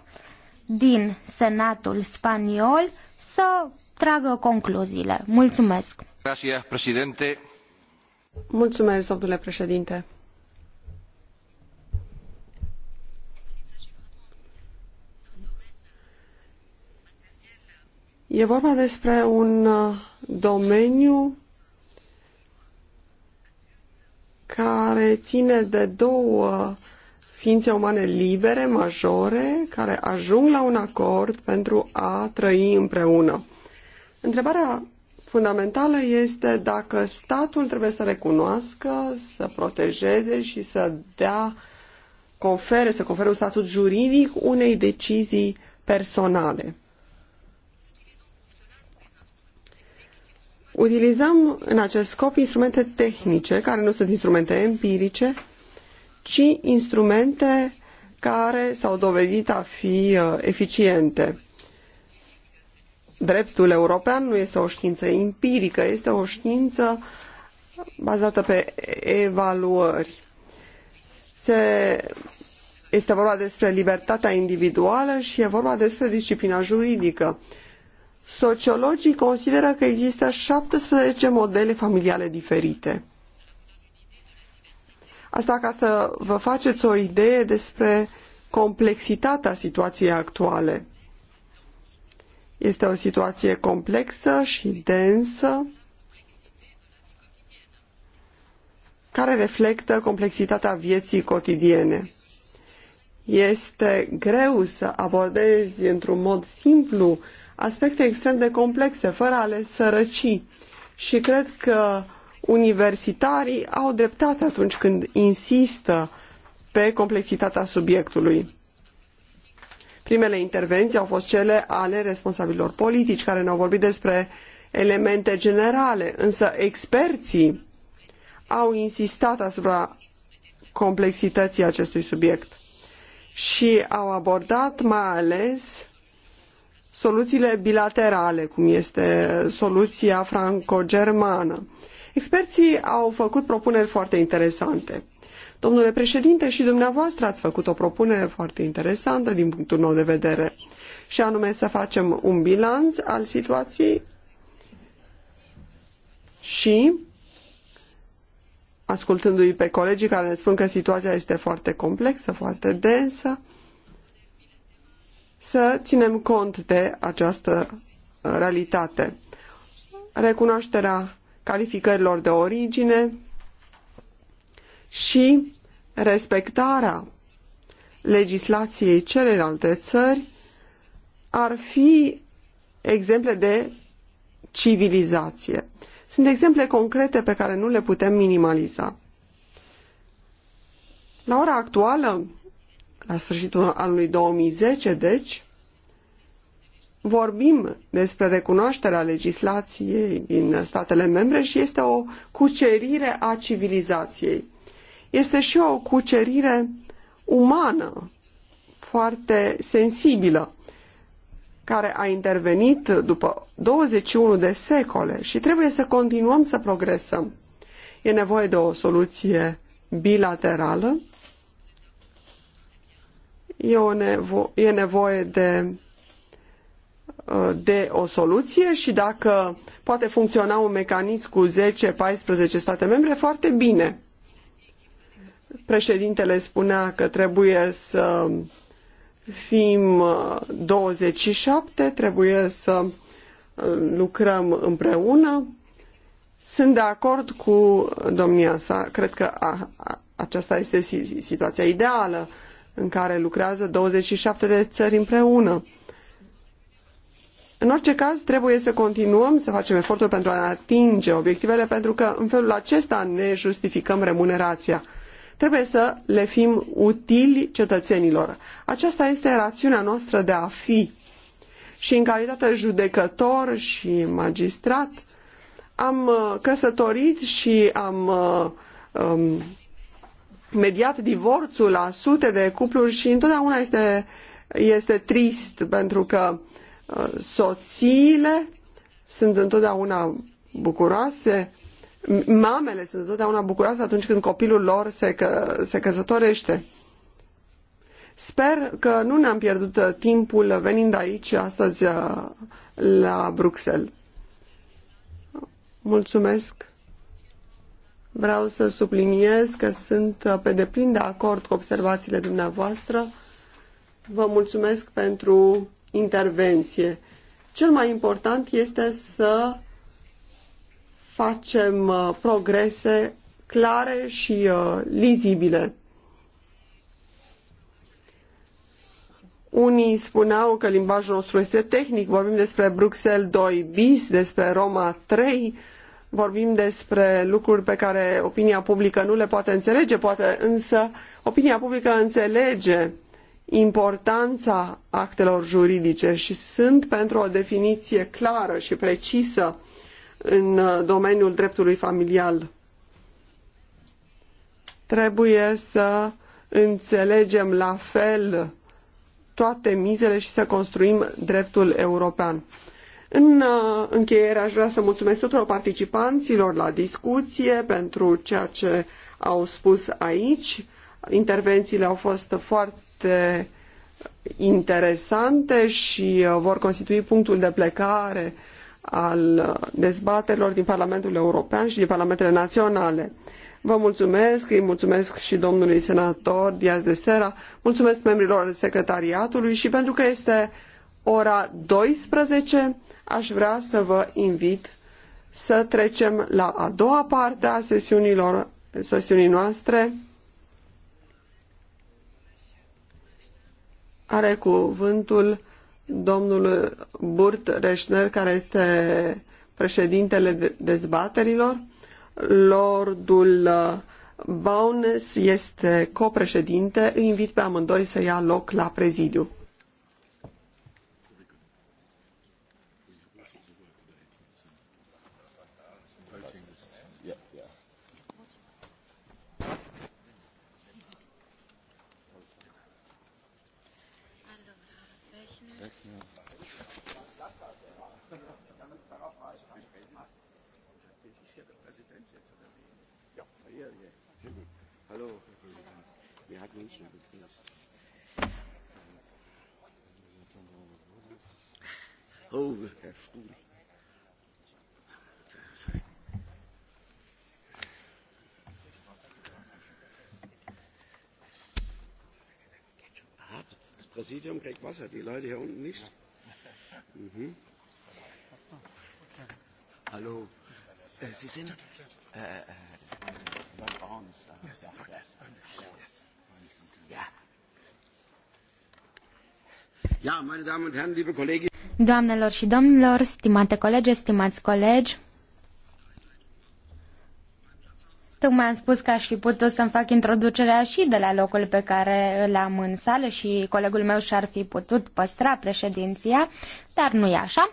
din Senatul spaniol să tragă concluziile. Mulțumesc. Gracias, președinte. Mulțumesc, domnule președinte. E vorba despre un uh, domeniu care ține de două ființe umane libere, majore, care ajung la un acord pentru a trăi împreună. Întrebarea fundamentală este dacă statul trebuie să recunoască, să protejeze și să dea, confere, să confere un statut juridic unei decizii personale. Utilizăm în acest scop instrumente tehnice, care nu sunt instrumente empirice, ci instrumente care s-au dovedit a fi uh, eficiente. Dreptul european nu este o știință empirică, este o știință bazată pe evaluări. Se, este vorba despre libertatea individuală și e vorba despre disciplina juridică. Sociologii consideră că există 17 modele familiale diferite. Asta ca să vă faceți o idee despre complexitatea situației actuale. Este o situație complexă și densă care reflectă complexitatea vieții cotidiene. Este greu să abordezi într-un mod simplu aspecte extrem de complexe, fără a le sărăci. Și cred că universitarii au dreptate atunci când insistă pe complexitatea subiectului. Primele intervenții au fost cele ale responsabililor politici care ne-au vorbit despre elemente generale, însă experții au insistat asupra complexității acestui subiect și au abordat mai ales soluțiile bilaterale, cum este soluția franco-germană. Experții au făcut propuneri foarte interesante. Domnule președinte, și dumneavoastră ați făcut o propunere foarte interesantă din punctul meu de vedere, și anume să facem un bilanț al situației și, ascultându-i pe colegii care ne spun că situația este foarte complexă, foarte densă, să ținem cont de această realitate. Recunoașterea calificărilor de origine și respectarea legislației celelalte țări ar fi exemple de civilizație. Sunt exemple concrete pe care nu le putem minimaliza. La ora actuală, la sfârșitul anului 2010, deci, vorbim despre recunoașterea legislației din statele membre și este o cucerire a civilizației. Este și o cucerire umană, foarte sensibilă, care a intervenit după 21 de secole și trebuie să continuăm să progresăm. E nevoie de o soluție bilaterală, e, nevo- e nevoie de Uh, de o soluție și dacă poate funcționa un mecanism cu 10-14 state membre, foarte bine. Președintele spunea că trebuie să fim 27, uh, trebuie să uh, lucrăm împreună. Sunt de acord cu domnia sa. Cred că a, a, aceasta este situația ideală în care lucrează 27 de țări împreună. În orice caz, trebuie să continuăm să facem eforturi pentru a atinge obiectivele, pentru că în felul acesta ne justificăm remunerația. Trebuie să le fim utili cetățenilor. Aceasta este rațiunea noastră de a fi. Și în calitate judecător și magistrat, am uh, căsătorit și am uh, um, mediat divorțul la sute de cupluri și întotdeauna este, este trist pentru că soțiile sunt întotdeauna bucuroase, mamele sunt întotdeauna bucuroase atunci când copilul lor se, că, se căsătorește. Sper că nu ne-am pierdut uh, timpul venind aici astăzi uh, la Bruxelles. Mulțumesc. Vreau să subliniez că sunt uh, pe deplin de acord cu observațiile dumneavoastră. Vă mulțumesc pentru intervenție. Cel mai important este să facem uh, progrese clare și uh, lizibile. Unii spuneau că limbajul nostru este tehnic, vorbim despre Bruxelles 2 bis, despre Roma 3, vorbim despre lucruri pe care opinia publică nu le poate înțelege, poate însă opinia publică înțelege importanța actelor juridice și sunt pentru o definiție clară și precisă în uh, domeniul dreptului familial. Trebuie să înțelegem la fel toate mizele și să construim dreptul european. În uh, încheiere aș vrea să mulțumesc tuturor participanților la discuție pentru ceea ce au spus aici. Intervențiile au fost foarte foarte interesante și uh, vor constitui punctul de plecare al uh, dezbaterilor din Parlamentul European și din Parlamentele Naționale. Vă mulțumesc, îi mulțumesc și domnului senator Diaz de Sera, mulțumesc membrilor secretariatului și pentru că este ora 12, aș vrea să vă invit să trecem la a doua parte a sesiunilor, sesiunii noastre. Are cuvântul domnul Burt Reșner, care este președintele dezbaterilor. Lordul uh, Baunes este copreședinte. Îi invit pe amândoi să ia loc la prezidiu. over, oh, Herr Stuhl. Ah, das Präsidium kriegt Wasser, die Leute hier unten nicht. Mhm. Hallo, äh, Sie sind. Äh, äh, äh ja. ja, meine Damen und Herren, liebe Kollegen. Doamnelor și domnilor, stimate colegi, stimați colegi, tocmai am spus că aș fi putut să-mi fac introducerea și de la locul pe care l am în sală și colegul meu și-ar fi putut păstra președinția, dar nu e așa.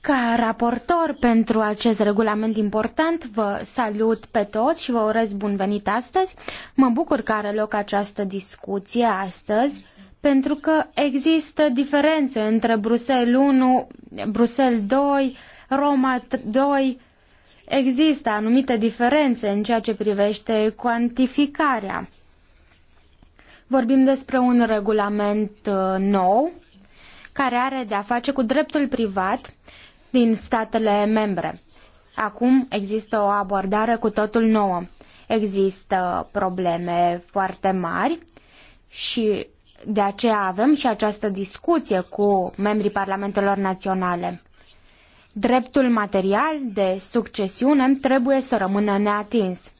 Ca raportor pentru acest regulament important, vă salut pe toți și vă urez bun venit astăzi. Mă bucur că are loc această discuție astăzi pentru că există diferențe între Bruxelles 1, Bruxelles 2, Roma 2. Există anumite diferențe în ceea ce privește cuantificarea. Vorbim despre un regulament uh, nou care are de-a face cu dreptul privat din statele membre. Acum există o abordare cu totul nouă. Există probleme foarte mari și de aceea avem și această discuție cu membrii parlamentelor naționale. Dreptul material de succesiune trebuie să rămână neatins.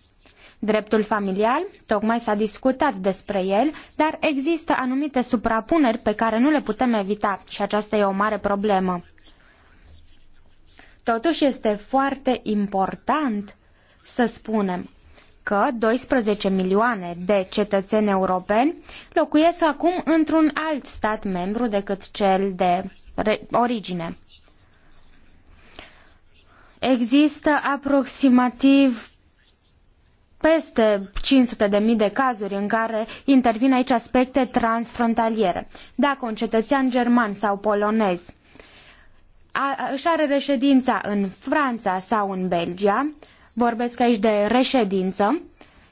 Dreptul familial, tocmai s-a discutat despre el, dar există anumite suprapuneri pe care nu le putem evita și aceasta e o mare problemă. Totuși este foarte important să spunem că 12 milioane de cetățeni europeni locuiesc acum într-un alt stat membru decât cel de origine. Există aproximativ peste 500.000 de mii de cazuri în care intervin aici aspecte transfrontaliere. Dacă un cetățean german sau polonez a, își are reședința în Franța sau în Belgia, Vorbesc aici de reședință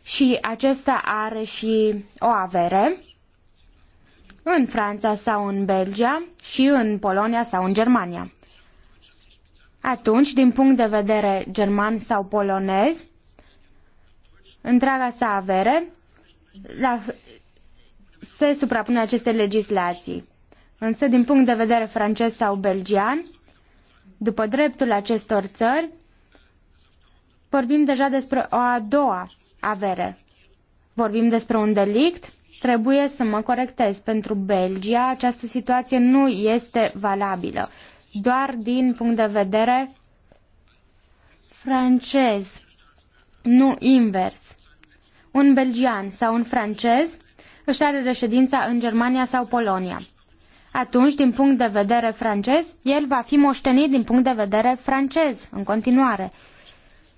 și acesta are și o avere în Franța sau în Belgia și în Polonia sau în Germania. Atunci, din punct de vedere german sau polonez, întreaga sa avere la, se suprapune aceste legislații. Însă, din punct de vedere francez sau belgian, după dreptul acestor țări, vorbim deja despre o a doua avere. Vorbim despre un delict? Trebuie să mă corectez. Pentru Belgia această situație nu este valabilă. Doar din punct de vedere francez, nu invers. Un belgian sau un francez își are reședința în Germania sau Polonia. Atunci, din punct de vedere francez, el va fi moștenit din punct de vedere francez în continuare.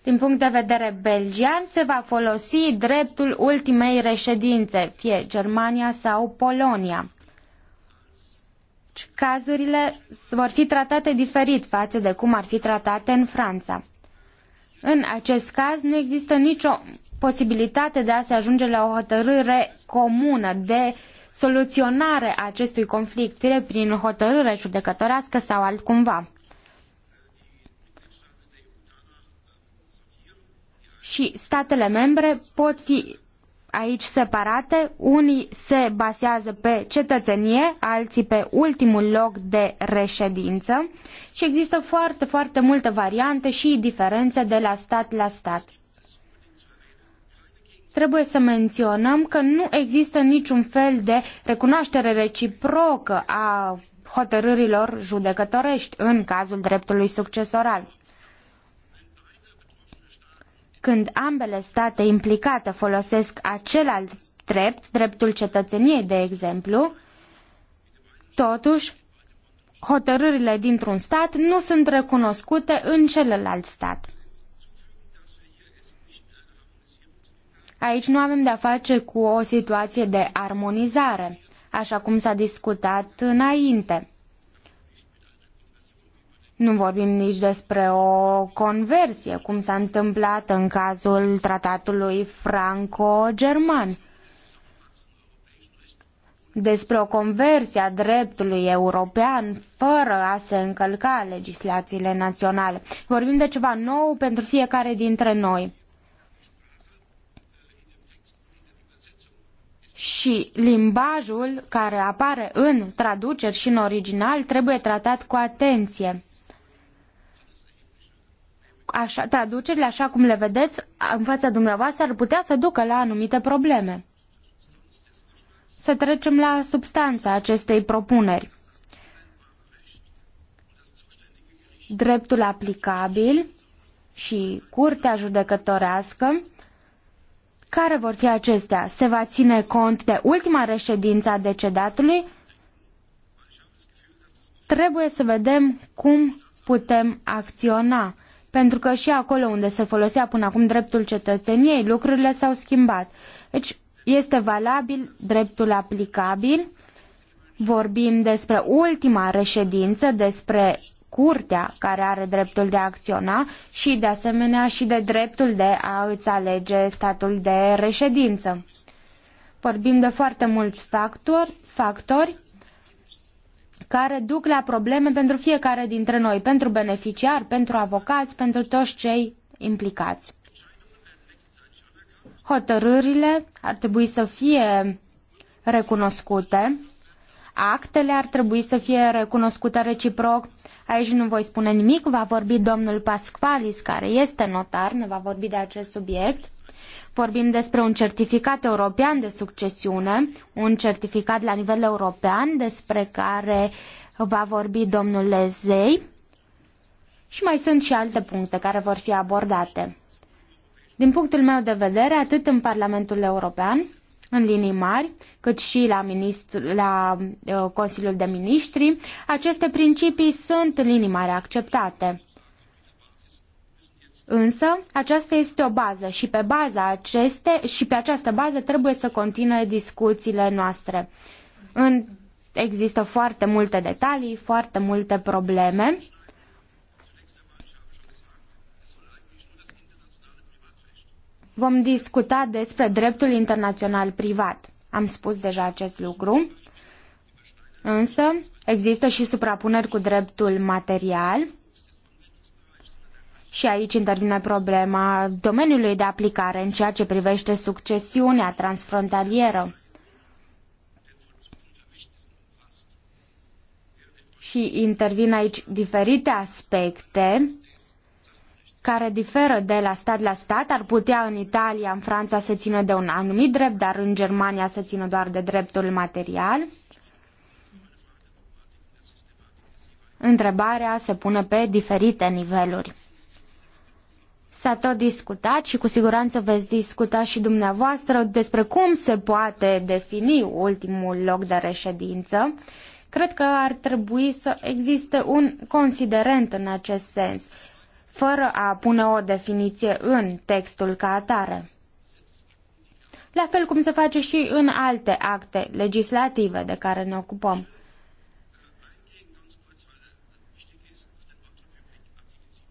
Din punct de vedere belgian, se va folosi dreptul ultimei reședințe, fie Germania sau Polonia. Cazurile vor fi tratate diferit față de cum ar fi tratate în Franța. În acest caz, nu există nicio posibilitate de a se ajunge la o hotărâre comună de soluționare a acestui conflict, fie prin hotărâre judecătorească sau altcumva. și statele membre pot fi aici separate. Unii se bazează pe cetățenie, alții pe ultimul loc de reședință și există foarte, foarte multe variante și diferențe de la stat la stat. Trebuie să menționăm că nu există niciun fel de recunoaștere reciprocă a hotărârilor judecătorești în cazul dreptului succesoral când ambele state implicate folosesc același drept, dreptul cetățeniei, de exemplu, totuși, hotărârile dintr-un stat nu sunt recunoscute în celălalt stat. Aici nu avem de-a face cu o situație de armonizare, așa cum s-a discutat înainte. Nu vorbim nici despre o conversie, cum s-a întâmplat în cazul tratatului franco-german. Despre o conversie a dreptului european fără a se încălca legislațiile naționale. Vorbim de ceva nou pentru fiecare dintre noi. și limbajul care apare în traduceri și în original trebuie tratat cu atenție așa, traducerile, așa cum le vedeți, în fața dumneavoastră ar putea să ducă la anumite probleme. Să trecem la substanța acestei propuneri. Dreptul aplicabil și curtea judecătorească care vor fi acestea? Se va ține cont de ultima reședință a decedatului? Trebuie să vedem cum putem acționa pentru că și acolo unde se folosea până acum dreptul cetățeniei, lucrurile s-au schimbat. Deci este valabil dreptul aplicabil, vorbim despre ultima reședință, despre curtea care are dreptul de a acționa și de asemenea și de dreptul de a îți alege statul de reședință. Vorbim de foarte mulți factori, factori care duc la probleme pentru fiecare dintre noi, pentru beneficiari, pentru avocați, pentru toți cei implicați. Hotărârile ar trebui să fie recunoscute, actele ar trebui să fie recunoscute reciproc. Aici nu voi spune nimic, va vorbi domnul Pasqualis, care este notar, ne va vorbi de acest subiect. Vorbim despre un certificat european de succesiune, un certificat la nivel european despre care va vorbi domnul Lezei și mai sunt și alte puncte care vor fi abordate. Din punctul meu de vedere, atât în Parlamentul European, în linii mari, cât și la, ministru, la uh, Consiliul de Ministri, aceste principii sunt în linii mari acceptate. Însă, aceasta este o bază și pe, baza aceste, și pe această bază trebuie să continue discuțiile noastre. În, există foarte multe detalii, foarte multe probleme. Vom discuta despre dreptul internațional privat. Am spus deja acest lucru. Însă, există și suprapuneri cu dreptul material și aici intervine problema domeniului de aplicare în ceea ce privește succesiunea transfrontalieră. Și intervin aici diferite aspecte care diferă de la stat la stat. Ar putea în Italia, în Franța să țină de un anumit drept, dar în Germania să țină doar de dreptul material. Întrebarea se pune pe diferite niveluri. S-a tot discutat și cu siguranță veți discuta și dumneavoastră despre cum se poate defini ultimul loc de reședință. Cred că ar trebui să existe un considerent în acest sens, fără a pune o definiție în textul ca atare la fel cum se face și în alte acte legislative de care ne ocupăm.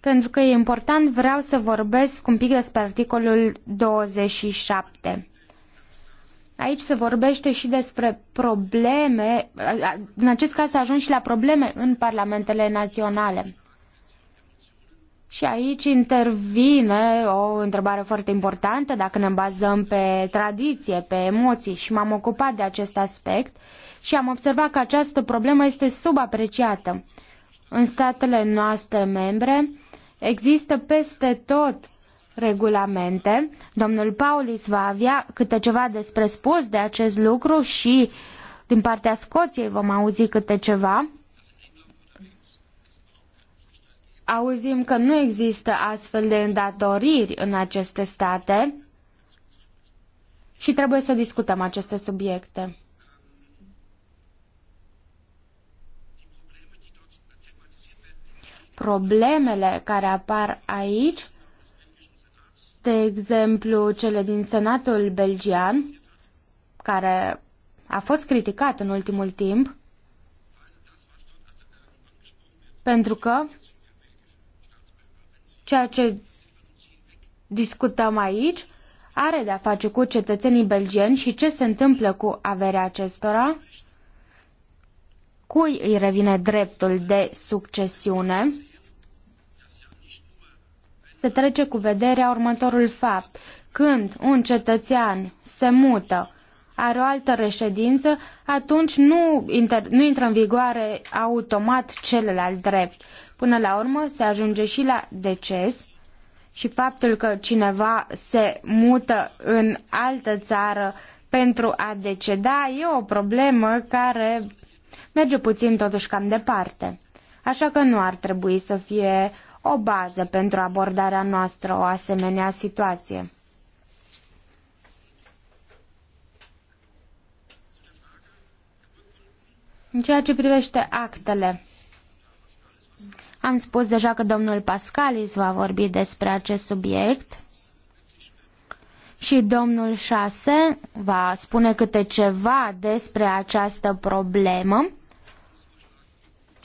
pentru că e important, vreau să vorbesc un pic despre articolul 27. Aici se vorbește și despre probleme, în acest caz se ajung și la probleme în parlamentele naționale. Și aici intervine o întrebare foarte importantă, dacă ne bazăm pe tradiție, pe emoții și m-am ocupat de acest aspect și am observat că această problemă este subapreciată. În statele noastre membre, Există peste tot regulamente. Domnul Paulis va avea câte ceva despre spus de acest lucru și din partea Scoției vom auzi câte ceva. Auzim că nu există astfel de îndatoriri în aceste state și trebuie să discutăm aceste subiecte. problemele care apar aici, de exemplu cele din Senatul belgian, care a fost criticat în ultimul timp, pentru că ceea ce discutăm aici are de-a face cu cetățenii belgieni și ce se întâmplă cu averea acestora, cui îi revine dreptul de succesiune se trece cu vederea următorul fapt. Când un cetățean se mută, are o altă reședință, atunci nu, inter- nu intră în vigoare automat celălalt drept. Până la urmă se ajunge și la deces și faptul că cineva se mută în altă țară pentru a deceda e o problemă care merge puțin totuși cam departe. Așa că nu ar trebui să fie o bază pentru abordarea noastră o asemenea situație. În ceea ce privește actele, am spus deja că domnul Pascalis va vorbi despre acest subiect și domnul șase va spune câte ceva despre această problemă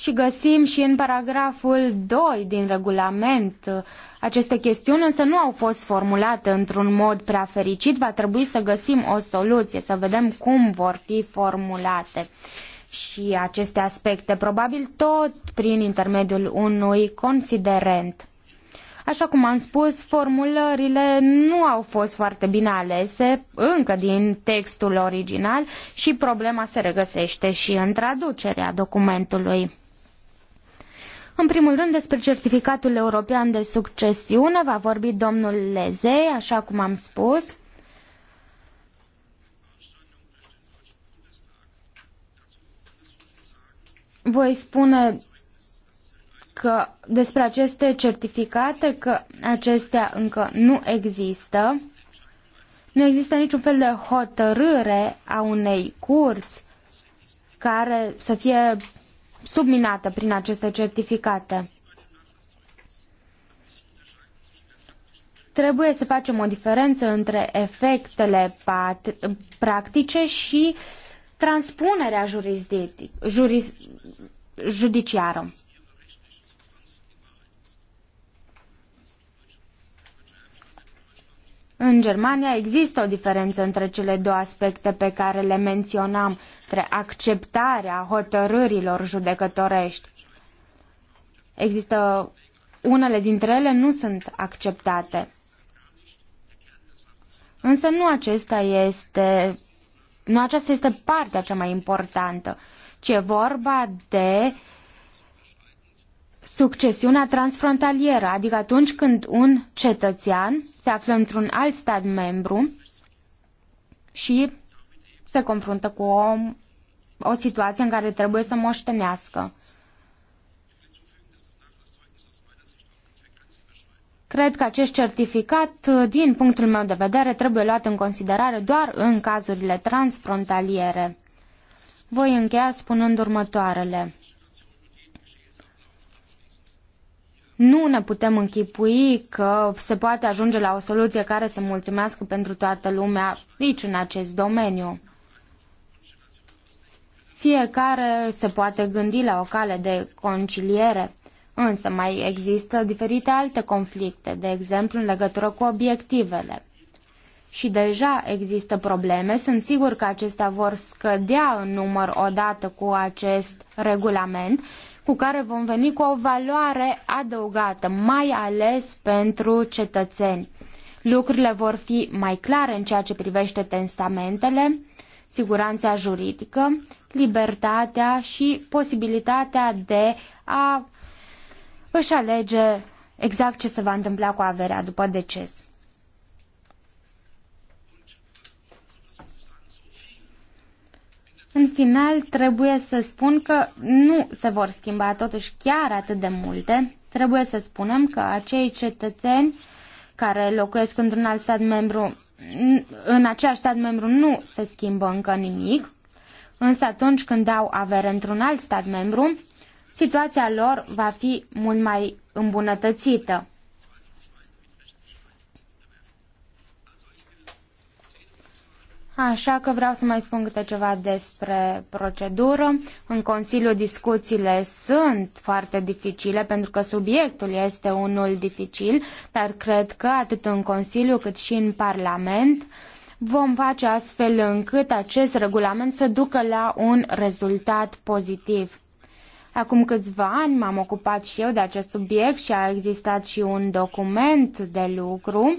și găsim și în paragraful 2 din regulament uh, aceste chestiuni, însă nu au fost formulate într-un mod prea fericit. Va trebui să găsim o soluție, să vedem cum vor fi formulate și aceste aspecte, probabil tot prin intermediul unui considerent. Așa cum am spus, formulările nu au fost foarte bine alese încă din textul original și problema se regăsește și în traducerea documentului. În primul rând, despre certificatul european de succesiune va vorbi domnul Lezei, așa cum am spus. Voi spune că despre aceste certificate că acestea încă nu există. Nu există niciun fel de hotărâre a unei curți care să fie subminată prin aceste certificate. Trebuie să facem o diferență între efectele practice și transpunerea juris, judiciară. În Germania există o diferență între cele două aspecte pe care le menționam acceptarea hotărârilor judecătorești. Există unele dintre ele nu sunt acceptate. Însă nu acesta este nu aceasta este partea cea mai importantă, ci e vorba de succesiunea transfrontalieră, adică atunci când un cetățean se află într-un alt stat membru și se confruntă cu o, o situație în care trebuie să moștenească. Cred că acest certificat, din punctul meu de vedere, trebuie luat în considerare doar în cazurile transfrontaliere. Voi încheia spunând următoarele. Nu ne putem închipui că se poate ajunge la o soluție care să mulțumească pentru toată lumea nici în acest domeniu. Fiecare se poate gândi la o cale de conciliere, însă mai există diferite alte conflicte, de exemplu în legătură cu obiectivele. Și deja există probleme, sunt sigur că acestea vor scădea în număr odată cu acest regulament, cu care vom veni cu o valoare adăugată, mai ales pentru cetățeni. Lucrurile vor fi mai clare în ceea ce privește testamentele, siguranța juridică, libertatea și posibilitatea de a își alege exact ce se va întâmpla cu averea după deces. În final, trebuie să spun că nu se vor schimba totuși chiar atât de multe. Trebuie să spunem că acei cetățeni care locuiesc într-un alt stat membru, în același stat membru nu se schimbă încă nimic. Însă atunci când dau avere într-un alt stat membru, situația lor va fi mult mai îmbunătățită. Așa că vreau să mai spun câte ceva despre procedură. În Consiliu discuțiile sunt foarte dificile pentru că subiectul este unul dificil, dar cred că atât în Consiliu cât și în Parlament uh, Vom face astfel încât acest regulament să ducă la un rezultat pozitiv. Acum câțiva ani m-am ocupat și eu de acest subiect și a existat și un document de lucru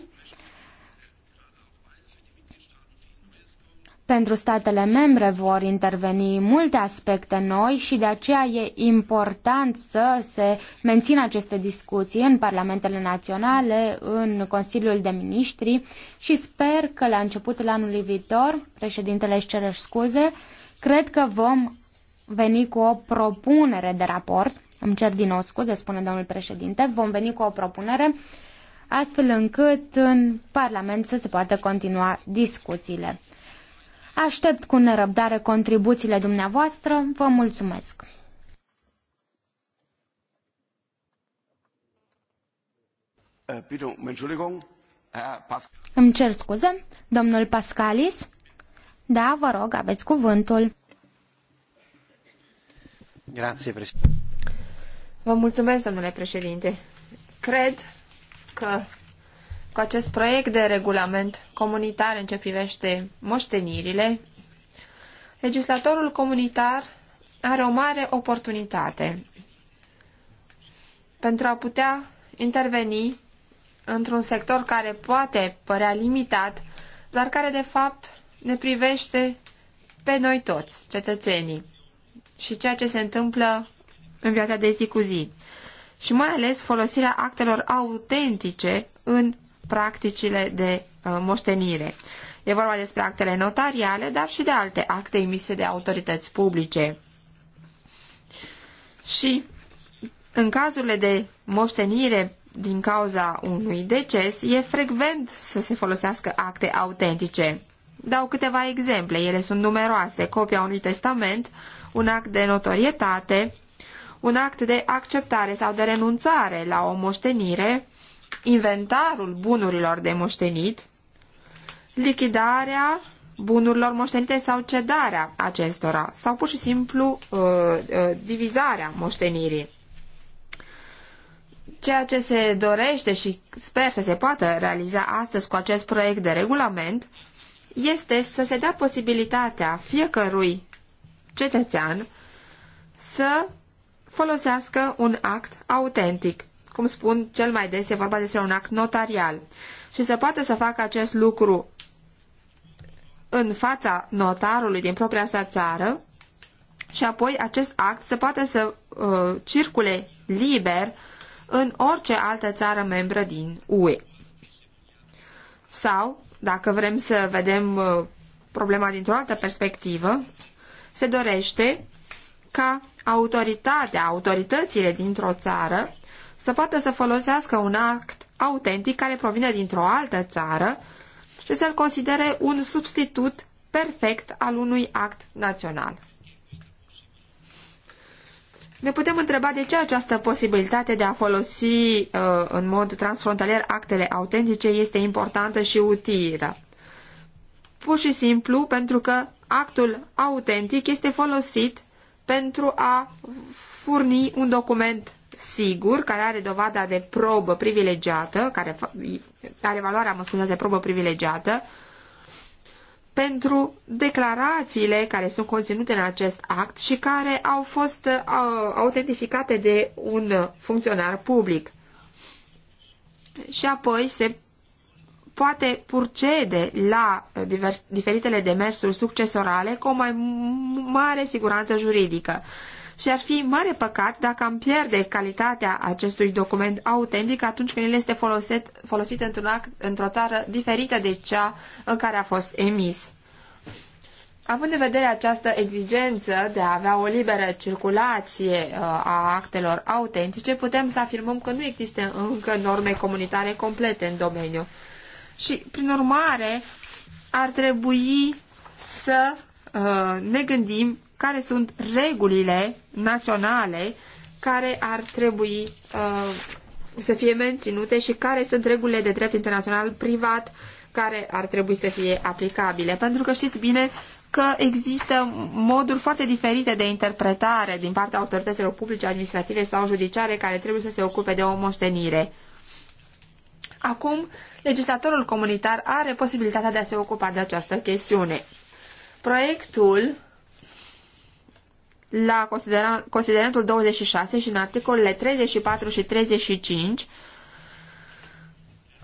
Pentru statele membre vor interveni multe aspecte noi și de aceea e important să se mențină aceste discuții în parlamentele naționale, în Consiliul de Ministri și sper că la începutul anului viitor, președintele își cere scuze, cred că vom veni cu o propunere de raport, îmi cer din nou scuze, spune domnul președinte, vom veni cu o propunere astfel încât în Parlament să se poată continua discuțiile. Aștept cu nerăbdare contribuțiile dumneavoastră. Vă mulțumesc! Äh, um Îmi cer scuze, domnul Pascalis? Da, vă rog, aveți cuvântul. Grazie, președinte. Vă mulțumesc, domnule președinte. Cred că cu acest proiect de regulament comunitar în ce privește moștenirile, legislatorul comunitar are o mare oportunitate pentru a putea interveni într-un sector care poate părea limitat, dar care de fapt ne privește pe noi toți, cetățenii, și ceea ce se întâmplă în viața de zi cu zi. Și mai ales folosirea actelor autentice în practicile de uh, moștenire. E vorba despre actele notariale, dar și de alte acte emise de autorități publice. Și în cazurile de moștenire din cauza unui deces, e frecvent să se folosească acte autentice. Dau câteva exemple, ele sunt numeroase, copia unui testament, un act de notorietate, un act de acceptare sau de renunțare la o moștenire, inventarul bunurilor de moștenit, lichidarea bunurilor moștenite sau cedarea acestora sau pur și simplu uh, uh, divizarea moștenirii. Ceea ce se dorește și sper să se poată realiza astăzi cu acest proiect de regulament este să se dea posibilitatea fiecărui cetățean să folosească un act autentic cum spun, cel mai des e vorba despre un act notarial. Și se poate să facă acest lucru în fața notarului din propria sa țară și apoi acest act se poate să uh, circule liber în orice altă țară membră din UE. Sau, dacă vrem să vedem uh, problema dintr-o altă perspectivă, se dorește ca autoritatea, autoritățile dintr-o țară să poată să folosească un act autentic care provine dintr-o altă țară și să-l considere un substitut perfect al unui act național. Ne putem întreba de ce această posibilitate de a folosi uh, în mod transfrontalier actele autentice este importantă și utilă. Pur și simplu pentru că actul autentic este folosit pentru a furni un document sigur, care are dovada de probă privilegiată, care are valoarea, mă scuzați, de probă privilegiată, pentru declarațiile care sunt conținute în acest act și care au fost uh, autentificate de un funcționar public. Și apoi se poate purcede la diferitele demersuri succesorale cu o mai mare siguranță juridică și ar fi mare păcat dacă am pierde calitatea acestui document autentic atunci când el este folosit, folosit într-un act, într-o țară diferită de cea în care a fost emis. Având în vedere această exigență de a avea o liberă circulație uh, a actelor autentice, putem să afirmăm că nu există încă norme comunitare complete în domeniu. Și, prin urmare, ar trebui să uh, ne gândim care sunt regulile naționale care ar trebui uh, să fie menținute și care sunt regulile de drept internațional privat care ar trebui să fie aplicabile. Pentru că știți bine că există moduri foarte diferite de interpretare din partea autorităților publice, administrative sau judiciare care trebuie să se ocupe de o moștenire. Acum, legislatorul comunitar are posibilitatea de a se ocupa de această chestiune. Proiectul la considerentul 26 și în articolele 34 și 35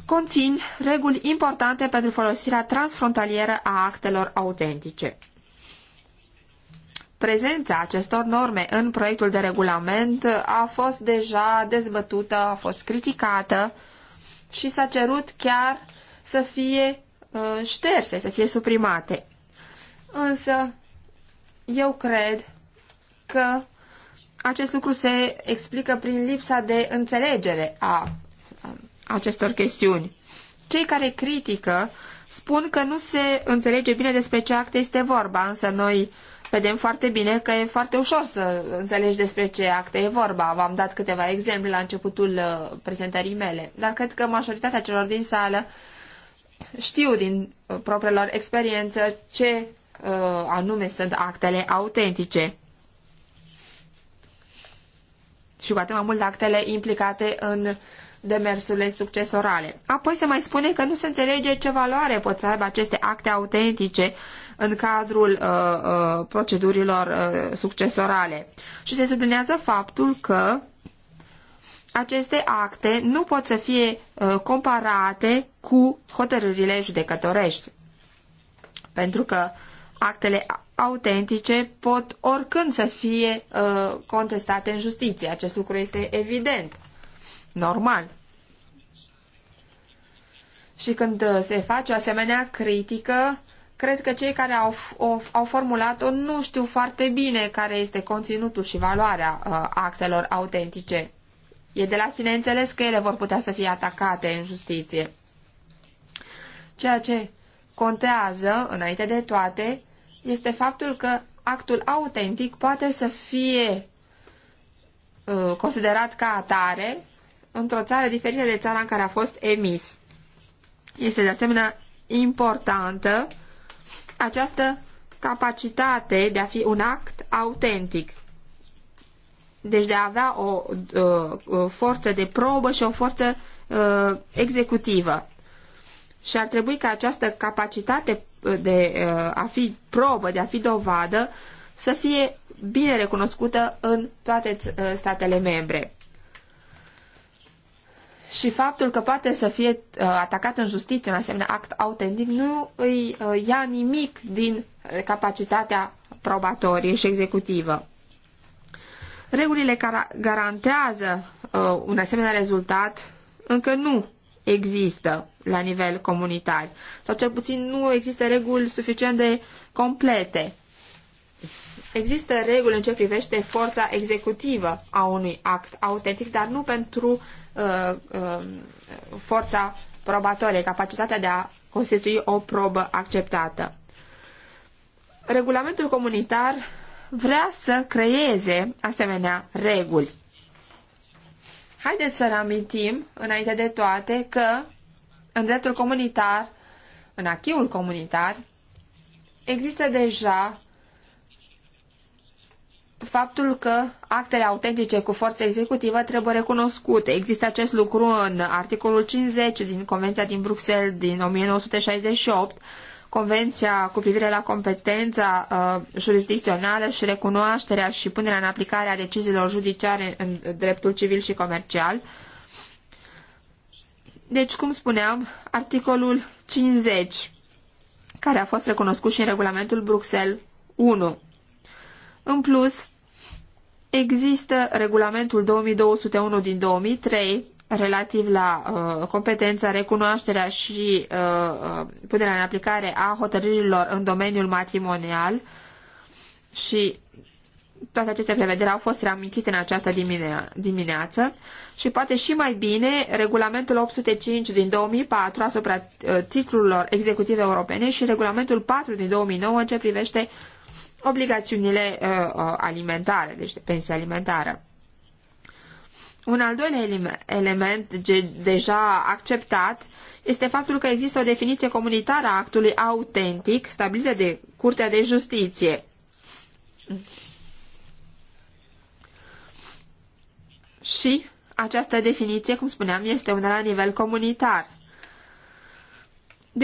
conțin reguli importante pentru folosirea transfrontalieră a actelor autentice. Prezența acestor norme în proiectul de regulament a fost deja dezbătută, a fost criticată și s-a cerut chiar să fie uh, șterse, să fie suprimate. Însă, eu cred că acest lucru se explică prin lipsa de înțelegere a acestor chestiuni. Cei care critică spun că nu se înțelege bine despre ce acte este vorba, însă noi vedem foarte bine că e foarte ușor să înțelegi despre ce acte e vorba. V-am dat câteva exemple la începutul uh, prezentării mele, dar cred că majoritatea celor din sală știu din uh, propriilor experiență ce uh, anume sunt actele autentice și cu atât mai mult actele implicate în demersurile succesorale. Apoi se mai spune că nu se înțelege ce valoare pot să aibă aceste acte autentice în cadrul uh, uh, procedurilor uh, succesorale. Și se sublinează faptul că aceste acte nu pot să fie uh, comparate cu hotărârile judecătorești. Pentru că actele autentice pot oricând să fie uh, contestate în justiție. Acest lucru este evident, normal. Și când uh, se face o asemenea critică, cred că cei care au, au formulat-o nu știu foarte bine care este conținutul și valoarea uh, actelor autentice. E de la sine înțeles că ele vor putea să fie atacate în justiție. Ceea ce contează, înainte de toate, este faptul că actul autentic poate să fie uh, considerat ca atare într-o țară diferită de țara în care a fost emis. Este de asemenea importantă această capacitate de a fi un act autentic. Deci de a avea o, uh, o forță de probă și o forță o, uh, executivă. Și ar trebui ca această capacitate de uh, a fi probă, de a fi dovadă, să fie bine recunoscută în toate uh, statele membre. Și faptul că poate să fie uh, atacat în justiție un asemenea act autentic nu îi ia nimic din capacitatea probatorie și executivă. Regulile care garantează un asemenea rezultat încă nu există la nivel comunitar sau cel puțin nu există reguli suficient de complete. Există reguli în ce privește forța executivă a unui act autentic, dar nu pentru uh, uh, forța probatorie, capacitatea de a constitui o probă acceptată. Regulamentul comunitar vrea să creeze asemenea reguli. Haideți să reamintim, înainte de toate, că în dreptul comunitar, în achiul comunitar, există deja faptul că actele autentice cu forță executivă trebuie recunoscute. Există acest lucru în articolul 50 din Convenția din Bruxelles din 1968, Convenția cu privire la competența uh, jurisdicțională și recunoașterea și punerea în aplicare a deciziilor judiciare în dreptul civil și comercial. Deci, cum spuneam, articolul 50, care a fost recunoscut și în regulamentul Bruxelles 1. În plus, există regulamentul 2201 din 2003, relativ la uh, competența, recunoașterea și uh, uh, punerea în aplicare a hotărârilor în domeniul matrimonial și toate aceste prevederi au fost reamintite în această dimine- dimineață și poate și mai bine regulamentul 805 din 2004 asupra uh, titlurilor executive europene și regulamentul 4 din 2009 în ce privește obligațiunile uh, uh, alimentare, deci de pensie alimentară. Un al doilea element deja acceptat este faptul că există o definiție comunitară a actului autentic stabilită de Curtea de Justiție. Și această definiție, cum spuneam, este una la nivel comunitar.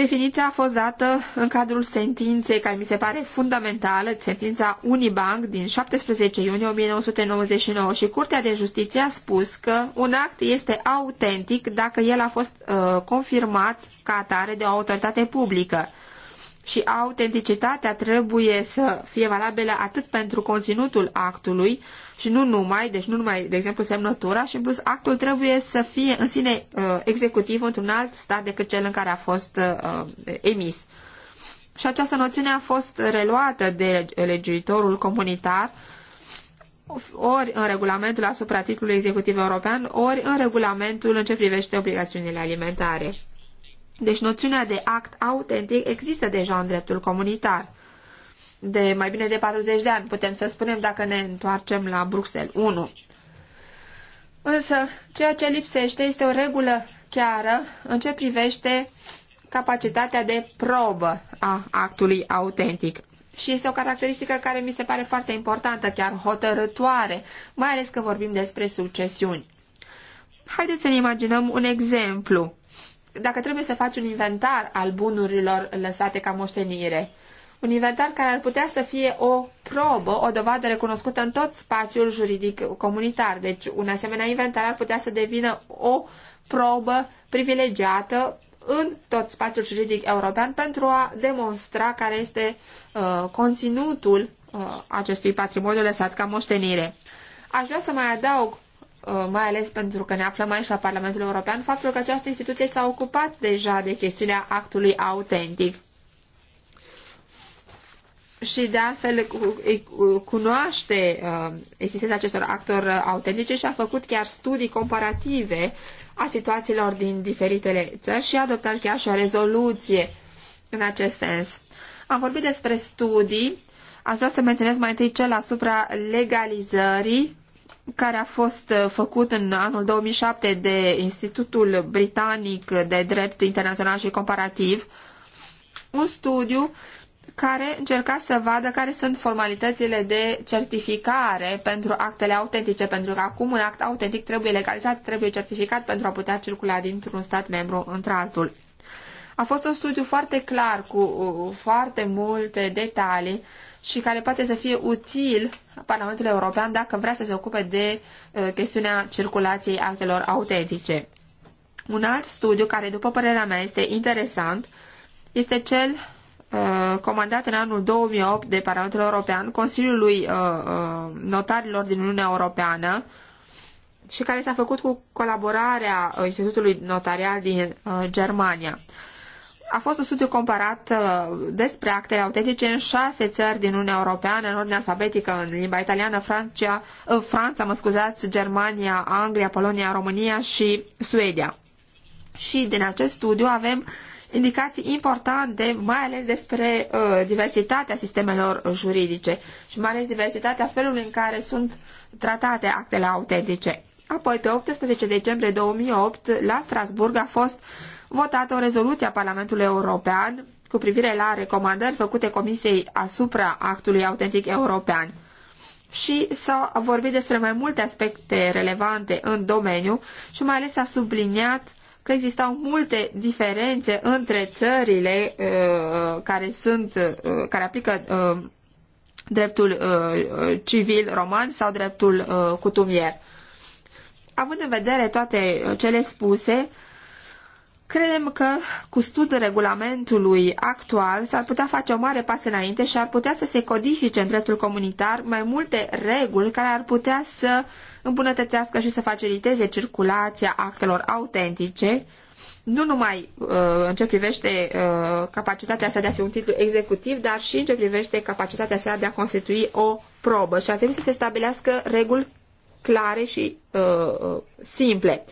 Definiția a fost dată în cadrul sentinței care mi se pare fundamentală, sentința Unibank din 17 iunie 1999 și Curtea de Justiție a spus că un act este autentic dacă el a fost uh, confirmat ca atare de o autoritate publică și autenticitatea trebuie să fie valabilă atât pentru conținutul actului și nu numai, deci nu numai, de exemplu, semnătura și în plus actul trebuie să fie în sine uh, executiv într-un alt stat decât cel în care a fost uh, uh emis. Și această noțiune a fost reluată de legiuitorul comunitar ori în regulamentul asupra titlului executiv european, ori în regulamentul în ce privește obligațiunile alimentare. Deci noțiunea de act autentic există deja în dreptul comunitar. De mai bine de 40 de ani, putem să spunem, dacă ne întoarcem la Bruxelles 1. Însă, ceea ce lipsește este o regulă chiară în ce privește capacitatea de probă a actului autentic. Și este o caracteristică care mi se pare foarte importantă, chiar hotărătoare, mai ales că vorbim despre succesiuni. Haideți să ne imaginăm un exemplu dacă trebuie să faci un inventar al bunurilor lăsate ca moștenire, un inventar care ar putea să fie o probă, o dovadă recunoscută în tot spațiul juridic comunitar. Deci un asemenea inventar ar putea să devină o probă privilegiată în tot spațiul juridic european pentru a demonstra care este uh, conținutul uh, acestui patrimoniu lăsat ca moștenire. Aș vrea să mai adaug Uh, mai ales pentru că ne aflăm aici la Parlamentul European, faptul că această instituție s-a ocupat deja de chestiunea actului autentic. Și de altfel cunoaște uh, existența acestor actori autentice și a făcut chiar studii comparative a situațiilor din diferitele țări și a adoptat chiar și o rezoluție în acest sens. Am vorbit despre studii, aș vrea să menționez mai întâi cel asupra legalizării care a fost uh, făcut în anul 2007 de Institutul Britanic de Drept Internațional și Comparativ, un studiu care încerca să vadă care sunt formalitățile de certificare pentru actele autentice, pentru că acum un act autentic trebuie legalizat, trebuie certificat pentru a putea circula dintr-un stat membru într-altul. A fost un studiu foarte clar, cu uh, foarte multe detalii, și care poate să fie util Parlamentului European dacă vrea să se ocupe de uh, chestiunea circulației actelor autentice. Un alt studiu care, după părerea mea, este interesant este cel uh, comandat în anul 2008 de Parlamentul European Consiliului uh, uh, Notarilor din Uniunea Europeană și care s-a făcut cu colaborarea uh, Institutului Notarial din uh, Germania a fost un studiu comparat uh, despre actele autentice în șase țări din Uniunea Europeană, în ordine alfabetică, în limba italiană, Francia, uh, Franța, mă scuzați, Germania, Anglia, Polonia, România și Suedia. Și din acest studiu avem indicații importante, mai ales despre uh, diversitatea sistemelor juridice și mai ales diversitatea felului în care sunt tratate actele autentice. Apoi, pe 18 decembrie 2008, la Strasburg a fost uh, votat o rezoluție a Parlamentului European cu privire la recomandări făcute Comisiei asupra actului autentic european și s-a vorbit despre mai multe aspecte relevante în domeniu și mai ales s-a subliniat că existau multe diferențe între țările uh, care sunt, uh, care aplică uh, dreptul uh, civil roman sau dreptul uh, cutumier. Având în vedere toate cele spuse, Credem că cu studiul regulamentului actual s-ar putea face o mare pas înainte și ar putea să se codifice în dreptul comunitar mai multe reguli care ar putea să îmbunătățească și să faciliteze circulația actelor autentice, nu numai uh, în ce privește uh, capacitatea sa de a fi un titlu executiv, dar și în ce privește capacitatea sa de a constitui o probă și ar trebui să se stabilească reguli clare și uh, uh simple.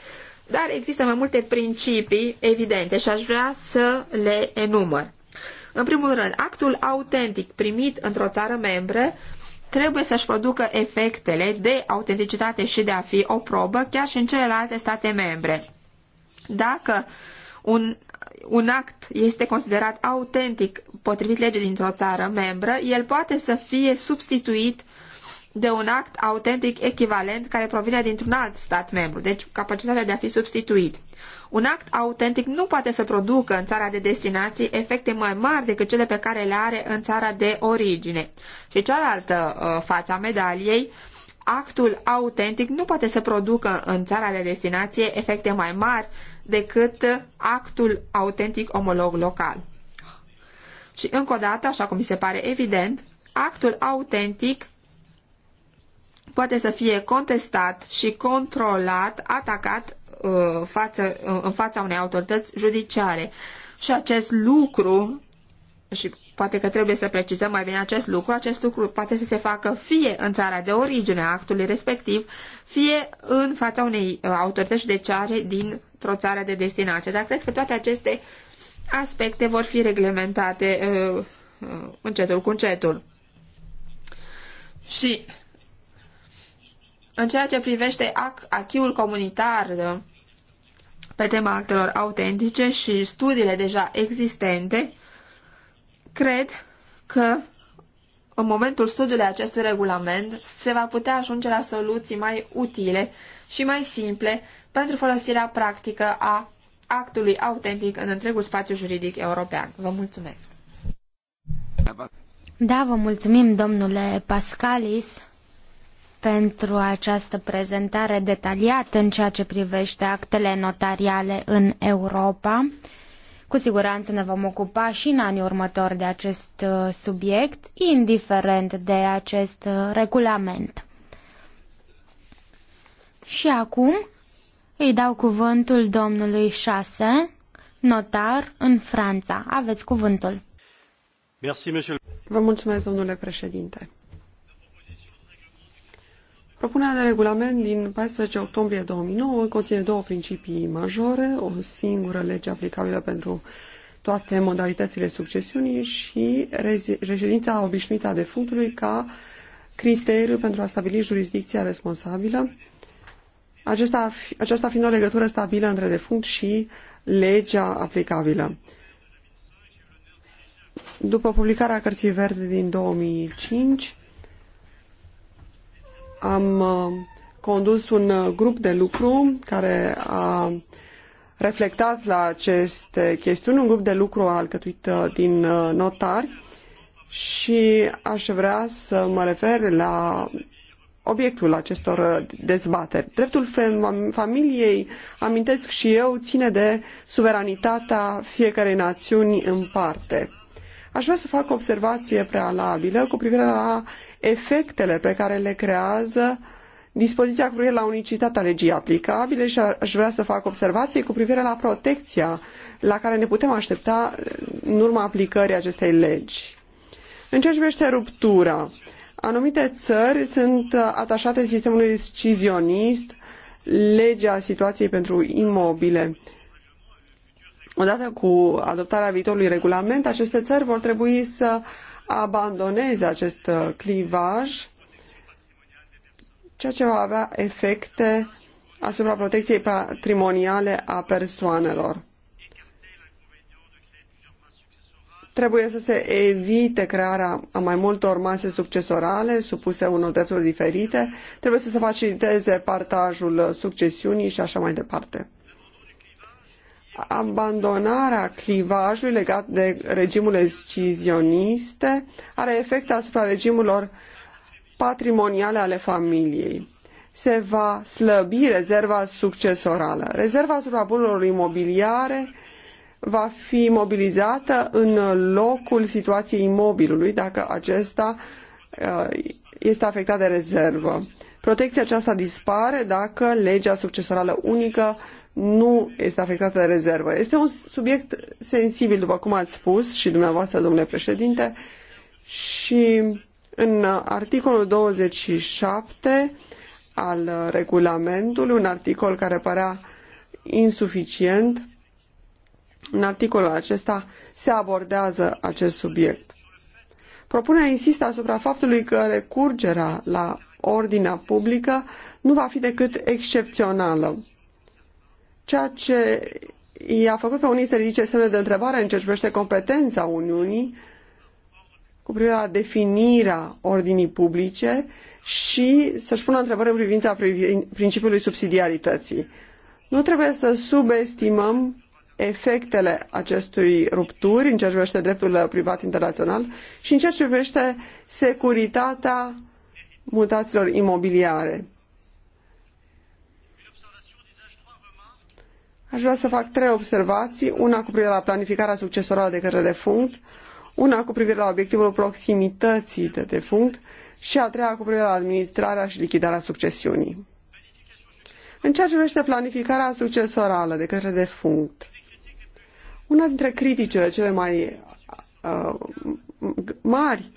Dar există mai multe principii evidente și aș vrea să le enumăr. În primul rând, actul autentic primit într-o țară membră trebuie să-și producă efectele de autenticitate și de a fi o probă chiar și în celelalte state membre. Dacă un, un act este considerat autentic potrivit legii dintr-o țară membră, el poate să fie substituit de un act autentic echivalent care provine dintr-un alt stat membru, deci capacitatea de a fi substituit. Un act autentic nu poate să producă în țara de destinație efecte mai mari decât cele pe care le are în țara de origine. Și cealaltă uh, față a medaliei, actul autentic nu poate să producă în țara de destinație efecte mai mari decât actul autentic omolog local. Și încă o dată, așa cum mi se pare evident, actul autentic poate să fie contestat și controlat, atacat uh, față, în fața unei autorități judiciare. Și acest lucru, și poate că trebuie să precizăm mai bine acest lucru, acest lucru poate să se facă fie în țara de origine a actului respectiv, fie în fața unei uh, autorități judiciare dintr-o țară de destinație. Dar cred că toate aceste aspecte vor fi reglementate uh, uh, încetul cu încetul. Și în ceea ce privește achiul comunitar pe tema actelor autentice și studiile deja existente, cred că în momentul studiului acestui regulament se va putea ajunge la soluții mai utile și mai simple pentru folosirea practică a actului autentic în întregul spațiu juridic european. Vă mulțumesc! Da, vă mulțumim, domnule Pascalis pentru această prezentare detaliată în ceea ce privește actele notariale în Europa. Cu siguranță ne vom ocupa și în anii următori de acest uh, subiect, indiferent de acest uh, regulament. Și acum îi dau cuvântul domnului Șase, notar în Franța. Aveți cuvântul. Vă mulțumesc, domnule președinte. Propunerea de regulament din 14 octombrie 2009 conține două principii majore, o singură lege aplicabilă pentru toate modalitățile succesiunii și reședința obișnuită a defunctului ca criteriu pentru a stabili jurisdicția responsabilă, aceasta, aceasta fiind o legătură stabilă între defunct și legea aplicabilă. După publicarea cărții verde din 2005, am uh, condus un uh, grup de lucru care a reflectat la aceste chestiuni, un grup de lucru alcătuit uh, din notari și aș vrea să mă refer la obiectul acestor dezbateri. Dreptul familiei, amintesc și eu, ține de suveranitatea fiecărei națiuni în parte. Aș vrea să fac o observație prealabilă cu privire la efectele pe care le creează dispoziția cu privire la unicitatea legii aplicabile și aș vrea să fac observații cu privire la protecția la care ne putem aștepta în urma aplicării acestei legi. În ceea ce privește ruptura, anumite țări sunt atașate sistemului decizionist, legea situației pentru imobile odată cu adoptarea viitorului regulament, aceste țări vor trebui să abandoneze acest uh, clivaj, ceea ce va avea efecte asupra protecției patrimoniale a persoanelor. Trebuie să se evite crearea a mai multor mase succesorale supuse unor drepturi diferite, trebuie să se faciliteze partajul succesiunii și așa mai departe abandonarea clivajului legat de regimul excizioniste are efecte asupra regimurilor patrimoniale ale familiei. Se va slăbi rezerva succesorală. Rezerva asupra bunurilor imobiliare va fi mobilizată în locul situației imobilului dacă acesta uh, este afectat de rezervă. Protecția aceasta dispare dacă legea succesorală unică nu este afectată de rezervă. Este un subiect sensibil, după cum ați spus și dumneavoastră, domnule președinte, și în articolul 27 al regulamentului, un articol care părea insuficient, în articolul acesta se abordează acest subiect. Propunerea insistă asupra faptului că recurgerea la ordinea publică nu va fi decât excepțională ceea ce i-a făcut pe unii să ridice semne de întrebare în ce privește competența Uniunii cu privire la definirea ordinii publice și să-și pună întrebări în privința principiului subsidiarității. Nu trebuie să subestimăm efectele acestui rupturi în ceea ce privește dreptul privat internațional și în ceea ce privește securitatea mutațiilor imobiliare. Aș vrea să fac trei observații, una cu privire la planificarea succesorală de către defunct, una cu privire la obiectivul proximității de defunct și a treia cu privire la administrarea și lichidarea succesiunii. În ceea ce privește planificarea succesorală de către defunct, una dintre criticile cele mai uh, mari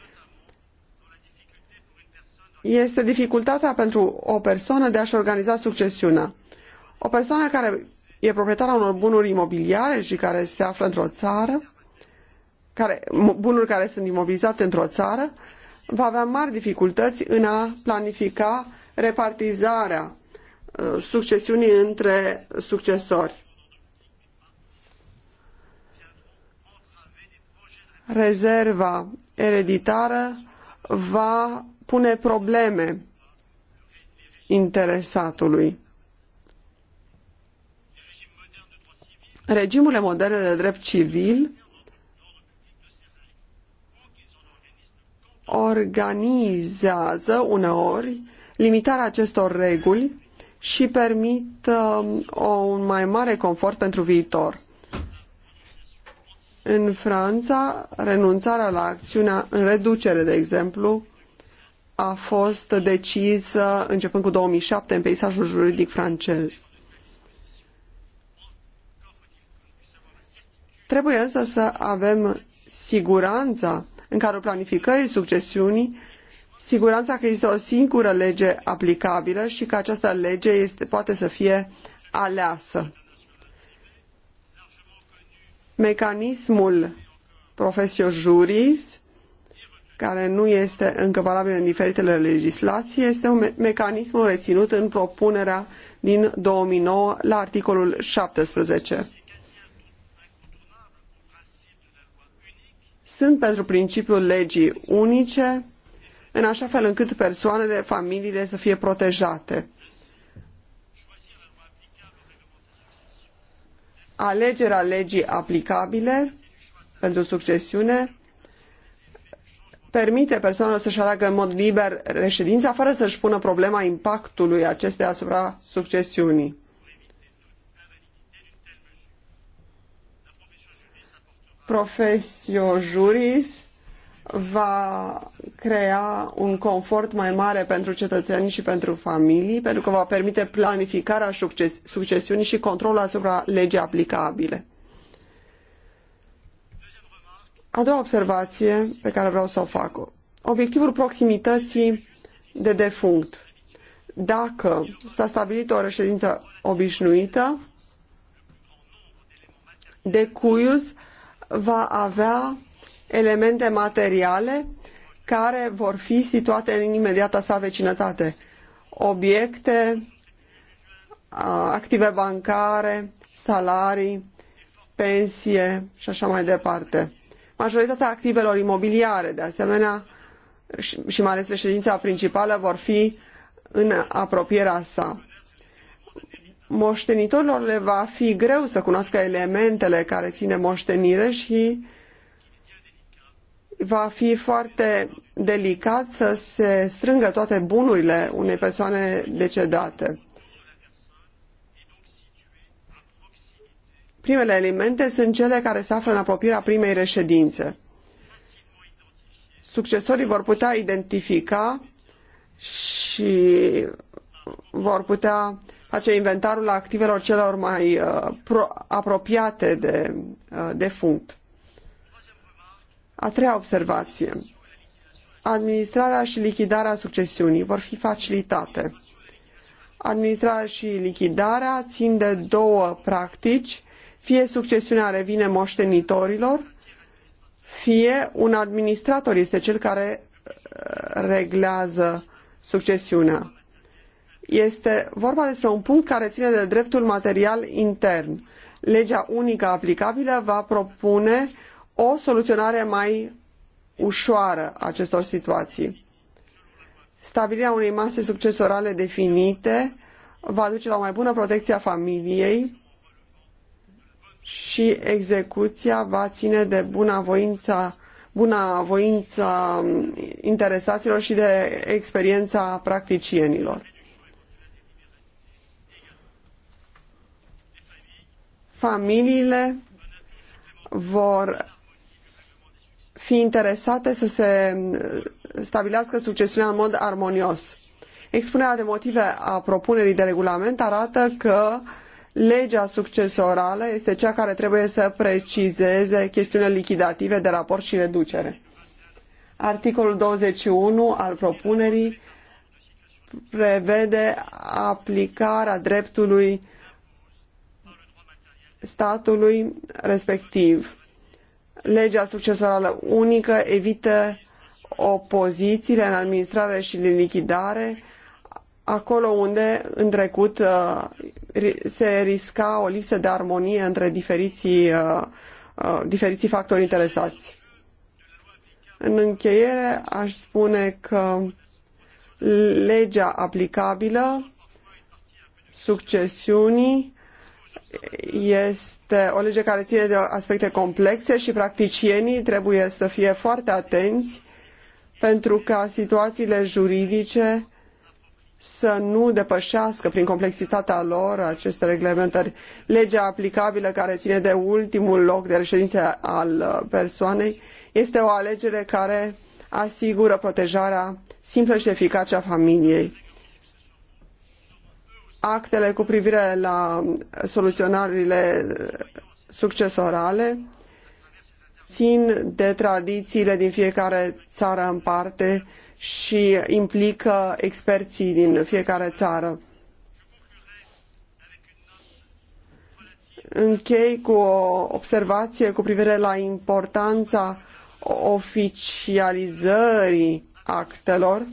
este dificultatea pentru o persoană de a-și organiza succesiunea. O persoană care e proprietar unor bunuri imobiliare și care se află într-o țară, care, bunuri care sunt imobilizate într-o țară, va avea mari dificultăți în a planifica repartizarea uh, succesiunii între succesori. Rezerva ereditară va pune probleme interesatului. regimurile moderne de drept civil organizează uneori limitarea acestor reguli și permit um, o, un mai mare confort pentru viitor. În Franța, renunțarea la acțiunea în reducere, de exemplu, a fost decisă începând cu 2007 în peisajul juridic francez. Trebuie însă să avem siguranța în cadrul planificării succesiunii, siguranța că există o singură lege aplicabilă și că această lege este, poate să fie aleasă. Mecanismul profesio juris, care nu este încă valabil în diferitele legislații, este un me mecanism reținut în propunerea din 2009 la articolul 17. sunt pentru principiul legii unice, în așa fel încât persoanele, familiile să fie protejate. Alegerea legii aplicabile pentru succesiune permite persoanelor să-și aleagă în mod liber reședința fără să-și pună problema impactului acesteia asupra succesiunii. Profesio Juris va crea un confort mai mare pentru cetățeni și pentru familii, pentru că va permite planificarea succes succesiunii și controlul asupra legii aplicabile. A doua observație pe care vreau să o fac. Obiectivul proximității de defunct. Dacă s-a stabilit o reședință obișnuită, de decuius va avea elemente materiale care vor fi situate în imediata sa vecinătate. Obiecte, active bancare, salarii, pensie și așa mai departe. Majoritatea activelor imobiliare, de asemenea, și mai ales reședința principală, vor fi în apropierea sa moștenitorilor le va fi greu să cunoască elementele care țin de moștenire și va fi foarte delicat să se strângă toate bunurile unei persoane decedate. Primele elemente sunt cele care se află în apropierea primei reședințe. Succesorii vor putea identifica și vor putea face inventarul activelor celor mai uh, pro, apropiate de uh, defunct. A treia observație. Administrarea și lichidarea succesiunii vor fi facilitate. Administrarea și lichidarea țin de două practici, fie succesiunea revine moștenitorilor, fie un administrator este cel care uh, reglează succesiunea. Este vorba despre un punct care ține de dreptul material intern. Legea unică aplicabilă va propune o soluționare mai ușoară acestor situații. Stabilirea unei mase succesorale definite va duce la o mai bună protecție a familiei și execuția va ține de buna voința interesaților și de experiența practicienilor. familiile vor fi interesate să se stabilească succesiunea în mod armonios. Expunerea de motive a propunerii de regulament arată că legea succesorală este cea care trebuie să precizeze chestiunile lichidative de raport și reducere. Articolul 21 al propunerii prevede aplicarea dreptului statului respectiv. Legea succesorală unică evită opozițiile în administrare și în lichidare, acolo unde în trecut uh, se risca o lipsă de armonie între diferiții, uh, uh, diferiții factori interesați. În încheiere, aș spune că legea aplicabilă succesiunii este o lege care ține de aspecte complexe și practicienii trebuie să fie foarte atenți pentru ca situațiile juridice să nu depășească prin complexitatea lor aceste reglementări. Legea aplicabilă care ține de ultimul loc de reședință al persoanei este o alegere care asigură protejarea simplă și eficace a familiei actele cu privire la soluționările succesorale țin de tradițiile din fiecare țară în parte și implică experții din fiecare țară. Închei cu o observație cu privire la importanța oficializării actelor.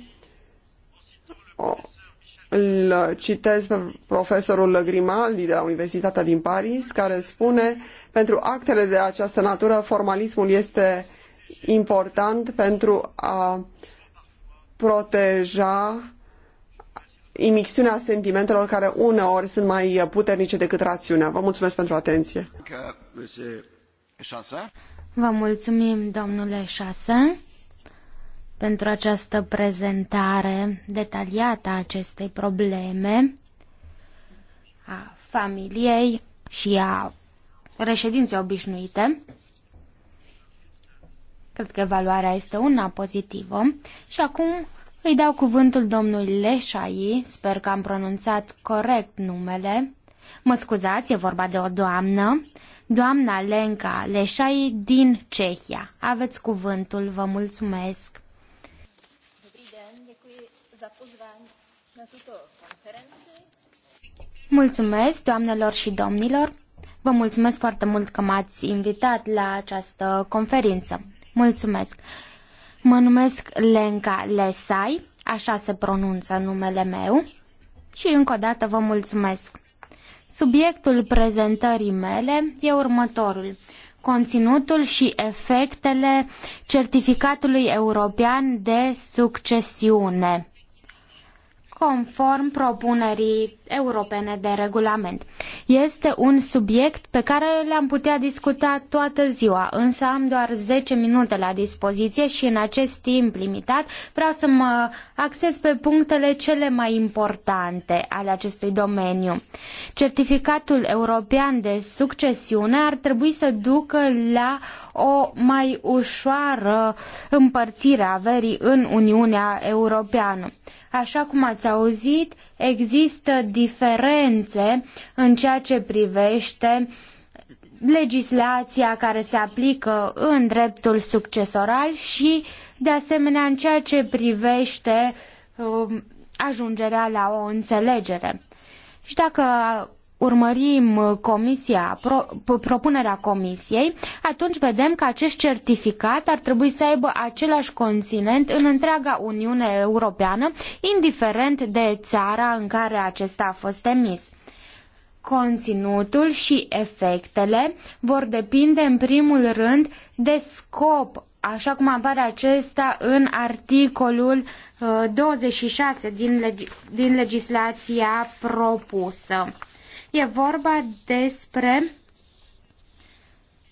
Îl citez pe profesorul Grimaldi de la Universitatea din Paris, care spune pentru actele de această natură, formalismul este important pentru a proteja imixtiunea sentimentelor care uneori sunt mai puternice decât rațiunea. Vă mulțumesc pentru atenție. Vă mulțumim, domnule Chassin pentru această prezentare detaliată a acestei probleme a familiei și a reședinței obișnuite. Cred că evaluarea este una pozitivă și acum îi dau cuvântul domnului Leșai, sper că am pronunțat corect numele. Mă scuzați, e vorba de o doamnă, doamna Lenca Leșai din Cehia. Aveți cuvântul, vă mulțumesc. Mulțumesc, doamnelor și domnilor. Vă mulțumesc foarte mult că m-ați invitat la această conferință. Mulțumesc. Mă numesc Lenca Lesai, așa se pronunță numele meu, și încă o dată vă mulțumesc. Subiectul prezentării mele e următorul conținutul și efectele certificatului european de succesiune conform propunerii europene de regulament. Este un subiect pe care l-am putea discuta toată ziua, însă am doar 10 minute la dispoziție și în acest timp limitat vreau să mă axez pe punctele cele mai importante ale acestui domeniu. Certificatul european de succesiune ar trebui să ducă la o mai ușoară împărțire a averii în Uniunea Europeană. Așa cum ați auzit, există diferențe în ceea ce privește legislația care se aplică în dreptul succesoral și, de asemenea, în ceea ce privește uh, ajungerea la o înțelegere. Și dacă urmărim uh, comisia, pro, propunerea comisiei, atunci vedem că acest certificat ar trebui să aibă același conținent în întreaga Uniune Europeană, indiferent de țara în care acesta a fost emis conținutul și efectele vor depinde în primul rând de scop, așa cum apare acesta în articolul 26 uh, din, leg- din legislația propusă. E vorba despre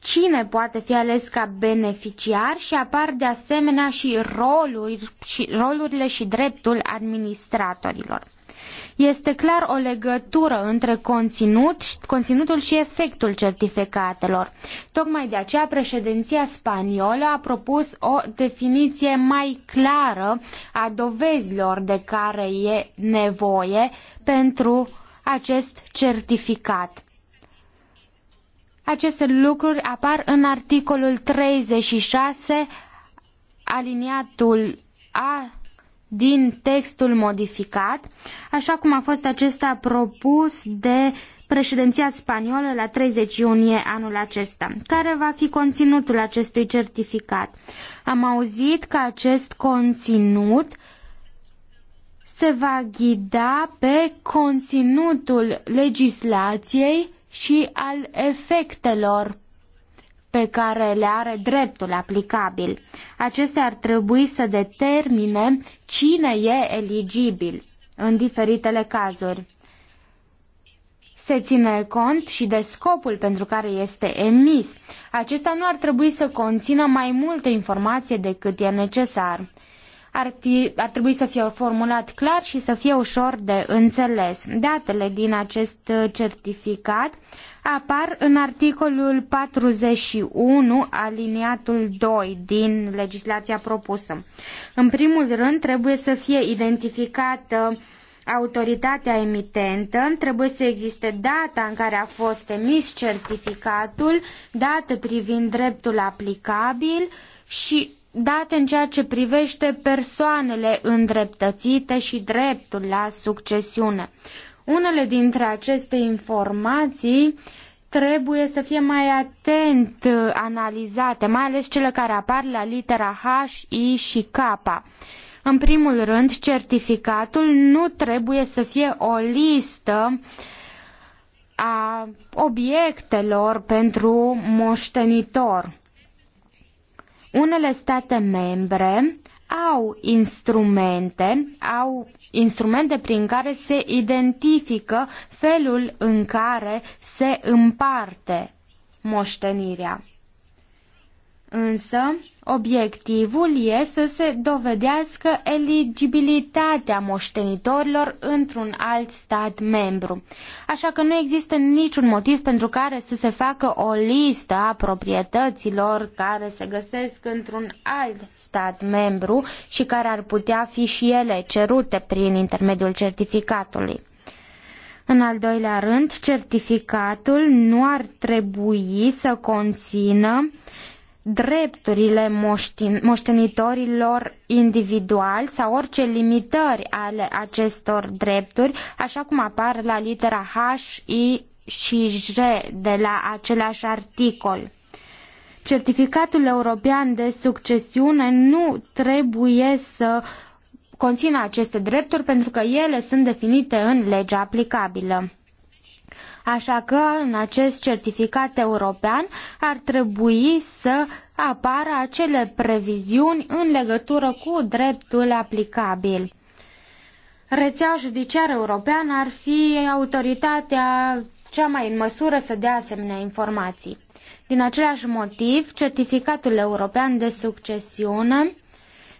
cine poate fi ales ca beneficiar și apar de asemenea și, roluri, și rolurile și dreptul administratorilor. Este clar o legătură între conținut, conținutul și efectul certificatelor. Tocmai de aceea președinția spaniolă a propus o definiție mai clară a dovezilor de care e nevoie pentru acest certificat. Aceste lucruri apar în articolul 36, aliniatul A din textul modificat, așa cum a fost acesta propus de președinția spaniolă la 30 iunie anul acesta. Care va fi conținutul acestui certificat? Am auzit că acest conținut se va ghida pe conținutul legislației și al efectelor pe care le are dreptul aplicabil. Acestea ar trebui să determine cine e eligibil în diferitele cazuri. Se ține cont și de scopul pentru care este emis. Acesta nu ar trebui să conțină mai multe informații decât e necesar ar, fi, ar trebui să fie formulat clar și să fie ușor de înțeles. Datele din acest certificat apar în articolul 41, aliniatul 2 din legislația propusă. În primul rând, trebuie să fie identificată autoritatea emitentă, trebuie să existe data în care a fost emis certificatul, date privind dreptul aplicabil și date în ceea ce privește persoanele îndreptățite și dreptul la succesiune. Unele dintre aceste informații trebuie să fie mai atent uh, analizate, mai ales cele care apar la litera H, I și K. În primul rând, certificatul nu trebuie să fie o listă a obiectelor pentru moștenitor unele state membre au instrumente, au instrumente prin care se identifică felul în care se împarte moștenirea. Însă, obiectivul e să se dovedească eligibilitatea moștenitorilor într-un alt stat membru. Așa că nu există niciun motiv pentru care să se facă o listă a proprietăților care se găsesc într-un alt stat membru și care ar putea fi și ele cerute prin intermediul certificatului. În al doilea rând, certificatul nu ar trebui să conțină uh, drepturile moștin, moștenitorilor individuali sau orice limitări ale acestor drepturi, așa cum apar la litera H, I și J de la același articol. Certificatul european de succesiune nu trebuie să conțină aceste drepturi pentru că ele sunt definite în legea aplicabilă. Așa că în acest certificat european ar trebui să apară acele previziuni în legătură cu dreptul aplicabil. Rețeaua judiciară europeană ar fi autoritatea cea mai în măsură să dea asemenea informații. Din același motiv, certificatul european de succesiune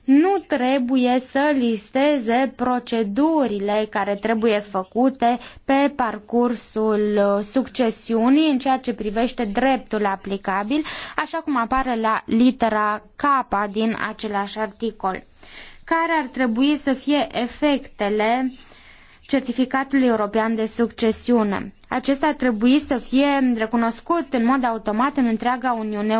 nu trebuie să listeze procedurile care trebuie făcute pe parcursul uh, succesiunii în ceea ce privește dreptul aplicabil, așa cum apare la litera K din același articol. Care ar trebui să fie efectele certificatului european de succesiune. Acesta ar trebui să fie recunoscut în mod automat în întreaga Uniune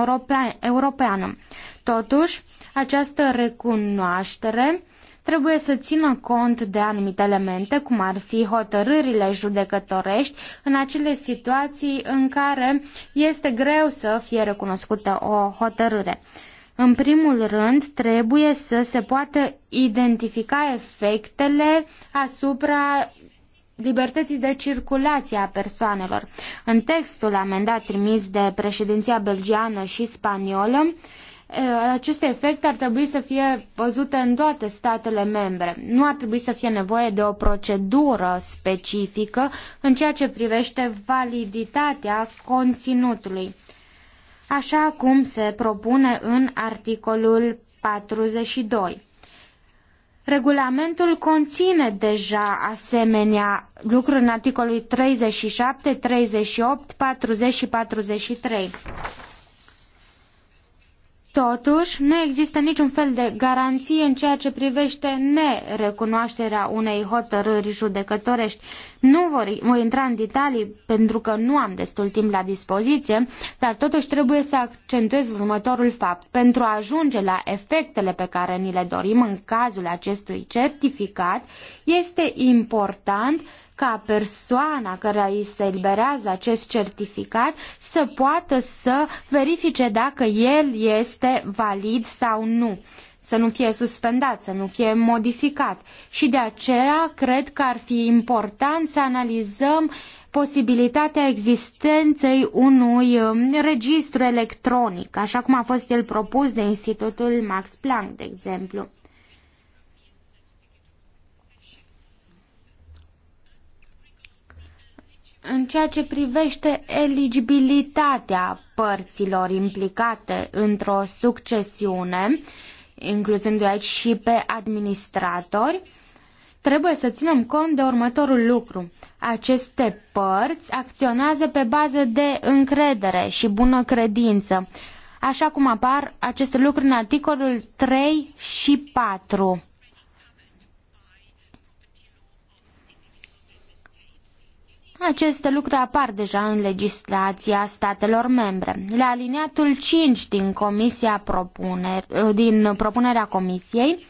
Europeană. Totuși, această recunoaștere trebuie să țină cont de anumite elemente, cum ar fi hotărârile judecătorești, în acele situații în care este greu să fie recunoscută o hotărâre. În primul rând, trebuie să se poată identifica efectele asupra libertății de circulație a persoanelor. În textul amendat trimis de președinția belgiană și spaniolă, aceste efecte ar trebui să fie văzute în toate statele membre. Nu ar trebui să fie nevoie de o procedură specifică în ceea ce privește validitatea conținutului, așa cum se propune în articolul 42. Regulamentul conține deja asemenea lucruri în articolul 37, 38, 40 și 43. Totuși, nu există niciun fel de garanție în ceea ce privește nerecunoașterea unei hotărâri judecătorești. Nu vor, voi intra în detalii pentru că nu am destul timp la dispoziție, dar totuși trebuie să accentuez următorul fapt. Pentru a ajunge la efectele pe care ni le dorim în cazul acestui certificat, este important ca persoana care îi se eliberează acest certificat să poată să verifice dacă el este valid sau nu să nu fie suspendat, să nu fie modificat. Și de aceea cred că ar fi important să analizăm posibilitatea existenței unui um, registru electronic, așa cum a fost el propus de Institutul Max Planck, de exemplu. în ceea ce privește eligibilitatea părților implicate într-o succesiune, incluzându-i aici și pe administratori, trebuie să ținem cont de următorul lucru. Aceste părți acționează pe bază de încredere și bună credință, așa cum apar aceste lucruri în articolul 3 și 4. Aceste lucruri apar deja în legislația statelor membre. La aliniatul 5 din, comisia propuner, din propunerea comisiei,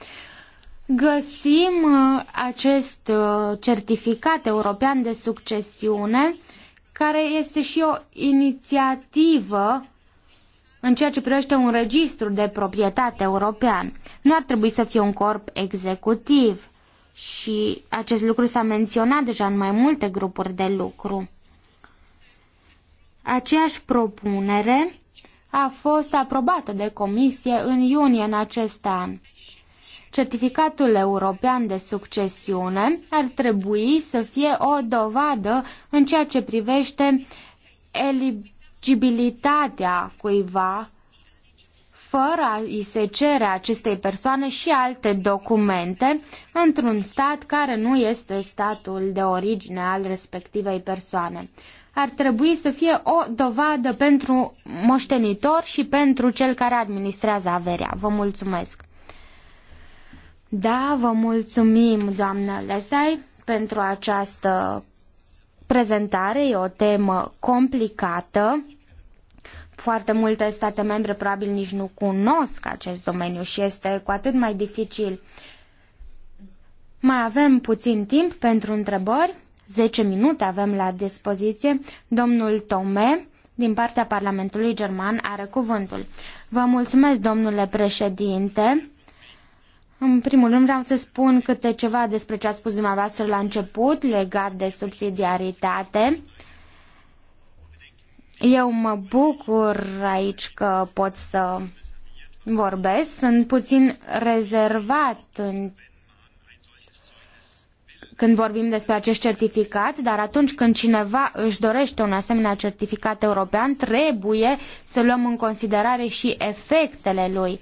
găsim uh, acest uh, certificat european de succesiune, care este și o inițiativă în ceea ce privește un registru de proprietate european. Nu ar trebui să fie un corp executiv și acest lucru s-a menționat deja în mai multe grupuri de lucru. Aceeași propunere a fost aprobată de comisie în iunie în acest an. Certificatul european de succesiune ar trebui să fie o dovadă în ceea ce privește eligibilitatea cuiva fără a-i se cere acestei persoane și alte documente într-un stat care nu este statul de origine al respectivei persoane. Ar trebui să fie o dovadă pentru moștenitor și pentru cel care administrează averea. Vă mulțumesc! Da, vă mulțumim, doamnă Lesai, pentru această prezentare. E o temă complicată foarte multe state membre probabil nici nu cunosc acest domeniu și este cu atât mai dificil. Mai avem puțin timp pentru întrebări. 10 minute avem la dispoziție. Domnul Tome, din partea Parlamentului German, are cuvântul. Vă mulțumesc, domnule președinte. În primul rând vreau să spun câte ceva despre ce a spus dumneavoastră la început legat de subsidiaritate. Eu mă bucur aici că pot să vorbesc. Sunt puțin rezervat în când vorbim despre acest certificat, dar atunci când cineva își dorește un asemenea certificat european, trebuie să luăm în considerare și efectele lui.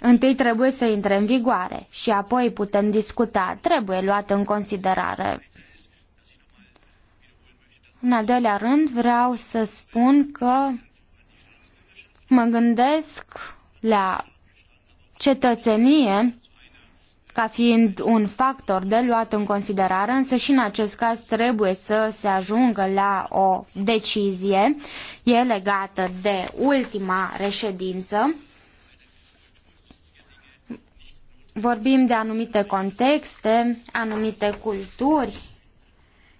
Întâi trebuie să intre în vigoare și apoi putem discuta. Trebuie luat în considerare în al doilea rând, vreau să spun că mă gândesc la cetățenie ca fiind un factor de luat în considerare, însă și în acest caz trebuie să se ajungă la o decizie. E legată de ultima reședință. Vorbim de anumite contexte, anumite culturi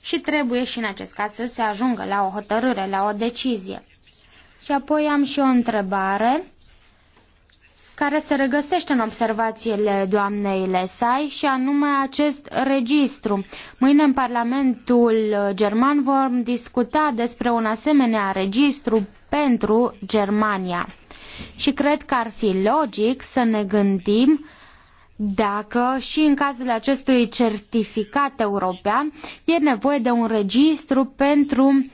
și trebuie și în acest caz să se ajungă la o hotărâre, la o decizie. Și apoi am și o întrebare care se regăsește în observațiile doamnei Lesai și anume acest registru. Mâine în Parlamentul German vom discuta despre un asemenea registru pentru Germania. Și cred că ar fi logic să ne gândim dacă și în cazul acestui certificat european e nevoie de un registru pentru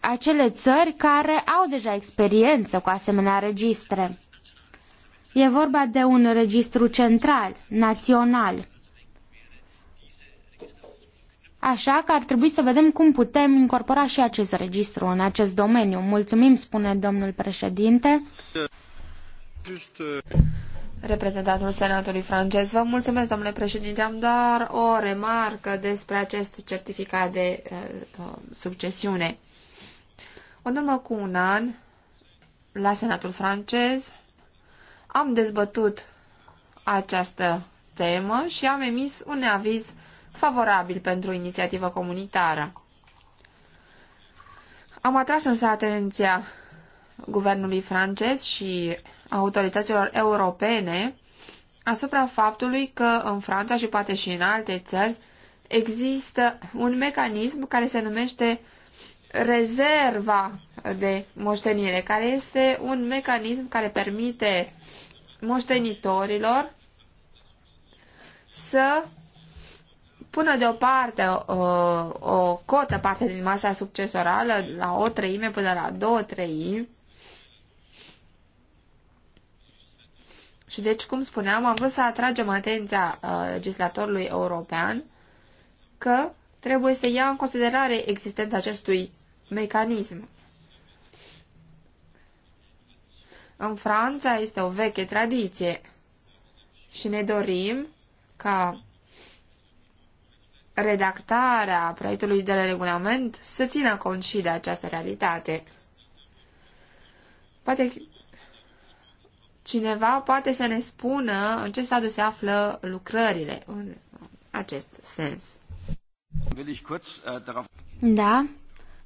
acele țări care au deja experiență cu asemenea registre. E vorba de un registru central, național. Așa că ar trebui să vedem cum putem incorpora și acest registru în acest domeniu. Mulțumim, spune domnul președinte. Just, uh reprezentantul Senatului francez. Vă mulțumesc, domnule președinte. Am doar o remarcă despre acest certificat de uh, uh, succesiune. În urmă cu un an, la Senatul francez, am dezbătut această temă și am emis un aviz favorabil pentru inițiativă comunitară. Am atras însă atenția guvernului francez și autorităților europene asupra faptului că în Franța și poate și în alte țări există un mecanism care se numește rezerva de moștenire, care este un mecanism care permite moștenitorilor să pună deoparte o, uh, o cotă parte din masa succesorală la o treime până la două treimi Și deci, cum spuneam, am vrut să atragem atenția uh, legislatorului european că trebuie să ia în considerare existența acestui mecanism. În Franța este o veche tradiție și ne dorim ca redactarea proiectului de regulament să țină cont și de această realitate. Poate cineva poate să ne spună în ce stadiu se află lucrările în acest sens. Äh, da,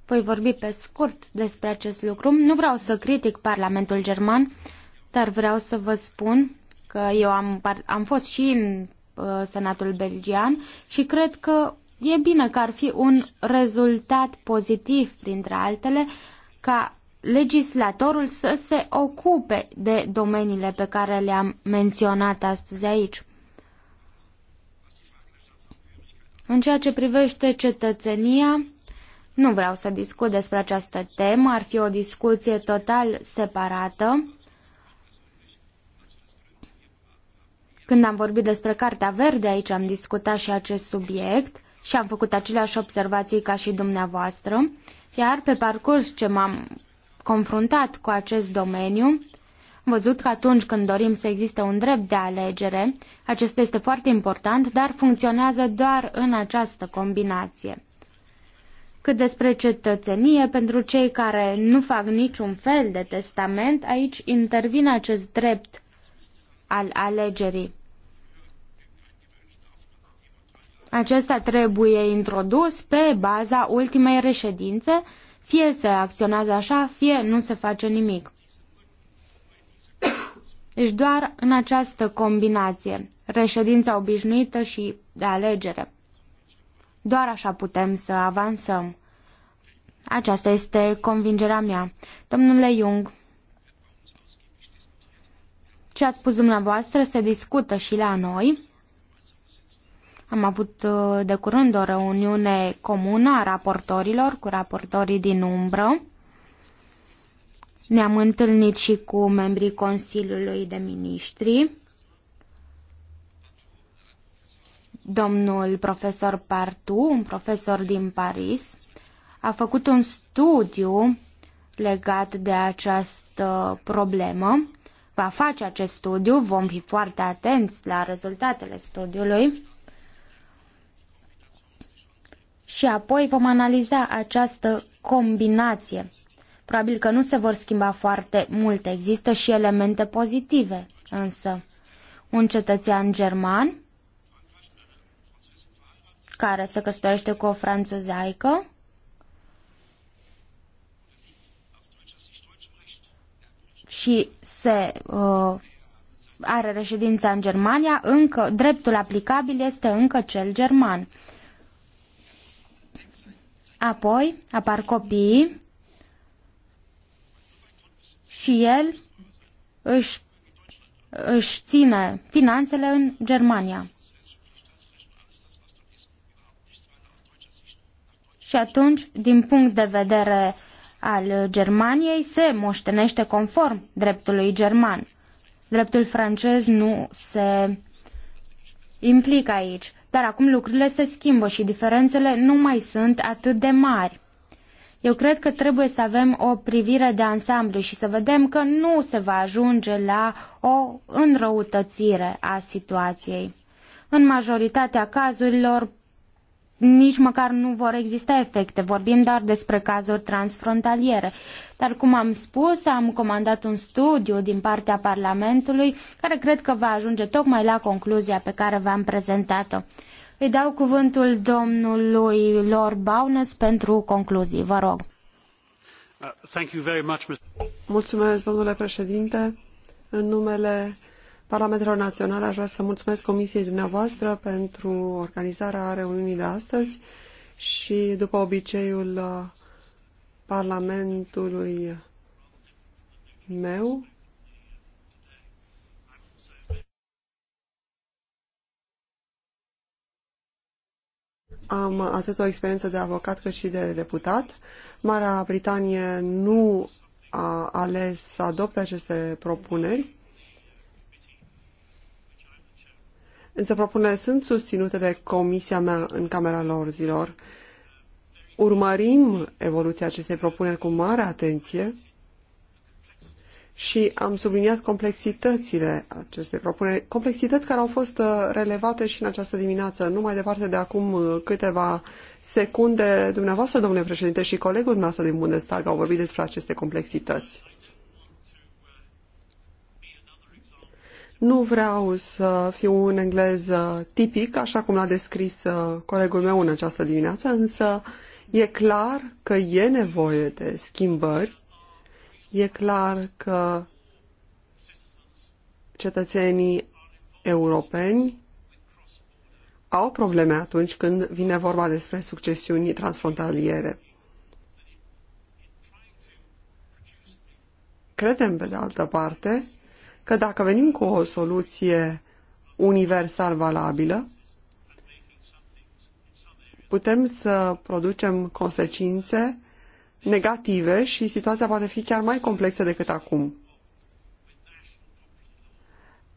voi vorbi pe scurt despre acest lucru. Nu vreau să critic Parlamentul German, dar vreau să vă spun că eu am, am fost și în uh, Senatul Belgian și cred că e bine că ar fi un rezultat pozitiv, printre altele, ca legislatorul să se ocupe de domeniile pe care le-am menționat astăzi aici. În ceea ce privește cetățenia, nu vreau să discut despre această temă, ar fi o discuție total separată. Când am vorbit despre Cartea Verde, aici am discutat și acest subiect și am făcut aceleași observații ca și dumneavoastră, iar pe parcurs ce m-am confruntat cu acest domeniu, am văzut că atunci când dorim să existe un drept de alegere, acesta este foarte important, dar funcționează doar în această combinație. Cât despre cetățenie, pentru cei care nu fac niciun fel de testament, aici intervine acest drept al alegerii. Acesta trebuie introdus pe baza ultimei reședințe fie se acționează așa, fie nu se face nimic. Deci doar în această combinație, reședința obișnuită și de alegere. Doar așa putem să avansăm. Aceasta este convingerea mea. Domnule Jung, ce ați spus dumneavoastră se discută și la noi am avut uh, de curând o reuniune comună a raportorilor cu raportorii din umbră. Ne-am întâlnit și cu membrii Consiliului de Ministri. Domnul profesor Partu, un profesor din Paris, a făcut un studiu legat de această problemă. Va face acest studiu, vom fi foarte atenți la rezultatele studiului și apoi vom analiza această combinație. Probabil că nu se vor schimba foarte multe, există și elemente pozitive, însă un cetățean german care se căsătorește cu o franțuzaică și se uh, are reședința în Germania, încă dreptul aplicabil este încă cel german. Apoi apar copiii și el își, își ține finanțele în Germania. Și atunci, din punct de vedere al Germaniei, se moștenește conform dreptului german. Dreptul francez nu se implică aici. Dar acum lucrurile se schimbă și diferențele nu mai sunt atât de mari. Eu cred că trebuie să avem o privire de ansamblu și să vedem că nu se va ajunge la o înrăutățire a situației. În majoritatea cazurilor, nici măcar nu vor exista efecte, vorbim doar despre cazuri transfrontaliere dar, cum am spus, am comandat un studiu din partea Parlamentului care cred că va ajunge tocmai la concluzia pe care v-am prezentat-o. Îi dau cuvântul domnului Lord Baunes pentru concluzii. Vă rog. Uh, mulțumesc, domnule președinte. În numele Parlamentelor Naționale aș vrea să mulțumesc Comisiei dumneavoastră pentru organizarea reuniunii de astăzi și, după obiceiul uh, Parlamentului meu. Am atât o experiență de avocat cât și de deputat. Marea Britanie nu a ales să adopte aceste propuneri. Însă propunerile sunt susținute de comisia mea în camera lor zilor urmărim evoluția acestei propuneri cu mare atenție și am subliniat complexitățile acestei propuneri, complexități care au fost uh, relevate și în această dimineață, nu mai departe de acum uh, câteva secunde. Dumneavoastră, domnule președinte, și colegul dumneavoastră din Bundestag au vorbit despre aceste complexități. Nu vreau să fiu un englez tipic, așa cum l-a descris uh, colegul meu în această dimineață, însă E clar că e nevoie de schimbări, e clar că cetățenii europeni au probleme atunci când vine vorba despre succesiuni transfrontaliere. Credem, pe de altă parte, că dacă venim cu o soluție universal valabilă, putem să producem consecințe negative și situația poate fi chiar mai complexă decât acum.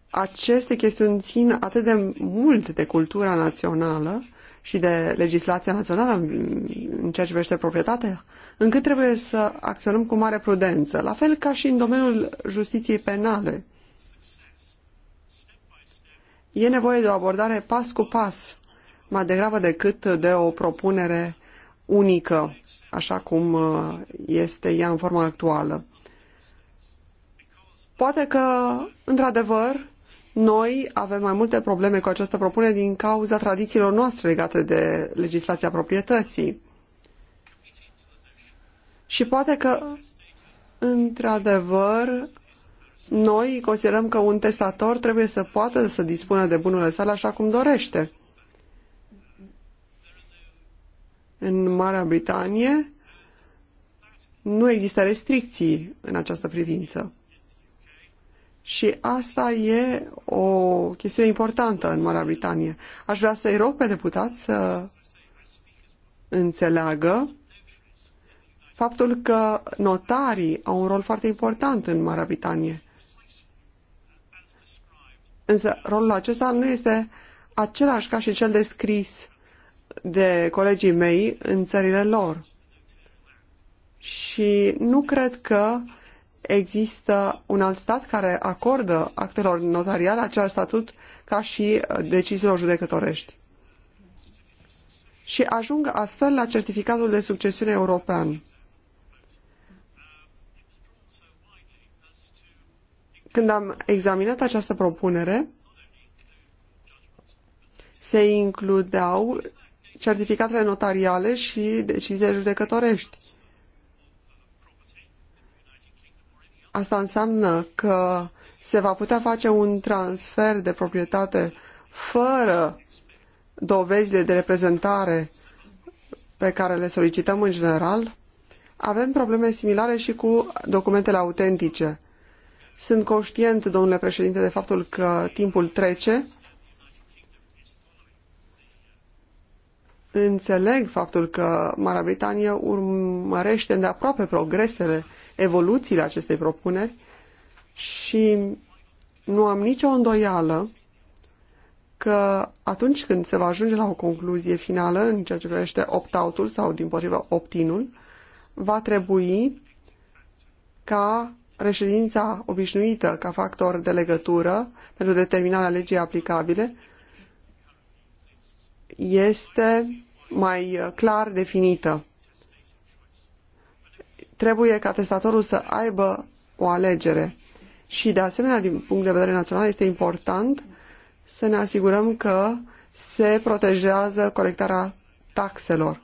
Aceste chestiuni țin atât de mult de cultura națională și de legislația națională în ceea ce privește proprietatea, încât trebuie să acționăm cu mare prudență, la fel ca și în domeniul justiției penale. E nevoie de o abordare pas cu pas mai degrabă decât de o propunere unică, așa cum uh, este ea în forma actuală. Poate că, într-adevăr, noi avem mai multe probleme cu această propunere din cauza tradițiilor noastre legate de legislația proprietății. Și poate că, într-adevăr, noi considerăm că un testator trebuie să poată să dispună de bunurile sale așa cum dorește. În Marea Britanie nu există restricții în această privință. Și asta e o chestiune importantă în Marea Britanie. Aș vrea să-i rog pe deputați să înțeleagă faptul că notarii au un rol foarte important în Marea Britanie. Însă rolul acesta nu este același ca și cel descris de colegii mei în țările lor. Și nu cred că există un alt stat care acordă actelor notariale același statut ca și uh, deciziilor judecătorești. Și ajung astfel la certificatul de succesiune european. Când am examinat această propunere, se includeau certificatele notariale și deciziile judecătorești. Asta înseamnă că se va putea face un transfer de proprietate fără dovezile de reprezentare pe care le solicităm în general. Avem probleme similare și cu documentele autentice. Sunt conștient, domnule președinte, de faptul că timpul trece înțeleg faptul că Marea Britanie urmărește de aproape progresele, evoluțiile acestei propuneri și nu am nicio îndoială că atunci când se va ajunge la o concluzie finală în ceea ce privește opt-out-ul sau, din potrivă, opt-in-ul, va trebui ca reședința obișnuită ca factor de legătură pentru determinarea legii aplicabile este mai uh, clar definită. Trebuie ca testatorul să aibă o alegere. Și de asemenea, din punct de vedere național, este important să ne asigurăm că se protejează colectarea taxelor.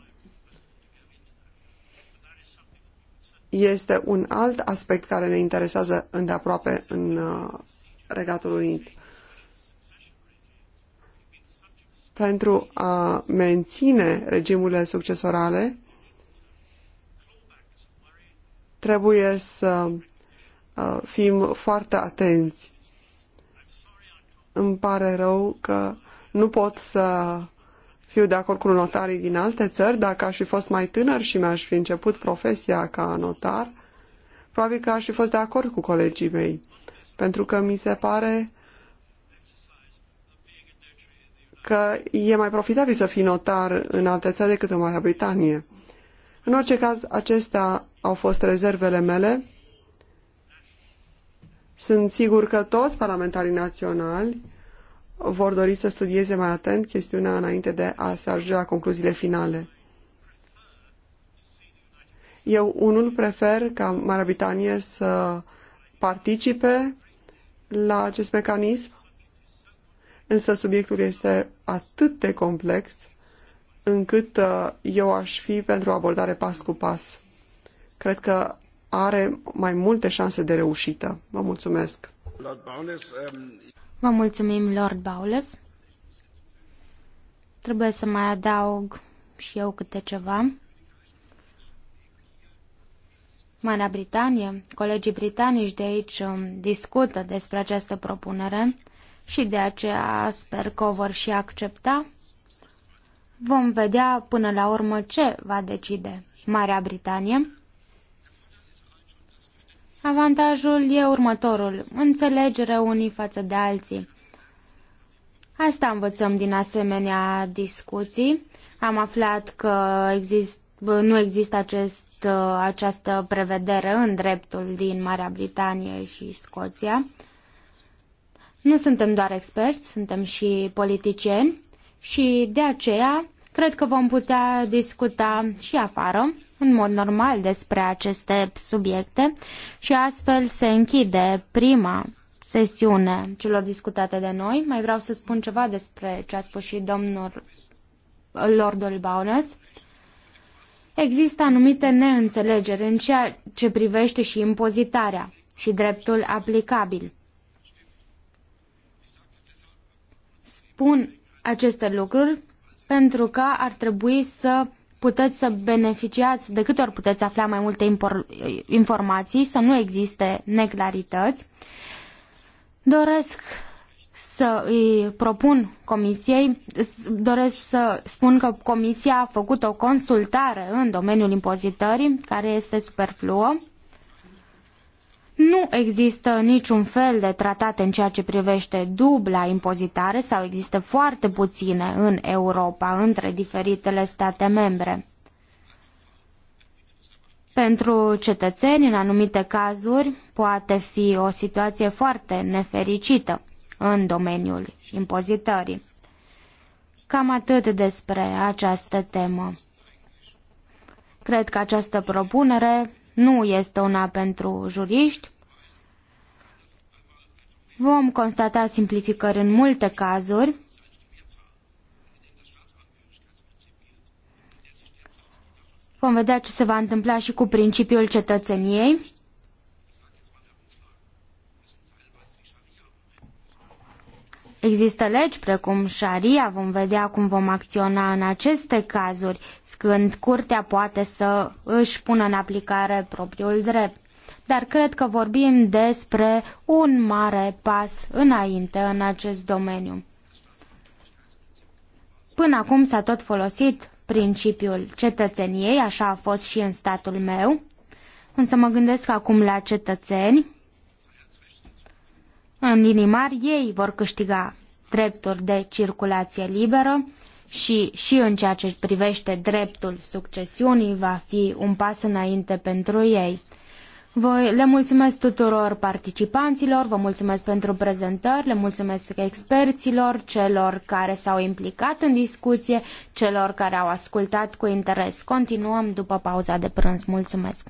Este un alt aspect care ne interesează îndeaproape în uh, Regatul Unit. pentru a menține regimurile succesorale, trebuie să uh, fim foarte atenți. Îmi pare rău că nu pot să fiu de acord cu notarii din alte țări. Dacă aș fi fost mai tânăr și mi-aș fi început profesia ca notar, probabil că aș fi fost de acord cu colegii mei, pentru că mi se pare că e mai profitabil să fii notar în alte țări decât în Marea Britanie. În orice caz, acestea au fost rezervele mele. Sunt sigur că toți parlamentarii naționali vor dori să studieze mai atent chestiunea înainte de a se ajunge la concluziile finale. Eu unul prefer ca Marea Britanie să participe la acest mecanism însă subiectul este atât de complex încât uh, eu aș fi pentru o abordare pas cu pas. Cred că are mai multe șanse de reușită. Vă mulțumesc! Um, Vă mulțumim, Lord Bowles. Trebuie să mai adaug și eu câte ceva. Marea Britanie, colegii britanici de aici um, discută despre această propunere și de aceea sper că o vor și accepta. Vom vedea până la urmă ce va decide Marea Britanie. Avantajul e următorul, înțelegere unii față de alții. Asta învățăm din asemenea discuții. Am aflat că exist, nu există acest, uh, această prevedere în dreptul din Marea Britanie și Scoția. Nu suntem doar experți, suntem și politicieni și de aceea cred că vom putea discuta și afară, în mod normal, despre aceste subiecte și astfel se închide prima sesiune celor discutate de noi. Mai vreau să spun ceva despre ce a spus și domnul Lordul Baunes. Există anumite neînțelegeri în ceea ce privește și impozitarea și dreptul aplicabil. Spun aceste lucruri pentru că ar trebui să puteți să beneficiați, de câte ori puteți afla mai multe informații, să nu existe neclarități. Doresc să îi propun comisiei, doresc să spun că comisia a făcut o consultare în domeniul impozitării, care este superfluă. Nu există niciun fel de tratat în ceea ce privește dubla impozitare sau există foarte puține în Europa între diferitele state membre. Pentru cetățeni, în anumite cazuri, poate fi o situație foarte nefericită în domeniul impozitării. Cam atât despre această temă. Cred că această propunere nu este una pentru juriști. Vom constata simplificări în multe cazuri. Vom vedea ce se va întâmpla și cu principiul cetățeniei. Există legi precum șaria, vom vedea cum vom acționa în aceste cazuri, când curtea poate să își pună în aplicare propriul drept. Dar cred că vorbim despre un mare pas înainte în acest domeniu. Până acum s-a tot folosit principiul cetățeniei, așa a fost și în statul meu, însă mă gândesc acum la cetățeni în inimar ei vor câștiga drepturi de circulație liberă și, și în ceea ce privește dreptul succesiunii, va fi un pas înainte pentru ei. Voi le mulțumesc tuturor participanților, vă mulțumesc pentru prezentări, le mulțumesc experților, celor care s-au implicat în discuție, celor care au ascultat cu interes. Continuăm după pauza de prânz. Mulțumesc!